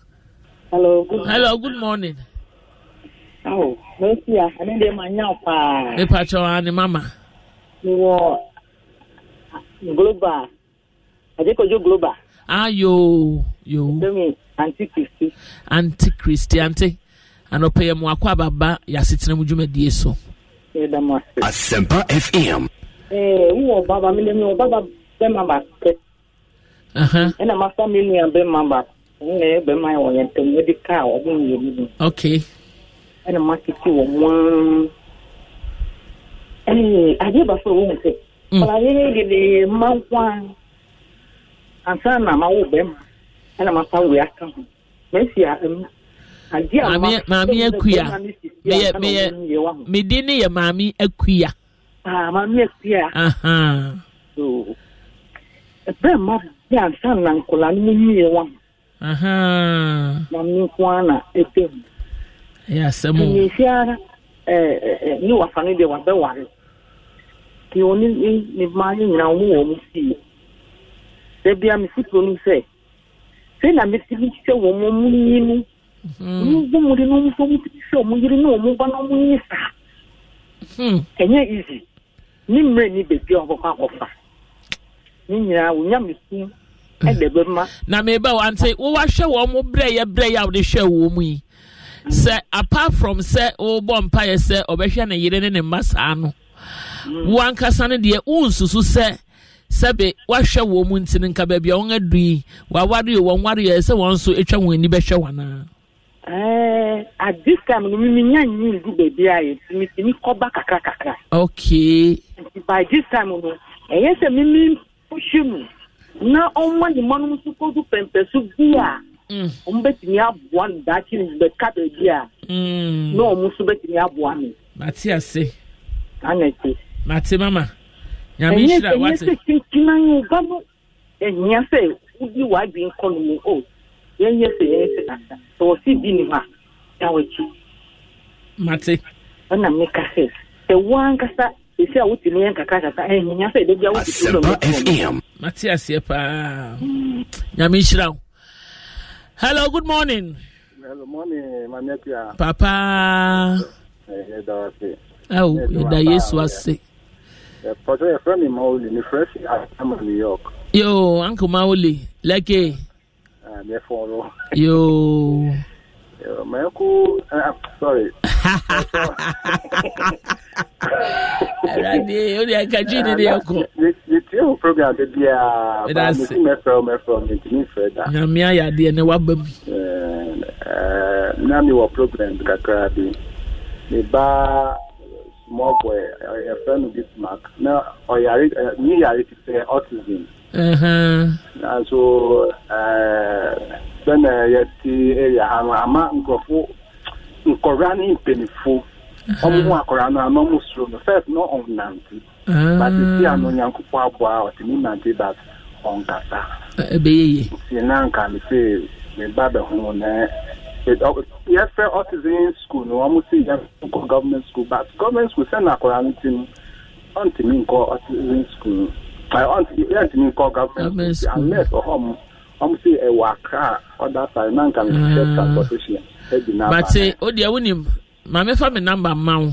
Hello, good morning. Hello, good morning. Oh, lọ́sí à, ẹni dẹ̀ máa yàn paa. Nípa tí wọ́n á ní mama. Eh, mi wọ global, àjẹkọ̀jọ́ global. Ayo, yo. Bẹ́ẹ̀ni, àǹtí Kristi. Àǹtí Kristi, àǹtí. Ànọ̀pẹ̀ yẹn mu akọ àbàbà yàtí tẹ̀lé mu dwumadie so. Ẹ dá mu ase. Asempa FM. Ee, n wọ bàbá mi lé mi wọ bàbá bẹ́ẹ̀ máa bà kẹ́. Ẹ̀nà máa fọ́ mi nìyà na ebe ma ya wɔyɛ ntɛm wɔde kaa ɔmo mmienu mu. okay. ɛna ma kete wɔn mwaa ɛɛ adeɛ bafa wɔn sɛ. ɔlàyé de de mma nkwa ansa na ma wo bɛrima ɛna ma fa wia ka ho ma esi a ɛmu. adeɛ maame akuya meyɛ meyɛ me din ne yɛ maame akuya. maame akuya. so ɛbɛrima bi ansa na nkɔla no mu yie wɔn. Eh, eh, eh, na nnukwu a na-epe m na-esi ara ne na no na wabɛware na ɔne ne mma na nyinaa ɔmo wɔ na sie na bia na na no sɛ na metumi sɛ wɔ na mo nyi no na mo de no na fɔ mo tumi na ɔmo yere ne na ɔmo nyi saa na easy ne mmerɛ na baabi ɛde eh. bɛ ma. na meba wa nti wowahwɛ wɔn mo brɛ yɛ brɛ yɛ a wɔde hwɛ wɔn mu yi mm. sɛ apart from sɛ wɔbɔ mpa yɛ sɛ ɔbɛhwɛ ne yere ne ne mma saa no mm. wɔn ankasa no deɛ wɔnsusu sɛ sɛbe wahwɛ wɔn mu nti no nka baabi a wɔn adu yi wawari yɛ wɔn wari yɛ sɛ wɔn nso atwa wɔn ani bɛhwɛ wɔn naa. ɛɛ eh, at this time no mi nya nyi ndu baabi a yɛ ti mi ti mi kɔba kakra kakra. okay. by this time no ɛyɛ sɛ mi mi pushi mu. na ɔma ne ma nom so kɔdu pɛmpɛso bi a ɔmo bɛtumi aboa no daakye no bɛka baabi a na ɔmo nso bɛtumi aboa no mate ase anɛte mate mama nyame nhyira wate ɛnyɛ sɛ kinkinan ba no ɛhia sɛ wodi w'adwen kɔ no mu o yɛnyɛ sɛ yɛyɛ sɛ kasa sɛ wɔse bi ne hɔ a na wɔakyi mate ɛna meka sɛ sɛ woankasa sisi a wotu mu yɛn kakakaka ɛ nyinya sɛ ebi a wotu tu lɔ mɛtɔ. aseɛ paa nyame nhyira wo hello good morning. hello morning maame pia. papa. ɛ da ase. awo ɛda yesu ase. pɔtɔ yɛfrɛ mi maoli ne frɛ si asama new york. yo uncle maoli lɛke. yɛfɔ ɔrɔ. yoo my uncle, I'm sorry. Randy, only I can do the uncle. The two program, the dear, but I'm from from the Tinifred. Namia, ya dear, no one. Nami were The bar small boy, a friend of this mark. Now, or you are, you are, autism. nanso sɛna yɛte ɛyɛ ha no ama nkurɔfo nkɔra ne mpanifo ɔmo akɔra no ana no na ɔnnante ah. but si a no onyankopɔn aboa ɔtumi nante but ɔnkasa na nka me se me na yɛfrɛ autism school no ɔmo se yɛnkɔ government school but government school akɔra no ti no nkɔ school my aunt the aunt mi kọ government school unless ọhọm ọm sị ẹwọ akra ọda side na nka mi ṣe transportation ẹbi na aba. bàtẹ o deɛ wo nim maame fa mi namba ma wo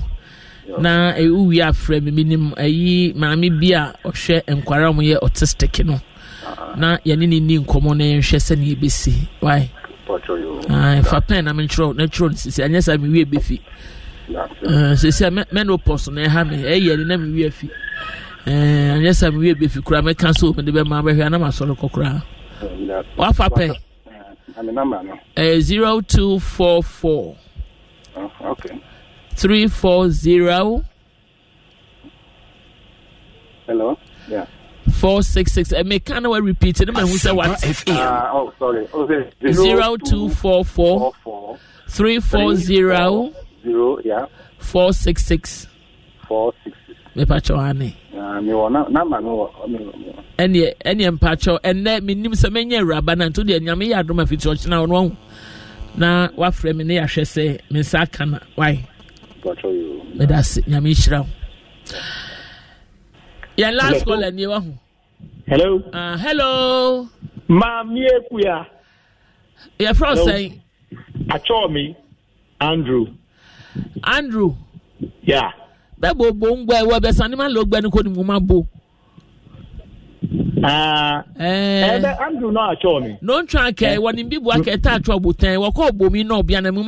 na ewu wi afrɛ mi bi nim ɛyi maame bi a ɔhwɛ nkwara a wɔyɛ autistic no na yɛne ne ni nkɔmɔ na yɛnhwɛ sɛnea ebesi fa pɛn na mentwerɛw na twerɛw no sisi anyɛ saa mewie bɛfi sisi a menopause na ɛha me ɛyɛ eh, ne na mewie afi ɛɛ nyɛ eh, mi yɛ beefi kura mɛ kan so mɛde bɛ maa bɛhwɛ anam asɔre kɔ kura wafa pɛ ɛɛ ah, eh, zero two four four ah, three four zero four six six ɛmɛ kan na wa repeat it. ne ma n sɛ wa ti zero two four four three four zero Zero. Yeah. four six six four six mepakyɛw ane ɛneɛ ɛneɛ mpakyɛw ɛnɛ menim sɛ mɛnyɛ awuraba no nto deɛ nyame yɛ adom afiti ɔkyena wo no ahu na wafrɛ me ne yɛahwɛ sɛ me nsa aka na wae mede ase nyame hyira wo yɛn last call ɛneɛ wahu hello uh, hello ah, maame ekuya yɛfrɛ sɛn atwɔɔ me andrew andrew yeah bẹ́ẹ̀ bò bò ń gbọ́ ẹ̀wọ́ e, ẹ̀bẹ̀ sani máa ń lọ gbẹ́ni kó ni mo máa bò. ẹ̀ẹ́dẹ̀ andrew náà àtọ̀ mi. no n tún akẹ́ wọ́n ní akẹ́ tá a tún ọ̀bù tẹ̀ wọ́n kọ́ náà bí máa náà ní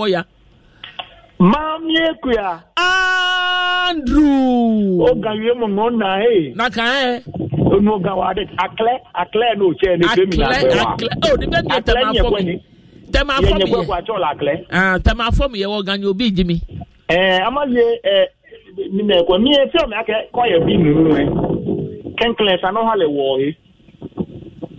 wọ́ọ̀yà. mi andrew. mu wa na wa akilɛ oh, mi ɛɛ eh, amazie ɛɛ eh, mina ɛkɔ mi yɛ fɛn mi akɛ kɔyɛ bi nunu yɛ kɛnkɛn sa n'ohale wɔɔhe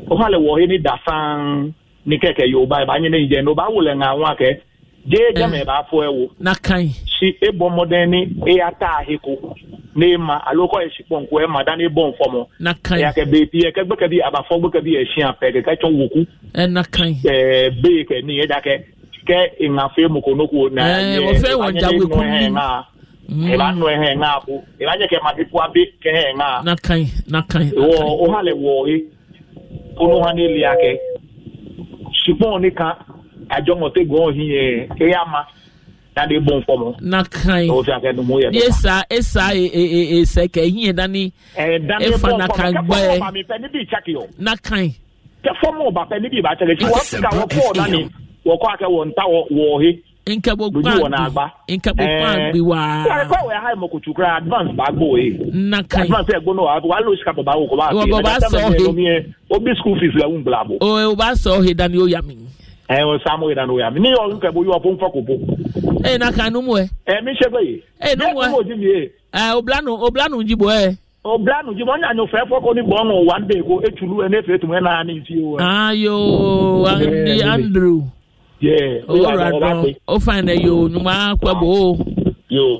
ohale wɔɔhe ni dasan ni kɛkɛ yoruba yɛ ba nye ne yɛ no ba wulɛ ŋa ŋun akɛ jee jɛmɛ eh. b'a fɔ ɛwo. na kan yi. si e bɔ mɔdɛn ni e y'a ta ahe ko ne ma alo kɔ esi pɔnko ɛ ma dani e bɔn fɔmɔ. na kan yi. ɛyà e kɛ bee fiyɛ kɛ gbɛkɛ bi a b'a fɔ gbɛkɛ bi ɛsiɛn pɛ kɛ kɛ tɔn woku. ɛ na kan yi. ɛɛ bee kɛ ni ye da kɛ kɛ nnafe mokonoko na ɛɛ ɛbanyɛ nuhɛn na ɛba nuhɛn na po ɛbanyɛ kɛ madepo abe kɛhɛn na. na kan na kan. wɔ o halɛ wɔ ye kolo hã ne lia kɛ supɔn kan gɔn hi yɛ na kan ye na na kan. ka wɔ pɔ dani. wɔkɔ akɛ wɔn nta wɔ wɔ he nkɛbokpakpiwaaɛkɔwɛhaimɔkutukura advance baagboe naka advance ɛgbo no walosika baba wo kɔba ɔba sɔ he obi school fees la wun gbilabo o ba sɔ he dani eh, o ẹ ọ sàmú ìdáná òyà mi ní ọdún kẹbù yóò fún fọkùnfọ. ẹ eh, nàkà numu ẹ. E. ẹ eh, mi ṣe ẹ obilanu ni etulu ẹ n'efe Yeah. Oh, all right, bro. Oh, fine. You, you might kwabo. You.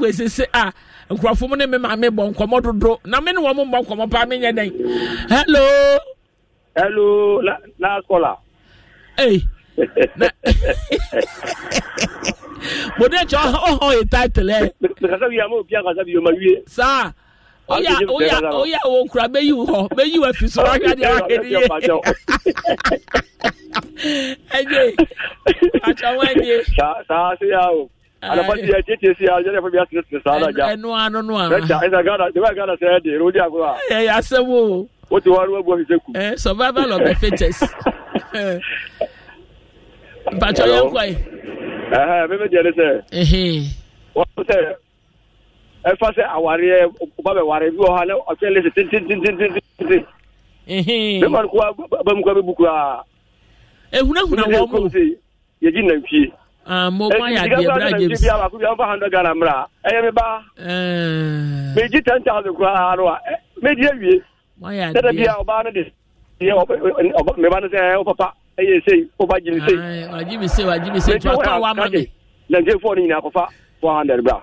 esi se a nkurɔfoɔ mu ne me maame bɔ nkɔmɔ dodo na me ne wɔn mu bɔ nkɔmɔ me nyɛ hello. hello na na kɔla. ee na title oya oya oya wo nkura bɛyi wo hɔ bɛyi wo afi soro ahwɛ adeɛ wahɛ ne yɛ ɛnye atwa wɔn ɛnye. saa se ya o alapati ya tete si ya yɛrɛ fɔ bi asene sene saa la ja ɛnu ano nu ano ɛsɛ ɛsɛ gana ɛsɛ gana sɛ ɛdi ɛdi agolo a. ɛyɛ asɛm o. o ti wari wo bu ɔfisɛ kun. ɛɛ survival of the fittest. bàtɔ yẹn kɔ yi. ɛhɛn mímí jẹ ne sɛ. wọ́n sɛ ɛfa sɛ awareɛ ɔba bɛware bi wɔ hɔ a na ɔkyɛ lɛsɛ tentententententen bɛma no koa bamu koa bɛbu koraa ehunahuna wɔn mu yɛgyi nantwie mmɔbɔ ayɛ adeɛ bra james bi abako bi amfa hundred ghana mmerɛ a ɛyɛ me ba megye ten thousand koraa no a medi awie sɛda bia ɔbaa no de meba no sɛ wopapa ɛyɛ sei woba gyimi sei wagye mi sei wagye mi sei tuatoa woama me nantiefoɔ no nyinaa kɔfa four hundred bra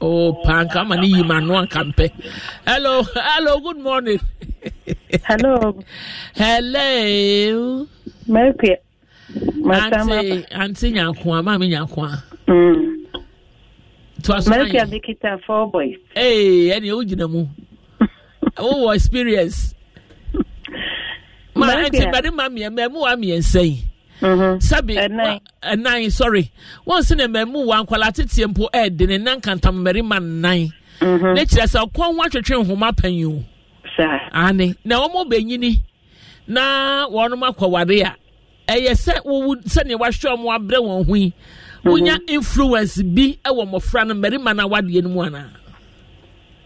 Oh, Panka, man, you man, one Hello, hello, good morning. hello. [LAUGHS] Hello. Merry Auntie, Auntie Nyankwa, Mami Nyankwa. Mm. four boys. Hey, any [LAUGHS] Oh, experience. Ma, Auntie, but mami, mami, mami, mami, Mm-hmm. sabi ɛnan sɔre wɔn si na mmɛmu wa nkwalaa tete mpo ɛɛdi ne nan kantam mmarima nnan mm-hmm. ne kyerɛ sɛ ɔkɔn ho atwitwe nhoma panyin o ane na wɔn bɛnyini na wɔn akɔware a ɛyɛ sɛ wowu sɛnea wahwɛ wɔn abrɛ wɔn ho yi wonya mm-hmm. influence bi ɛwɔ e mmɔfra no mmarima na wadeɛ no mu ana.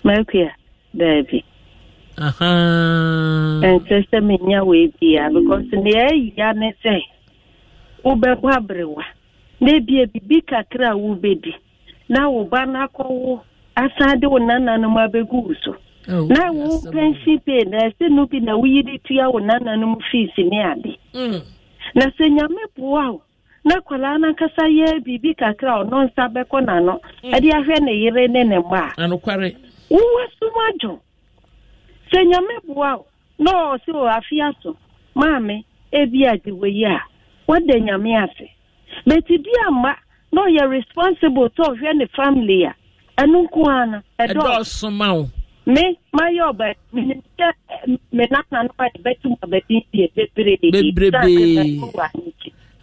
mɛkuya dɛbi. ɛnkyɛ eh, sɛ menya wei bia because nea ɛyia ne sɛ. wobɛbɔ aberewa na ebie oh, mm. bibi kakra a wobɛdi na wo ba no akɔwo asan de wo nananom mm. abɛgu wo so na wo pension pay na ɛsɛ no bi na woyi de tua wo nananom fees ne ade na sɛ nyame boa o na kwalaa nankasa yɛ biribi kakra a ɔno nsa bɛkɔ n'ano ɛde ahwɛ ne yere ne ne mma a wowɔ som adwo sɛ nyame boa o na sɛ wɔ afea so maame ebi agye wɔ yi a wɔda nyame ase bɛti bi ama na ɔyɛ responsible sɛ ɔhwɛ ne family a ɛno nko a no ɛdɔɔso ma wo me mayɛ ɔba menim sɛ me nana no ayɛ bɛtum abadi deɛ bebreebebrebe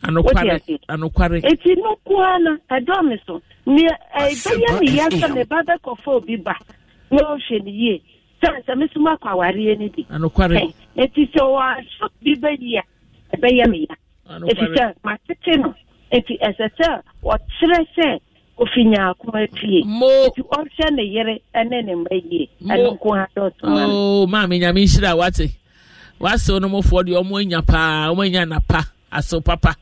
anokware eti no koa no ɛdɔ me so neɛ ɛbɛyɛ ne yɛ sɛ me ba bɛkɔfa obi ba na ɔhwɛ no yie sɛ sɛ me so makɔ awareɛ no di eti sɛ wɔaso bi bɛyi a ɛbɛyɛ me ya ɛfi matete no nti ɛsɛ sɛ wɔkyerɛ sɛ ofi nyaako afie nti ɔhwɛ ne yere ne ne mma yie ɛno nko ha dɛ ɔtoma no maame nyame nhyira wate wase wo no mofoɔ deɛ ɔmo anya paa ɔmo anya napa asew papa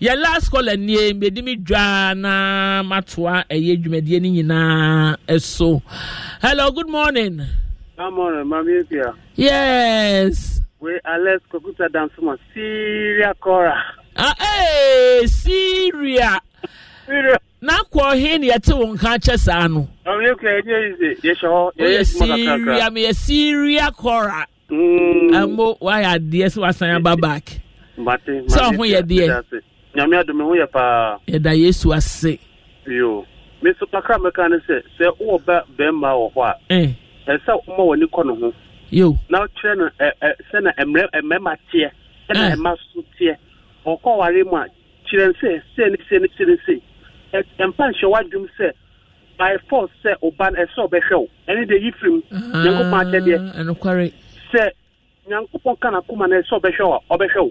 yɛ last call nie mbɛdi mi dwa na matoa ɛyɛ eh, dwumadie no nyinaa ɛso eh, hello good morning good morning maame efia yes with Alex Kokuta Dansuma, Syria Cora. Ah, hey, Syria. Syria. n'akwa ọhịa na yɛte mm. wo nka kyɛ saa no ɔyɛ siria meyɛ siria kora ɛmo woayɛ adeɛ sɛ ya aba back sɛ ọhụ yɛ deɛ nyame adome ho yɛ paa yɛda yesu ase yo so kakra mekanisi ne sɛ sɛ wowɔ ba bɛrima a ɛsɛ woma w'ani kɔ yo na ɔkyerɛ no e, e, sɛ na mmarima teɛ sɛ na ɛma eh. so teɛ ɔkɔ ware mu a kyerɛ no sɛ sɛ ne sɛ ne sɛ ne sɛ ɛmpa e, nhyɛ w'adwom sɛ by force sɛ ɔba no ɛsɛ ɔbɛhwɛ wo ɛne deɛ yi firim ah, nyankopɔn akyɛdeɛ sɛ nyankopɔn ka n'akoma no ɛsɛ ɔbɛhwɛ wo a ɔbɛhwɛ wo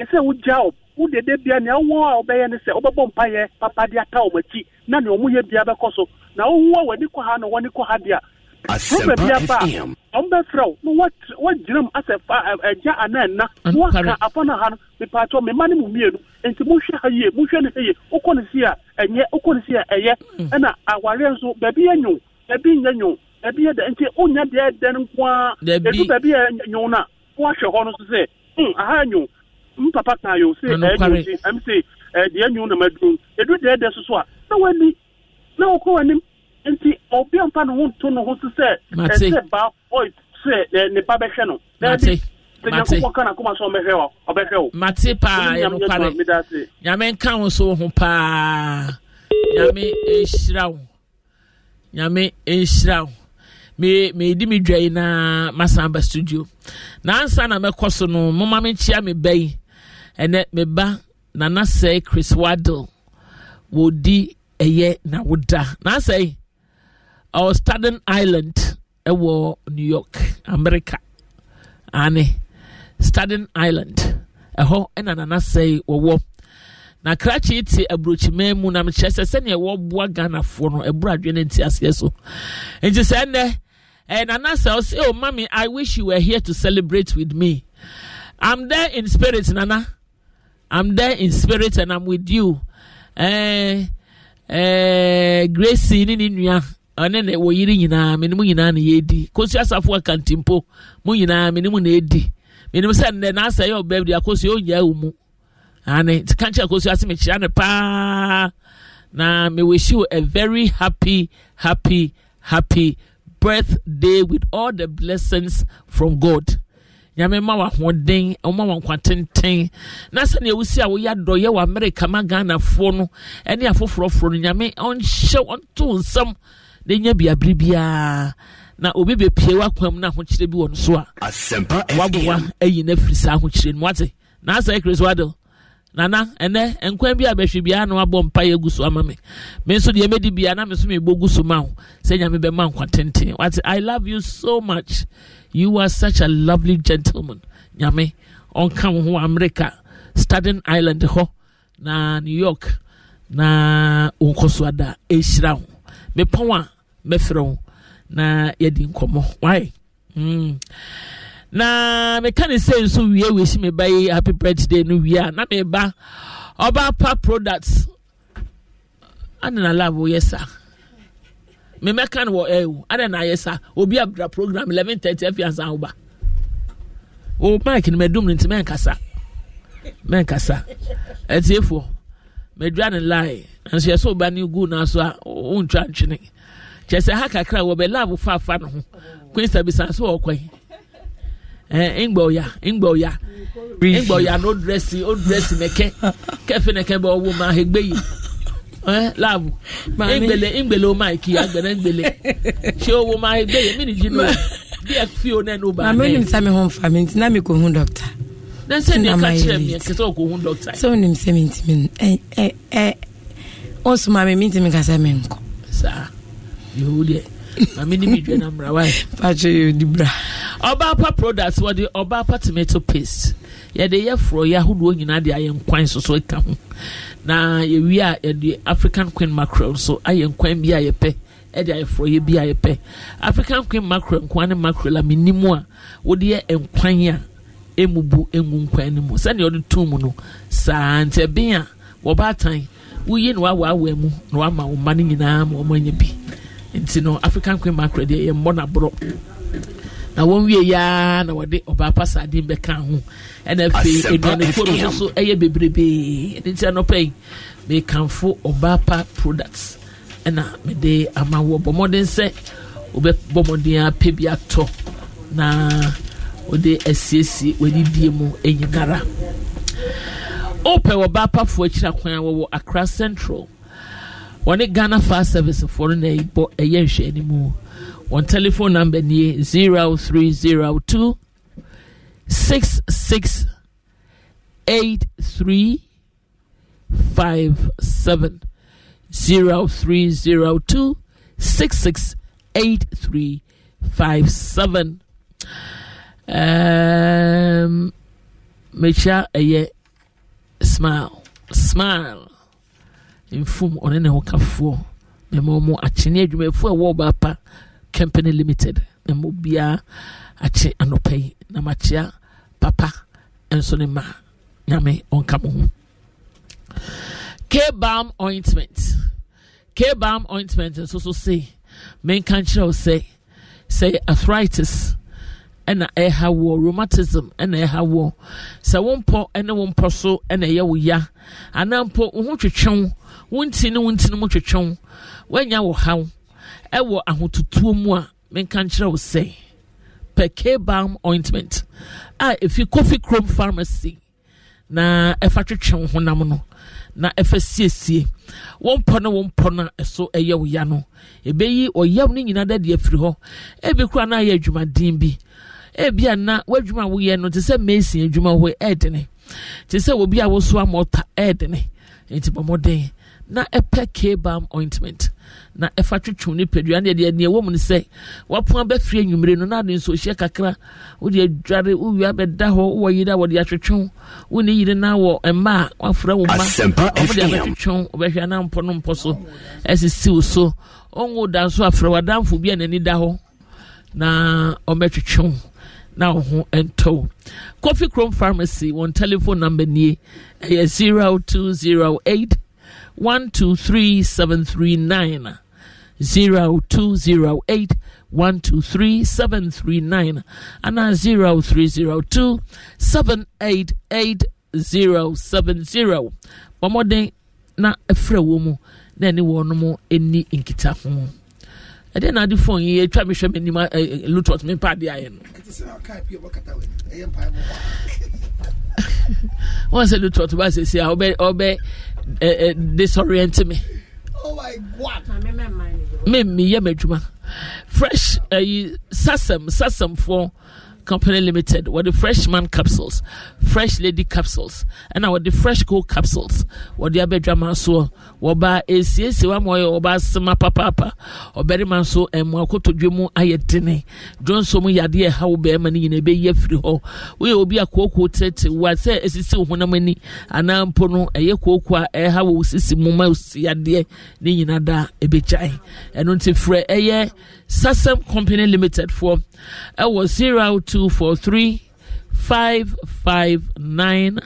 ɛsɛ wogya wo wo dede bia nea wowɔ a wobɛyɛ ne sɛ wobɛbɔ mpayɛ papa de ata wɔ m'akyi na nea ɔmo yɛ bia bɛkɔ so na kɔ ha na kɔ ha de a bia ba a ɔmbɛfrɛ wo na woagyina m asɛ agya ɛna na woaka ha no mepaatɔ nti mohwɛ ha yie mohwɛ ne yie wokɔ ne si a ɛnyɛ wokɔ ne si a ɛyɛ mm. ɛna awareɛ nso baabi yɛ nwo baabi nyɛ nwo baabi yɛ dɛ nti wonya deɛ a ɛdu baabi yɛ nwo no m mm, papa kan yɛ o sɛ ɛɛdi nti ɛm sɛ ɛɛdi ɛnyu na ma duro edu deɛ deɛ soso a na wani na okɔ wani nti obi anfa ne ho nto ne ho sisɛ ɛsɛ baa ɔyɛ sɛ ɛɛ ne ba bɛhwɛ no ɛɛdi mate mate paa ɛnokware nyame nka so ho paa nyame ɛnhyira nyame ɛnhyira wo me dwa yi na masan ba studio nansa na mɛkɔ so no moma menkyia me bɛ yi ɛnɛ meba nana sɛe chris waddle wɔdi ɛyɛ nawoda nasɛe ɔwɔ staden island ɛwɔ new york america ane staden island ɛhɔ ɛna nana sɛe wɔwɔ na krakye te aburokyimaa mu nam kyerɛ sɛ sɛnea wɔboa ghanafoɔ no ɛboro adwene nti aseɛ so nti sɛ ɛnɛ ɛyɛ nana sɛe oh mommy, i wish you were here to celebrate with me i'm there in spirit nana I'm there in spirit and I'm with you. Eh, eh, Grace ni ni nua ɔne ne wɔ yiri nyinaa me ne mu nyinaa na yɛdi kosi asafo akanti mpo mu nyinaa me ne mu na ɛdi me ne mu sɛ nnɛ n'asɛ yɛ ɔbɛɛ bi akosi onyɛ wo mu ane tika nkyɛn akosi ase mekyia ne paa na me wish you a very happy happy happy birthday with all the blessings from God. nyame ma wahoɔden ɔma wa nkwa tenten na sɛnea wosi a woyɛ adɔyɛ wɔ amerika ma ghanafoɔ no ɛne afoforɔfoɔ no nyame ɔnhyɛ ɔnto wo nsɛm na ɛnya biabere biara na obi bepie w'akwam no ahokyerɛ bi wɔ no so a waboa ayi no afiri saa ahokyerɛ no mu wate naasa ɛkiri so adew nana ɛnɛ nkwan bi a bɛhwɛ biara na wabɔ mpa yɛ gu so ama me me nso deɛ mɛdi biara na me nso mebɔ gu so ma ho sɛ nyame bɛma nkwa tenten wate i love you so much you are such a lovely gentleman nyame ɔnka wo ho america staten island hɔ na new york na wonkɔ so ada ɛhyira ho mepɔn a mɛfrɛ wo na yɛdi nkɔmmɔ wae mm. na meka ne sɛ nso wie wesi me yi happy birthday no wie a na meba ba ɔba pa products ana na lab yɛ sa me mɛka no wɔ ɛwo ana na ayɛ sa obi abra program 11:30 afi ansa ho ba o mic no madum no nti mɛnkasa mɛnkasa atiefoɔ madwa ne lie nanso yɛ sɛ woba ne gu no so a wontwa ntwene kyerɛ sɛ ha kakra wɔbɛ lab faafa no ho kwinsa bisa sɛ wɔkwan Eh, ngboya ngboya ngboya no dressing o neke kẹfẹ neke bụ ọwọ ma egbe yi eh, laabu ngbele ngbele o ma ki agbẹrẹ ngbele ṣe owu ma egbe yi mini jí lóo bí ẹ fi na nẹnu ba náà. màmá onim sami hàn fa mi ntina dọkịta. kò ndị dọkita. nẹ́sẹ̀ ni ẹ̀ka kyerẹ́ mi ẹ̀kẹ́ sọ̀rọ̀ kò hun dọkita. sọ onim sẹ́mi ntìmí ẹ mi kasa saa yoo maami ni mi [LAUGHS] ọbaapa products wɔde ọbaapa tomato paste yɛde yɛ forɔ yɛ ahodoɔ nyinaa de ayɛ nkwan soso ka ho na yɛwie a yɛde african queen mackerel nso ayɛ nkwan bi a yɛpɛ ɛde ayɛ forɔ bi a yɛpɛ african queen mackerel nkwan ne mackerel a menim a wɔde yɛ nkwan a emu bu engu nkwan no mu sɛdeɛ ɔde tum mu no saa nti ɛbɛn a wɔbaatan woyie na wawaawa mu na wama wɔn mma no nyinaa ma wɔn anya bi nti no african queen mackerel deɛ yɛ mmɔ n'aborɔ. na wɔn wie yaa na wɔde ɔbaa pasaade bɛka ho ɛna afei aduanefo no nso ɛyɛ bebrebee ɛne nti anɔpɛ yi mekamfo ɔbaa pa products ɛna mede ama wɔ bɔ mmɔden sɛ wɔbɛbɔ mmɔden apɛ bi atɔ na wɔde asiesie wɔadidie mu nyinara ɔpɛ ɔbaa pafoɔ akyira kwan a wɔwɔ accra central wɔne ghana fire service foɔ no na ɛbɔ ɛyɛ nhwɛ anim wɔn telephone number nie zero three zero two six six eight three five seven zero three zero two six six eight three five seven. Um, mekyia ɛyɛ smile smile mfum ɔne ne ho kafoɔ mɛma ɔmo akyene adwumayɛfoɔ ɛwɔ ɔbaapa company limited ɛmo biara akye anɔpa yi na makyea papa nso ne ma nyame ɔnka mo ho kbalm ointment kbalm ointment nso so se menka nkyerɛ wo sɛ sɛ arthritis ɛna ɛha wɔ rheumatism ɛna ɛha wɔ sɛ wo mpɔ ne wo mpɔ so ɛna ɛyɛ wo ya anaa mpo wo ho twetwɛn wo nti ne wo nti no mu twetwɛn woanya wɔ haw ɛwɔ ahototuo mu a menka nkyerɛ wo sɛ pɛke balm ointment a ɛfi coffee chrome pharmacy na ɛfa twetwe wo honam no na ɛfa siesie wɔn pɔ no wɔn pɔ no a ɛso ɛyɛ wo ya no ɛbɛyi ɔyaw no nyinaa dɛ deɛ firi hɔ ebi kura no ayɛ adwumaden bi ebi a na w'adwuma a woyɛ no te sɛ mesin adwuma hɔ ɛɛdene te sɛ obi a woso ama ɔta ɛɛdene nti bɔ mmɔden na ɛpɛ k balm ointment na ɛfa twitwi ne padua ne deɛ deɛ wɔm ne sɛ wapoa bɛfiri anwummere no na ade nso hyɛ kakra wode adware wowia bɛda hɔ wowɔ yere a wɔde atwetwe wo ne yere no wɔ a wafra wo ma wɔde abɛtwetwe wobɛhwɛ anampɔ no mpɔ so so da nso afrɛ wadamfo bi a n'ani da hɔ na ɔmɛtwetwe na wo ho coffee pharmacy wɔn telephone number nie ɛyɛ 0208 one two three seven three nine zero two zero eight one two three seven three nine and zero three zero two seven eight eight zero seven zero. Bɔmmɔden na efra wɔ mu na ɛne wɔn mo ani nkita ho. na ade phone yi atwa me hwɛ m'anim eh, eh, lotot me mpa adeɛ ayɛ no [LAUGHS] wɔn sɛ lotot ba sɛsi a ɔbɛ ɔbɛ disorient me. Oh my God. Mmemme yɛ m'adwuma fresh eh, sasɛm for. Company Limited What the freshman capsules, fresh lady capsules, and what the fresh cool capsules. What the abedra manso, waba ACS, one way, oba sema papa, or berry manso, and mwako to jumu ayetine. John Somu yadia, how bear money in a bay ye free ho. We will be a cocoa tete, what say, is it still hunamani, and i pono, a ye cocoa, a how sisi mumma, yadia, ninada, a bitchai, and until fre, a sasem company limited for foɔ was zero two four three five five nine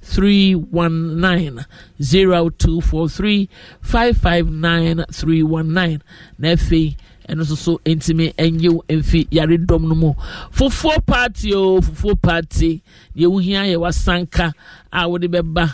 three one nine zero two four three five five nine three one nine Nefi na afei ɛno nso so ntumi ɛnyew mfi yare dɔm no mu fufuo paati o fufuo paati deɛ wohia yɛ wasanka a wɔde bɛba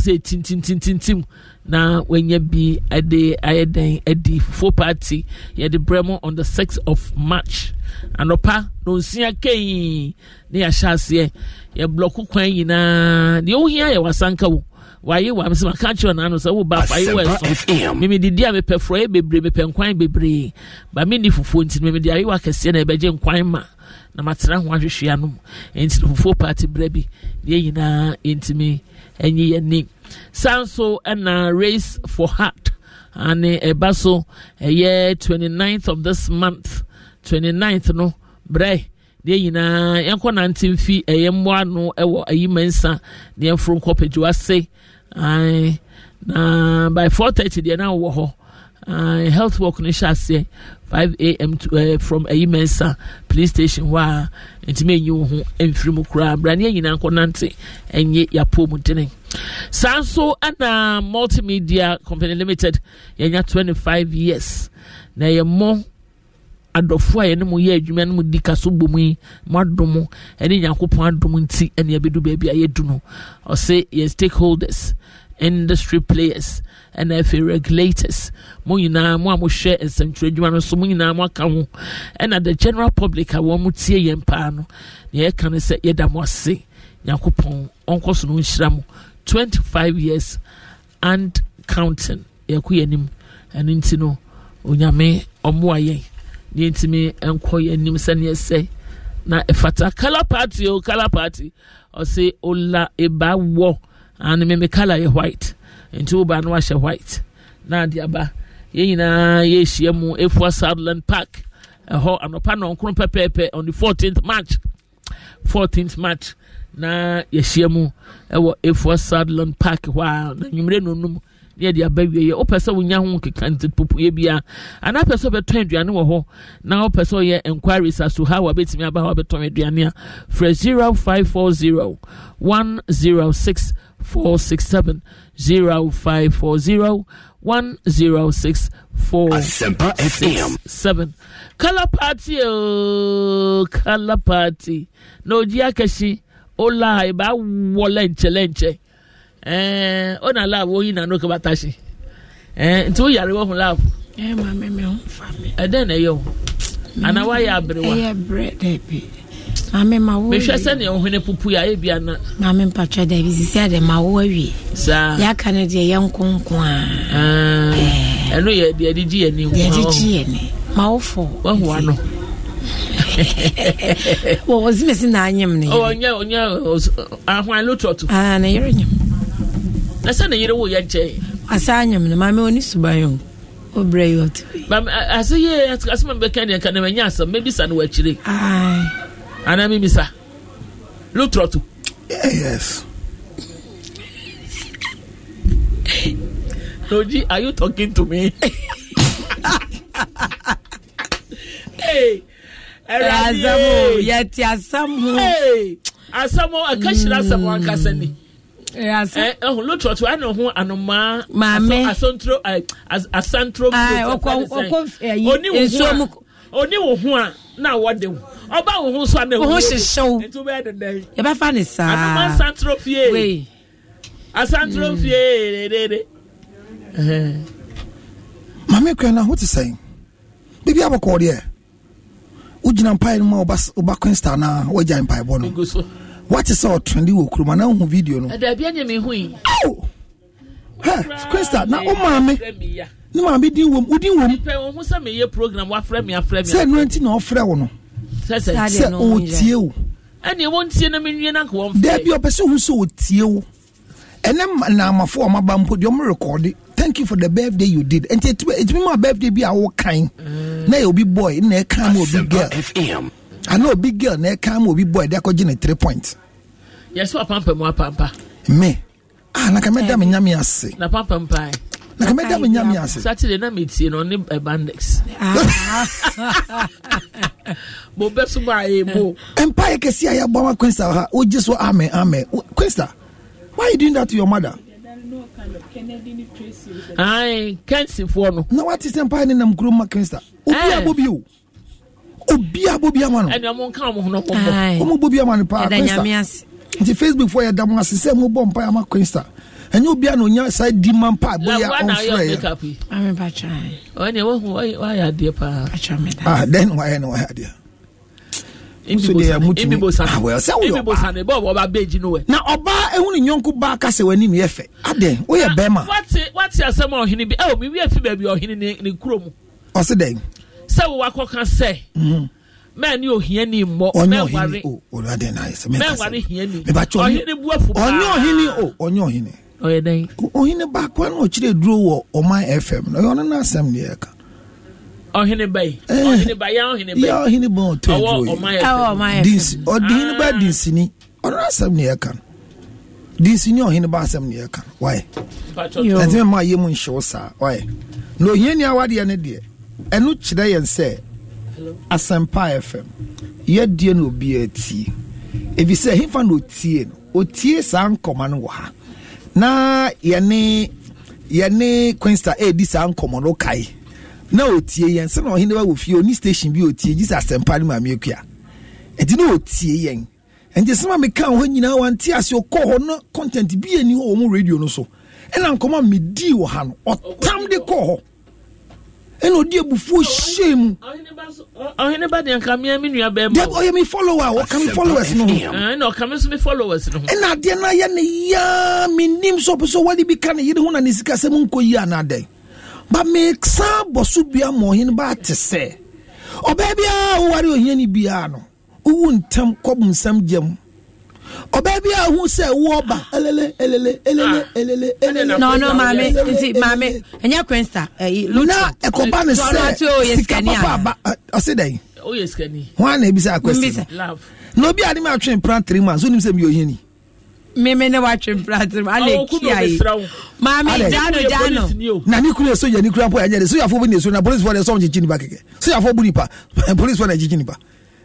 say tin tin tin tin tin na wɔnyɛ bi de ayɛ den adi fufuo party yɛde brɛ mu on the 6th of march anɔpa na nsia kɛi ne yɛahyɛ aseɛ yɛblɔko kwan nyinaa deɛ wohia yɛ wasanka wo wayɛ wa mesɛ maka kyerɛ naano sɛ woba ayɛ wɔ ɛso memedidi a mepɛ frɔeɛ bebree mepɛ nkwan bebree ba menni fufuo nti no memede ayewa akɛseɛ na ɛbɛgye nkwan ma na matena ho ahwehwea no mu ɛnti no fufuo party berɛ bi deɛ nyinaa ɛntimi ɛnye yɛnim saa nso na race for heart ane ɛba so ɛyɛ twenty ninth of this month twenty ninth, no brɛ deɛ nyinaa yɛnkɔ nante mfi ɛyɛ mmoa no ɛwɔ ayi mɛnsa deɛ mforo nkɔ pagyiwa se na by four thirty deɛ na wowɔ hɔ uh, health work ni hyɛ aseɛ 5 am to, uh, from ayi uh, police station hɔ a ntumi enyi wo ho mfiri mu koraa abraneɛ nyinaa nkɔnante ɛnyɛ yapɔ mu dene saa nso ana multimedia company limited yɛnya five years na yɛ mmɔ adɔfo a yɛne mu yɛ adwuma no mu di ka so bom yi mo adom ɛne nyankopɔn adom nti ɛne ɛbɛdu baabi a yɛdu no ɔse yɛ stakeholders industry players ɛna afei regulators mo nyinaa mo a mohwɛ nsɛmtwerɛ adwuma no so mo nyinaa mo aka ho ɛna the general public a wɔn mo tie yɛn paa no na yɛka no sɛ yɛda mo ase nyankopɔn ɔnkɔ so no nhyira mo 25 years and counting yɛko yɛ anim ɛno nti no onyame ɔmmoa yɛn na yɛntumi nkɔ yɛ anim sɛneɛ sɛ na ɛfata color party o color party ɔse ola eba and me me color yɛ white nti wo ba no ahyɛ white na ade aba yɛn nyinaa yɛahyia mu ɛfua southland park ɛhɔ anɔpa nɔnkoro pɛpɛɛpɛ on the 14th march 14th march na yɛahyia mu ɛwɔ ɛfua southland park hɔ a na nwummerɛ nonum ne yɛde aba wieɛ wopɛ sɛ wonya ho keka nti popuyɛ bia anaa pɛ sɛ wobɛtɔn aduane wɔ hɔ na wopɛ sɛ woyɛ enquiries aso ha wabɛtumi aba hɔ wabɛtɔn aduane a frɛ 0540 106 467 zero five four zero one zero six four Asempa FM. seven. Color party, oh, color party. No diakashi, ola iba wolenche lenche. Eh, ona la wo yina no kubatashi. Eh, nti yare wo la. Eh, mama me me ho fa me. Eh, yo. Ana wa ya abrewa. Eh, bread e maame ma wo awie mehwɛ sɛ nea ɔhene pupu a ebi ana maame mpatwa da bi sisi ade ma wo awie saa yaka no deɛ yɛ nkonko a ah. ɛno yɛ deɛ gye yɛ ni gye yɛ ma wo fɔ wahu ano [LAUGHS] wɔ na anyim ne yɛrɛ ɔnyɛ na sɛ ne wo yɛ nkyɛn asa anyim maame oni suban yɛn o obìnrin yóò tó yìí. maame ase yie ase maame bɛ kẹ́ ẹ̀ ní anaa mi misa lutrɔtu. yes. Noji, are you talking to me? hey, asamu yɛte asamu. Hey, asamu akahyira mm. asamu ankasa ni. ɛhun lótúrọ̀tù ɛna ɔhun anoma. maame asanturo asanturo. ɔkọ ɔkọ ɛyi nsuomu. oni wo ho a na wɔde wo ɔba wo ho so ana wo ho hyehyɛw nti wobɛyɛ dedɛn yɛbɛfa ne saa anoma asantoro fie asantoro fie dedede maame kura na ho te sɛn biribi abɔkɔɔ deɛ wogyina mpae no ma woba quinsta na woagya mpaebɔ no wate sɛ ɔtrende wɔ kuroma na wohu video no quinsta na wo maame ne maame din wom wodin wom nipa wo ho sɛ meyɛ program wafrɛ me afrɛ me sɛ ɛno nti na ɔfrɛ wo no sɛ ɔtie wo ɛne wɔntie no menwie no anka wɔmfrɛ daabi ɔpɛ sɛ ɔhu sɛ ɔtie wo ɛnɛ naamafo a ɔmaba mpo deɛ ɔmo rekɔde thank you for the birthday you did nti ɛtumi ma birthday bi a wokan na yɛ obi boy na ɛka ma obi girl ana obi girl na ɛka ma obi boy de akɔgye ne three point yɛsɛ ɔpampa mu apampa me a ah, na ka mɛda me nyame ase na pampa mpae na ka mɛda me nyame ase bandex bobɛ so bɔ ayɛ bo mpaeɛ kɛse a yɛbɔ ma quinsta ha wogye so amen amen quinsta why you doing that to your mother kɛnsifoɔ no na wate sɛ mpaeɛ ne nam kurom ma quinsta obia eh. bɔ bio obia bɔ bi ama no ɛnua mo nka ɔmo ho ɔmo bɔ bi ama no paa nti facebook fo yɛda mo ase sɛ mo bɔ ama quinsta ɛnyɛ obia na ɔnya saa di ma mpa bɛyɛ ɔmfrɛ yɛ then wayɛ no wayɛ adeɛ na ɔbaa ɛhu ne nyɔnko baa ka sɛ w'anim yɛ fɛ adɛn woyɛ bɛrima wate asɛm a ɔhene bi ɛwɔ mewi afi baabi ɔhene ne kurom ɔse dɛn sɛ wowakɔka sɛ mẹ́ẹ̀ni òhìn ni mọ́ mẹ́wàá ni mẹ́wàá ni hìn ni ọ̀hìn ni bu ẹ̀fọ́ paa ọ̀nyẹ́ ọ̀hìn ni o ọ̀nyẹ́ ọ̀hìn ni. ɔyɛ dɛn. ɔhene baako ɛna ɔkyerɛ duro wɔ ɔman fm na ɔno n'asɛm ni ɛka. ɔhene ba yi ɔhene ba yɛ ɔhene ba yi yɛ ɔhene ba ɔtɔ duro yi ɛwɔ ɔman fm ɔhene ba dinsini ɔno n'asɛm ni dinsini ɔhene ba asɛm ni ɛka waayɛ ɛntɛn mu a yɛ mu nhyɛw saa waayɛ na ohia ni awadeɛ ne deɛ ɛno kyerɛ yɛn sɛ asɛmpa fm yɛdeɛ na obiara tie ebi sɛ hefa na otie no otie saa nkɔma no wɔ ha. na yɛne yɛne quinsta ɛredi saa nkɔmmɔ no kae na otie yɛn sɛ na ɔhene wa fie ɔni station bi otie gye sɛ asɛmpa no maame akua ɛti na ɔtie yɛn ɛnti sɛ ma meka hɔ nyinaa wante ase ɔkɔ hɔ no content bi ani hɔ wɔ radio no so ɛna nkɔmmɔ a medii wɔ ha no ɔtam de kɔɔ hɔ ɛna ɔde abufuo hyɛɛ mu ɔhene ba deɛ nka mea nua bɛɛ ma ɔyɛ me follower ɔka me followers no ɛna ɔka me so me followers no ɛna adeɛ no ayɛ ne yaa mennim sɛ ɔpɛ sɛ wade bi ka ne yere ho na ne sika sɛ monkɔ yi anaadɛn ba mesan bɔ so bia ma ɔhene ba ate sɛ ɔbaa biara woware ohiani biara no wowu ntam kɔbonsam gyam ɔbaa bi a ho sɛ wo ɔba elele elele elele ah. elele elele. na ɔno maame nti maame ɛnyɛ kwinsta ɛyi lutu na ɛkɔba ne sika papa aba ɔsi dɛ. o yɛ sika ni. wɔn a na ebisa akwesi na obi a ne atwe mpran three months onim sɛ mi yɛ oyin ni. mímí ne wa atwe mpran three months ale kí ayi maame jano jano. na ne kura soja ne kura mpɔ yɛ nyɛ de sojafo bi na esu na polisi fɔ de sɔn jijiniba kɛkɛ sojafo bu nipa polisi fɔ na jijiniba.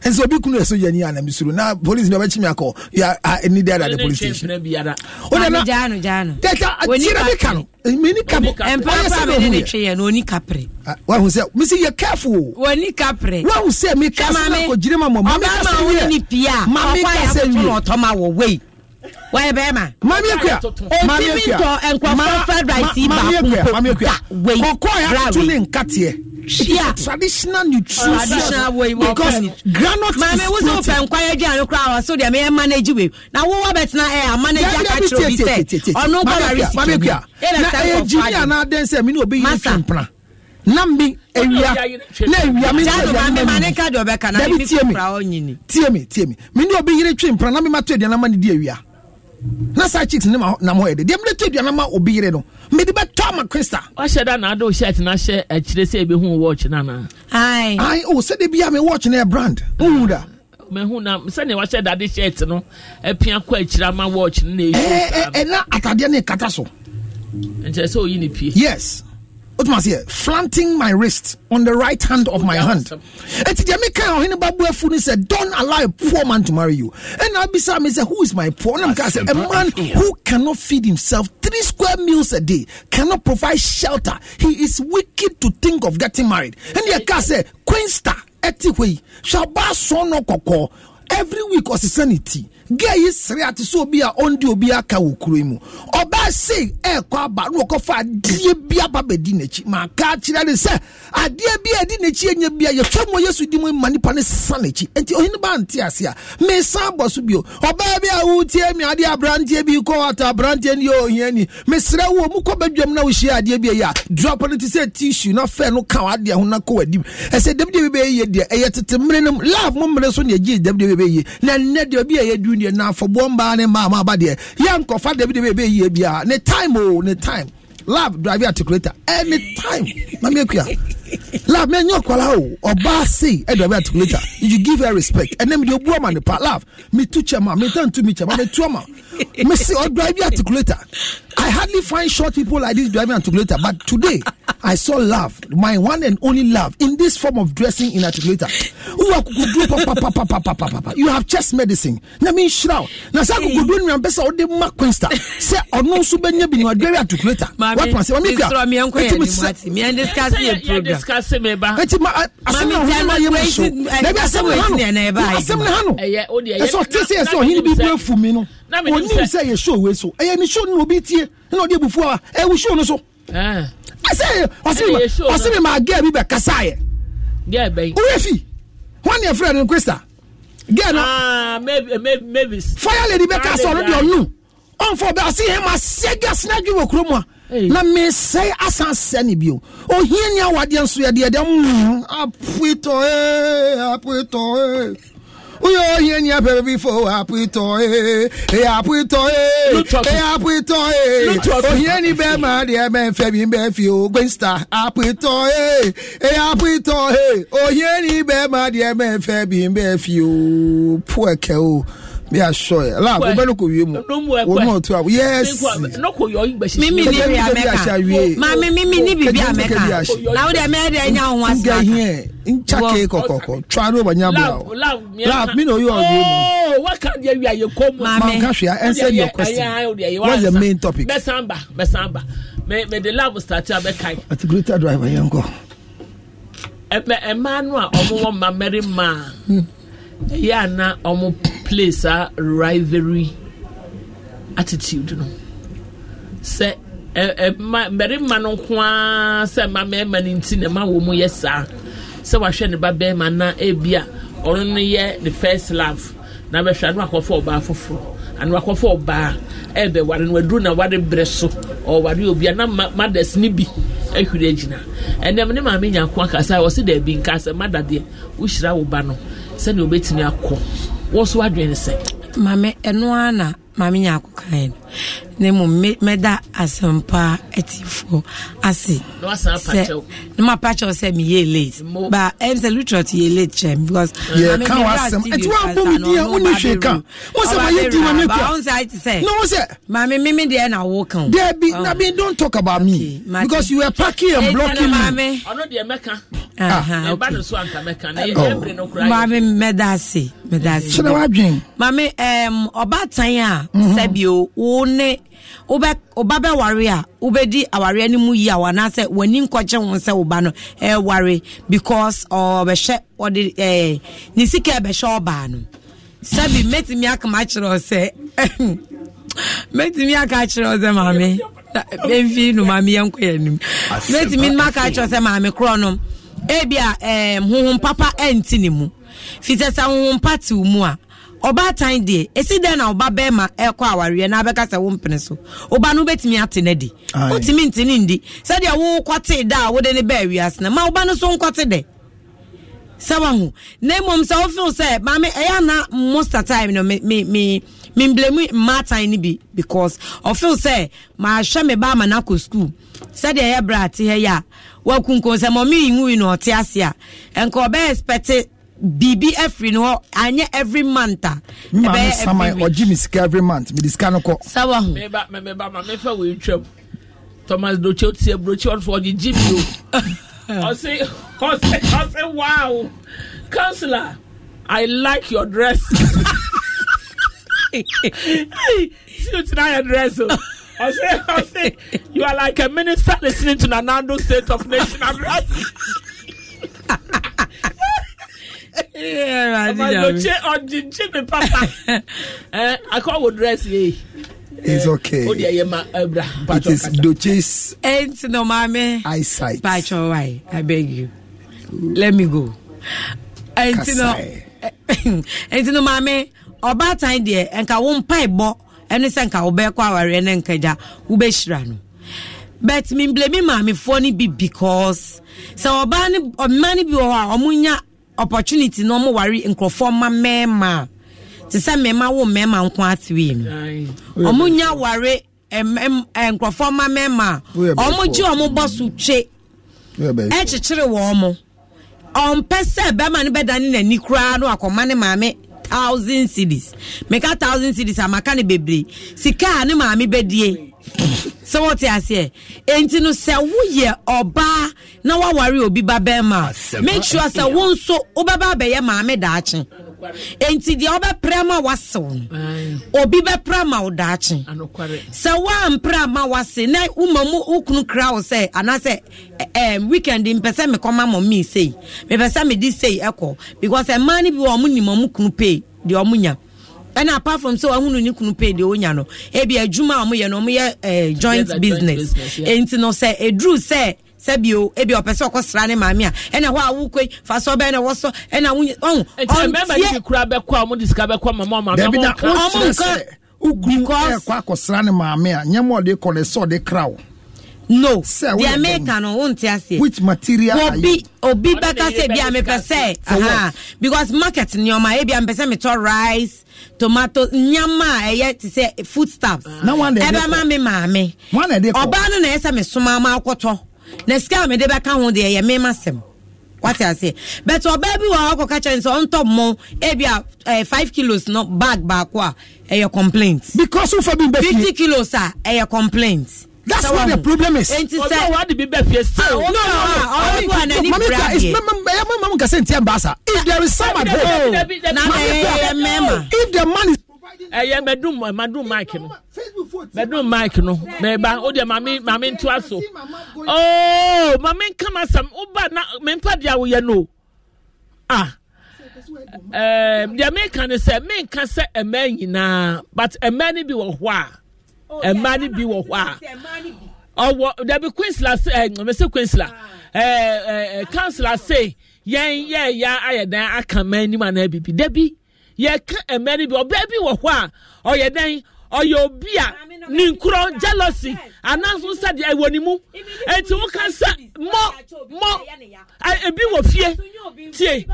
And so be kuno so yani ana misuru. Na police no betimi akọ. Ya ni there at the police station. Ona na jano jano. Data atira be kanu. Mini kapo. Empapa ne twe ye no ni kapre. Wa hu se me say you careful. Wa ni Wa hu se me ka sa ko jire ma mo. Ma me ka sa ye ni pia. Ma me ka sa ye. ma wo wei. Wa e ma. Ma me kwa. Ma me kwa. Enkwafo fried rice ba. Ma me kwa. Ma me yeah. traditional nutrition traditional way because groundnut Mame, is protein. Maame, wosan ofe nkwaya di ano kura awa so de ɛmɛ manage we na wo wa bɛtena ɛyà manage akatsiro bi sɛ ɔno gbɔdɔ risi kiri na ɛyɛ jimmy ana adensɛ mi ni obi yi fi mpana nam bi ewia na ewia mi nsa ewia mi ma ne ka di ɔbɛ kana ebi fi kura ɔnyini tie mi tie mi mi ni obi yiri twi mpana na mi ma to ediana ma ni di ewia. na saa chicks ne ma nam hɔ yɛ de deɛ mede to aduane ma obi yere no mede bɛtɔ ama krista wahyɛ da na adɔ shirt na ahyɛ akyire sɛ ɛbɛhu wɔɔkye no anaa ai o oh, sɛde bia me wɔɔkye no yɛ brand wohu da mehu na sɛnea da dade shirt no apia kɔ akyire ama wɔɔkye no na ɛyɛ ɛna eh, eh, eh, atadeɛ ne ɛkata so nkyerɛ sɛ ɔyi ne pie yes what must here Flanting my wrist on the right hand of my hand. And the American or any babu funi said, Don't allow a poor man to marry you. And I'll be me Who is my poor man? A man who cannot feed himself three square meals a day, cannot provide shelter. He is wicked to think of getting married. And the car said, Queensta, etiwe, shaba sono Every week or sanity gay yi sere ate sɛ obi a ɔndi obi aka wɔ kuro yi mu ɔbaa sei ɛɛkɔ aba na ɔkɔfa adeɛ bi aba bɛdi n'akyi ma aka akyerɛ ne sɛ adeɛ bi a ɛdi n'akyi enye bi a yɛtwa mu yesu di mu ma nipa ne sa n'akyi nti ohini ba nte ase a mesan bɔ so bio ɔbaa bi a wotie mi adeɛ aberanteɛ bi kɔ ata aberanteɛ ni ohia ni mesrɛ wo mu kɔ bɛdwam na ohyia adeɛ bi yɛ a drop no ti sɛ tissue na fɛn no ka adeɛ ho na kɔ w'adim ɛsɛ dɛm deɛ bi bɛyɛ deɛ ɛyɛ tete mmiri no love mo mmiri so na yɛgye dɛm deɛ bi bɛyɛ na nnɛ deɛ obi a yɛdu union na afɔbɔ mbaa ne mmaa mmaa ba deɛ yɛ nkɔfa debi debi ebe yie bia ne time o oh, ne time lab drive articulator any time mami ekuya Love mɛ nyɛ ɔkwala o oh. ɔbaa se ɛ drive articulator you give her respect ɛnɛ mi de obu ɔma nipa lab mi tu kyɛ ma mi tɛn tu mi kyɛ ma mi tu ɔma. [LAUGHS] Messi or driving articulator. I hardly find short people like this driving articulator, but today I saw love, my one and only love, in this form of dressing in articulator. you have chest medicine. Let me shroud. Na sa ko gudu nwa pesa o de ma quinsta. Se ono so benya bi no driving articulator. What one say? Me kwa. Me enko me discuss the program. Discuss me ba. Enti ma asem na ho ma eh, yem oh eh, so. Na bi asem I'm ho. Asem na ho. Eh yeah, o de. Eso tese eso hin bi bu afu mi no. Na me oh, nim sɛ yɛ show wei so ɛyɛ eh. ne show no na obi tie na ɔde abufuo a ɛwo show no so ɛsɛ ɔse me maa gɛl bi bɛkasaeɛ woyɛ fi hɔ ne ɛfrɛ no krista gɛl no ah, fire lady bɛka sɛ ɔno deɛ ɔno ɔmfa ɔbɛ ɔse hɛ masɛ gas no adwe wɔ kuro mu a na mesɛe asan sɛ ne bio ohia ni awadeɛ nso yɛdeɛ dɛ apoitɔe apoitɔe uyo ye nya baby for apito e e apito e e apito e o ye ni be ma de me fe bi fi o gwen star apito e e apito e o oh, ye ni be ma de me fe bi fi o poor ke o me assure you la gbogbo no ko wie mu wo no to awo yes no ko yo igba sisi mimi ni bi ameka ma mi mimi ni bi bi ameka na wo de me de nya ho asira here ncha ke kokoko twa no banya bra la mi no yo wie mu oh, what can you we are you come ma ka hwea what's the main topic besamba besamba me me the love start abekai at greater driver yango ɛmɛ ɛmaa no a ɔmo wɔ mma mmarima ɛyɛ hmm. ana ɔmo play saa rivalry attitude no sɛ ɛma mmarima no nko ara sɛ mma mmarima no nti na ɛma wɔn yɛ saa sɛ wahwɛ ne ba barima na ebi a ɔno no yɛ the first love na bɛhwɛ ano akɔfo ɔbaa foforɔ ano akɔfo ɔbaa ɛbɛware no waduru na wari brɛ so ɔware obi a na mothers ne bi ahwiri agyina ɛnɛm ne maame nyako akasa ɔsi dɛbi nkasa mada deɛ wohyira wo ba no sɛdeɛ obetumi akɔ wɔso adwene sɛ. maame ɛnoa na maame nyako kan no ne mu mɛda asɛmpa atifoɔ ase sɛ ne ma pakyɛw sɛ meyɛ late ba ɛm sɛ lutrot yɛ late kyɛm because yɛka wasɛm ɛti woabɔ medi a wone hwee ka wo sɛ mayɛ di ma mekua na wo sɛ maame meme deɛ na wo ka there be na be don't talk about me because you were packing and blocking me ɔno deɛ mɛka ah. no so anka mɛka na uh, yɛbrɛ no kora maame mɛda ase mɛda ase kyerɛ wadwen maame ɔbaatan a mhm. sɛbio wo ne wobɛ ɔba bɛware a wobɛdi awareɛ no mu yi a wanaasɛ w'ani nkɔgye ho sɛ woba no ɛware because ɔbɛhyɛ ɔde ne sika ɛbɛhyɛ ɔbaa no sɛbi mɛtumi akama akyerɛ sɛ mɛtumi aka akyerɛ sɛ maame mɛmfi no maame yɛnkɔ yɛ mɛtumi aka akyerɛ sɛ maame korɔ no papa ɛnti e ne mu pa te mu ɔbaatan deɛ esi dɛn na ɔba bɛrima ɛkɔ awareɛ na abɛka sɛ wo mpene so ɔba no wobɛtumi ate no di wotumi nte ne ndi sɛdeɛ wokɔte da a wode ne baa wiase no ma woba no so nkɔte dɛ sɛ waho na mmom sɛ wofeel sɛ maame ɛyɛ ana mosta time no me me me memblemu mmaatan no bi because ɔfeel sɛ mahwɛ me ba ama no akɔ school sɛdeɛ ɛyɛ berɛ ate ha yi a wakunkon sɛ mɔme yi nwui no ɔte ase a ɛnka ɔbɛyɛ expect biribi afiri no hɔ anyɛ every month a ɛbɛyɛ every week ɔgye me sika every month mede sika no kɔ sawa ho meba meba ma mefa wei twam thomas doche otie broche ɔnso ɔgye gye mi o [LAUGHS] ɔse ɔse ɔse wow councillor i like your dress see you tonight your dress o. I say, I say, you are like a minister listening to Nanando State of Nation address. [LAUGHS] ọmọdé ọjìnjẹ mi papa ẹ akọwọ dírẹsì yìí. It's okay. Oh, eh, It is Doche's. Ain't no mame. Eyesight. Pacho, why? I beg you. Let me go. Ain't no. [LAUGHS] Ain't no mame. Ọba tan deɛ nka wo mpa ɛbɔ ɛne sɛ nka wobɛkɔ awareɛ ne nkagya wobɛhyira no but memblemi maamefoɔ no bi because sɛ ɔbaa ne ɔma no bi wɔ hɔ a ɔmo nya opportunity na ɔmo ware nkurɔfoɔ ma mɛɛma te sɛ mɛɛma wo mɛɛma nko atwee no ɔmo nya ware nkurɔfoɔ ma mɛɛma ɔmo gye ɔmo bɔ so twe ɛkyekyere wɔn mo ɔmpɛ sɛ bɛɛma no bɛda ne n'ani koraa no akɔma ne maame thousand cities meka thousand cities a maka ne bebree sika a ne maame bɛdie sɛ wɔte aseɛ enti no sɛ woyɛ ɔbaa na woaware obi ba bɛrima make sure sɛ wo nso wobɛba abɛyɛ maame daakye enti deɛ wobɛprɛ ma wasew no obi bɛprɛ ma wo daakye sɛ woamprɛ ma wase na woma mu wokunu kra wo sɛ anaasɛ eh, weekend mpɛ sɛ mekɔma mɔ me sei mepɛ sɛ mede sei ɛkɔ because ɛmaa no bi wɔ ɔmo nim ɔmo kunu pei deɛ ɔmo nya ɛna apart from sɛ wahunu ne kunu pay deɛ wonya no ebi adwuma a ɔmoyɛ no ɔmoyɛ eh, joint business enti no sɛ ɛduru sɛ sɛbio ebi ɔpɛ sɛ ɔkɔ sra ne maame a ɛna hɔ a wokɔ fa sɛ ɔbɛn na ɛwɔ sɔ ɛna wonye ɔn ɔntie kura bɛkɔ a ɔmo de sika bɛkɔ mama ɔmo abɛn ɔmo nka ɔmo ne maame a nyɛma ɔde kɔ ne sɛ ɔde kra o no deɛ meka no wonte aseɛ which material obi obi bɛka sɛ bia mepɛ sɛ aha because market nneɔma ebia mepɛ sɛ metɔ rice tomato nyama a ɛyɛ te sɛ foodstuffs ɛbɛma me maame ɔbaa no na ɛyɛ sɛ mesoma ma akɔtɔ na sika a mede bɛka ho deɛ yɛ mema sɛm wate aseɛ but ɔbaa bi wɔ ɔkɔka kyerɛ sɛ ɔntɔ mmɔ ebi eh, a ɛyɛ eh, five kilos no bag baako a ɛyɛ complaint. because wofa bi bɛ fie fifty kilos a ɛyɛ complaint. that's so what the problem is. nti sɛ ɔbɛ wa de bi bɛ fie ah, sɛ. no no ɔbɛ wa na ni bra yɛ. mamika mamika sɛ n tiɛ baasa. if there is someone. na mɛ yɛ mɛma. if the man is. ɛyɛ mɛdum mɛdum mic no mɛdum mic no mɛba o maame maame so ooo maame nkama sam ba oh, oh, oh, na mɛmpa deɛ awoyɛ no ah ɛɛ deɛ mɛka no sɛ mɛnka sɛ ɛmɛ nyinaa but ɛmɛ eh, ni bi wɔ hɔ a ɛmɛ ni bi wɔ hɔ a ɔwɔ dabi kwinsila se ɛɛ mɛsɛ kwinsila ɛɛ ɛɛ kansila se yɛn yɛn ya ayɛ dan aka mɛn anim anaa dabi. yɛka mmaa no bi ɔbaa bi wɔ hɔ a ɔyɛ dɛn ɔyɛ obi a ne nkorɔ jealousy anaso sɛ ɛwɔ ne mu eti woka sɛ mɔ mɔ ebi wɔ fie tie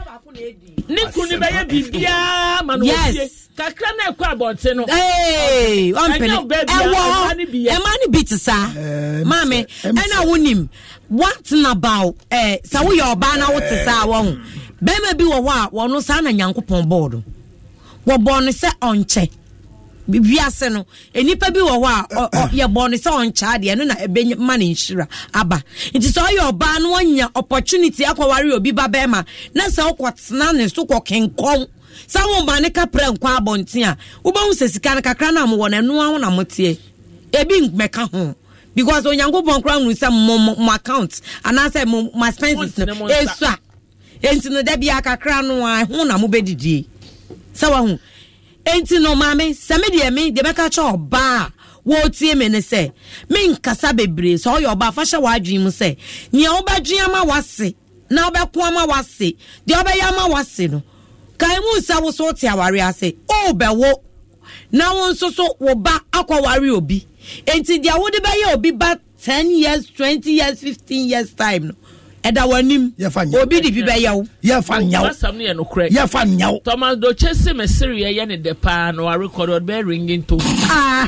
ne kun ne bɛyɛ biribiaa ma no wɔ fie kakra na ɛkɔ abɔnten no. ɔmpene ɛwɔ ɛma ne bi te saa eh, maame ɛna baw ɛɛ eh, ɔbaa na saa wɔn eh. bɛrima bi wɔ wɔbɔ no sɛ ɔnkyɛ no enipa bi wɔ hɔ a [LAUGHS] yɛbɔ no sɛ ɔnkyɛ adeɛ na ebe ma ne nhyira aba nti sɛ ɔyɛ ɔbaa no ɔnya opportunity akɔware obi ba na sɛ wokɔtena ne so sɛ ne nkɔ abɔnten a sɛ sika kakra ebi ho because sɛ mo mo account anaasɛ mo mo expenses no sɛ wahu enti no maame sɛ me deɛ me deɛ bɛka kyɛ ɔbaa a wɔretie me ne sɛ menkasa bebree sɛ ɔyɛ ɔbaa fa hyɛ w'adwene mu sɛ nea wobɛdwe ama wase na wobɛko ama wase deɛ wobɛyɛ ama wase no kae mu sɛ wo so wote aware ase wobɛwo na wo nso so wo ba akɔware obi enti deɛ wode bɛyɛ obi ba 10 years 20 years 15 years time no ɛda w'anim obi de bi bɛyɛ wo yɛfa nyawo yɛfa nyawo thomas doche si mesiri sereɛ yɛ ne dɛ paa na warekɔdɔ ɔde bɛyɛ ringin to [LAUGHS] ah,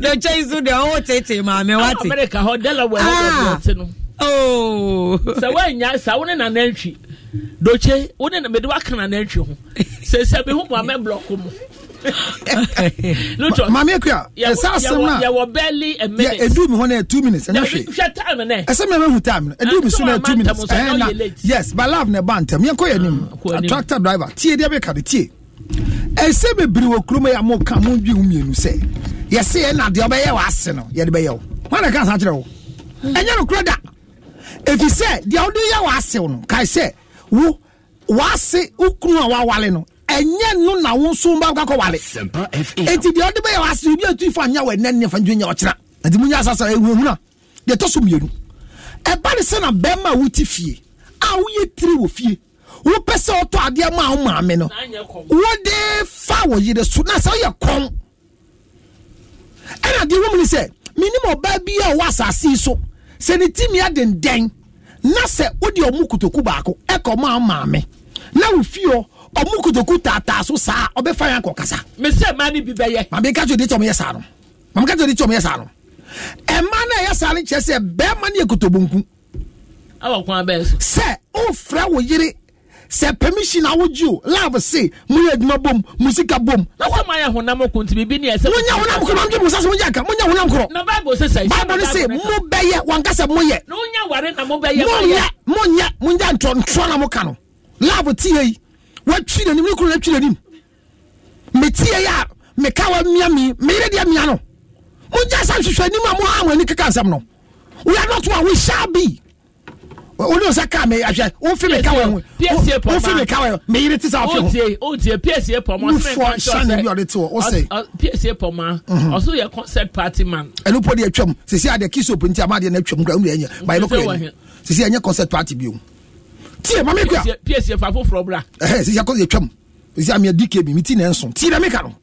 doche yi so deɛ ɔwɔ tete maame wate america hɔ delaware hɔ ah. deɛ no oh. sɛ woanya sa wo ne nanantwi doche wo ne mede woaka nanantwi ho sɛ sɛ mehu mo amɛblɔko mu maame akua ɛsɛ asɛm na ɛdu mi hɔ no ɛ two minutes ɛnyɛ hwee ɛsɛ mi ɛmɛhu time no ɛdu mi so no ɛ two minutes ɛyɛ na yes my love na ɛba ntɛm yɛnkɔ yɛ anim ah, tractor driver tie deɛ bɛka de tie ɛsɛ bebree wɔ kurom yɛ a mo ka mo dwi wo mmienu sɛ yɛsɛ yɛ na deɛ ɔbɛyɛ wɔ ase no yɛde bɛyɛ wo wɔn na ka sa kyerɛ wo ɛnyɛ no kura da efi sɛ deɛ ɔde yɛ wɔ ase no kae sɛ wo wɔ ase wo kunu a wawale no ɛnyɛ no na wo nso e ba kakɔ wale enti deɛ ɔde bɛyɛ wase obi atu fa nyɛ wɔ ɛnɛ ne fa ntwenya ɔkyena nti munya asasa ɛhuhuna deɛ ɛtɔ so mmienu ɛba ne sɛ na bɛrima a wote fie a woyɛ tiri wɔ fie wopɛ sɛ ɔtɔ adeɛ ma wo maame no wode fa wɔ yere so na sɛ woyɛ kɔn ɛna deɛ womene sɛ menim ɔbaa bi a ɔwɔ asase so sɛ ne timi adendɛn na sɛ wode ɔmo kotoku baako ɛkɔ ma wo maame na wo ɔmo kotoku taataa so saa ɔbɛfa yɛn kasa. mesɛ maa ni bi bɛyɛ. maame kato de ti ɔmo yɛ saa no maame kato de ti ɔmo yɛ saa no ɛmaa na ɛyɛ saa no kyerɛ sɛ bɛɛma ne yɛ kotobonku. awa kwan bɛɛ so. sɛ o fira wo yiri sɛ permission awo ji o laabu se mu yɛ adwuma bom mu sika bom. na wɔn mu ayɛ honam kun ti bibi ni ɛsɛ. mo nya honam koro maa mi jɛ musa se mo nya aka mo nya honam koro. na baibu sisan. baibu ni se mo bɛyɛ wɔn kasa mo yɛ. na o nya wari na mo bɛyɛ. mo nya mo nya mo nya ntɔntɔn watwi n'anim ne kuro n'atwi n'anim metie yɛ a meka wa mia mi meyere deɛ mia no mo gya sa nhwehwɛ anim a mo ha mo ani keka nsɛm no we are not one we shall be olu nsa kaa mi ahwɛ o fi mi ka wɛ o fi mi ka wɛ mi yiri ti sa afi hɔ. o tie psa pɔmɔ sɛn kan sɛ ɔsɛ nfɔ ɔde ti wɔ ɔsɛ. psa pɔmɔ mhm. ɔsɛ yɛ concert party man. ɛnu pɔ de yɛ twɛm sisi adiɛ kisop nti a ma adiɛ na twɛm kura ɛnu yɛ nyɛ ba yɛ bɛ kura yɛ nyɛ sisi yɛ nyɛ concert party bi o tie mame kua psf afoforɔ bra ɛhɛ eh, sisi akɔ yɛ sisi ami dk bi mi ti na nso tie dɛm ka no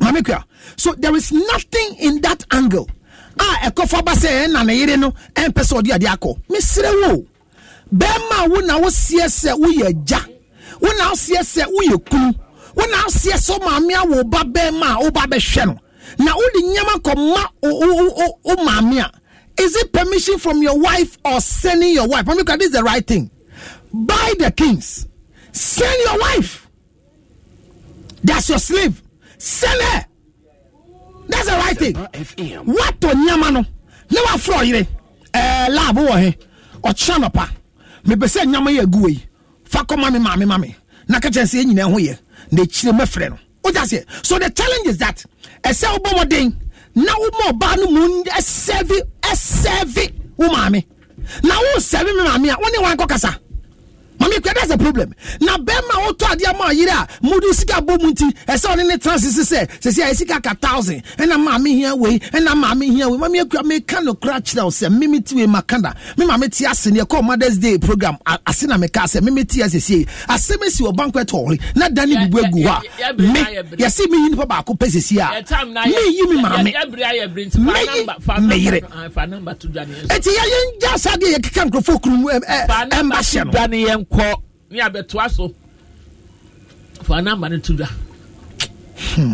mame kua so there is nothing in that angle a ah, ɛkɔfa ba sɛ ɛna eh, ne yere no ɛmpɛ eh, sɛ ɔde adeɛ akɔ mesrɛ wo bɛrima wo na wo seɛ sɛ woyɛ agya wo na wo seɛ sɛ woyɛ kunu wo na wo seɛ sɛ maame a wo ba bɛrima a woba bɛhwɛ no na wode nyɛma kɔma wo maame a is it permission from your wife or sending your wife mame kua this is the right thing buy the kings send your wife that's your slave Send her that's the right thing e wàtò nyama no ne wà fúrọ̀ yìí ẹ̀ẹ́ láàbù wọ̀ hẹ́ ọ̀kyẹ́ nọ̀pa mẹ̀pẹ̀sẹ̀ nyama yẹ gu wẹ̀ yìí fakọ́ma mi maame maame n'akẹ́kyẹ́ sẹ́ ẹ̀yìn ẹ̀ho yẹ n'ekyir mẹ́fẹ̀rẹ̀ so the challenge is that ẹ̀sẹ̀ eh, ọbọ̀ mọ̀den na ọmọ ọbaa no mu ẹsẹ̀vi ẹsẹ̀vi wọ maame na wọ́n sẹ̀vi mi maame a wọ́n ní wọn akọ mami kura that's a problem na bɛrima a wotɔ adeɛ ma yere a mudu sika bɔ mu nti ɛsɛ ɔne ne tena sisi sisi a esika ka thousand ɛna maame hia wei ɛna maame hia wei mami ekura meka no kura kyerɛ o mimi ti wei ma kanda mi maame ti ase ne ɛkɔ mothers day program ase na meka sɛ mimi ti ase sie asɛm esi wɔ bank ɛtɔ hɔ na dani bubu egu hɔ a mi yɛsi mi yi nipa baako pɛ sisi a mi yi mi maame mi yi mi yere eti yɛ yɛn gya asadeɛ yɛ keka nkurɔfoɔ kuru ɛmba eh, eh, hyɛ no kɔ ne abɛtoa so fa namba no to dwa hmm.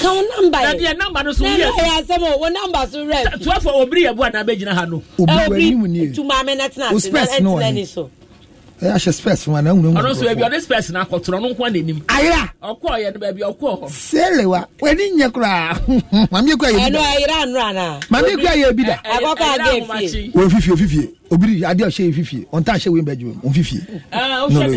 kan namba yi. Nadeɛ namba no so yɛ. Nana yɛ asɛm o, wo namba so rɛ. Tuwafɔ obiri bu a na bɛ gyina ha no. Eh, obiri ni mu ni ye. Tuma mi na tena ase na ɛntina ni so ẹ ahyɛ spɛs fún wa náà wúlò wúlò. ɔno nso baabi ɔde spɛs na akɔtɔrɔ ɔno nko n'anim. ayira. ɔkɔ yɛ [LAUGHS] no baabi ɔkɔ hɔ. sele wa wɛni nyɛ kura maami ekura yɛ bi da. ɛnu ayira anu ana. maami ekura yɛ bi da. akɔkɔ adi efie. wɔn fifie fifie obiri adi ɔhyɛ yɛ fifie ɔn ta ahyɛ wɛn bɛ jumɛn wɔn fifie.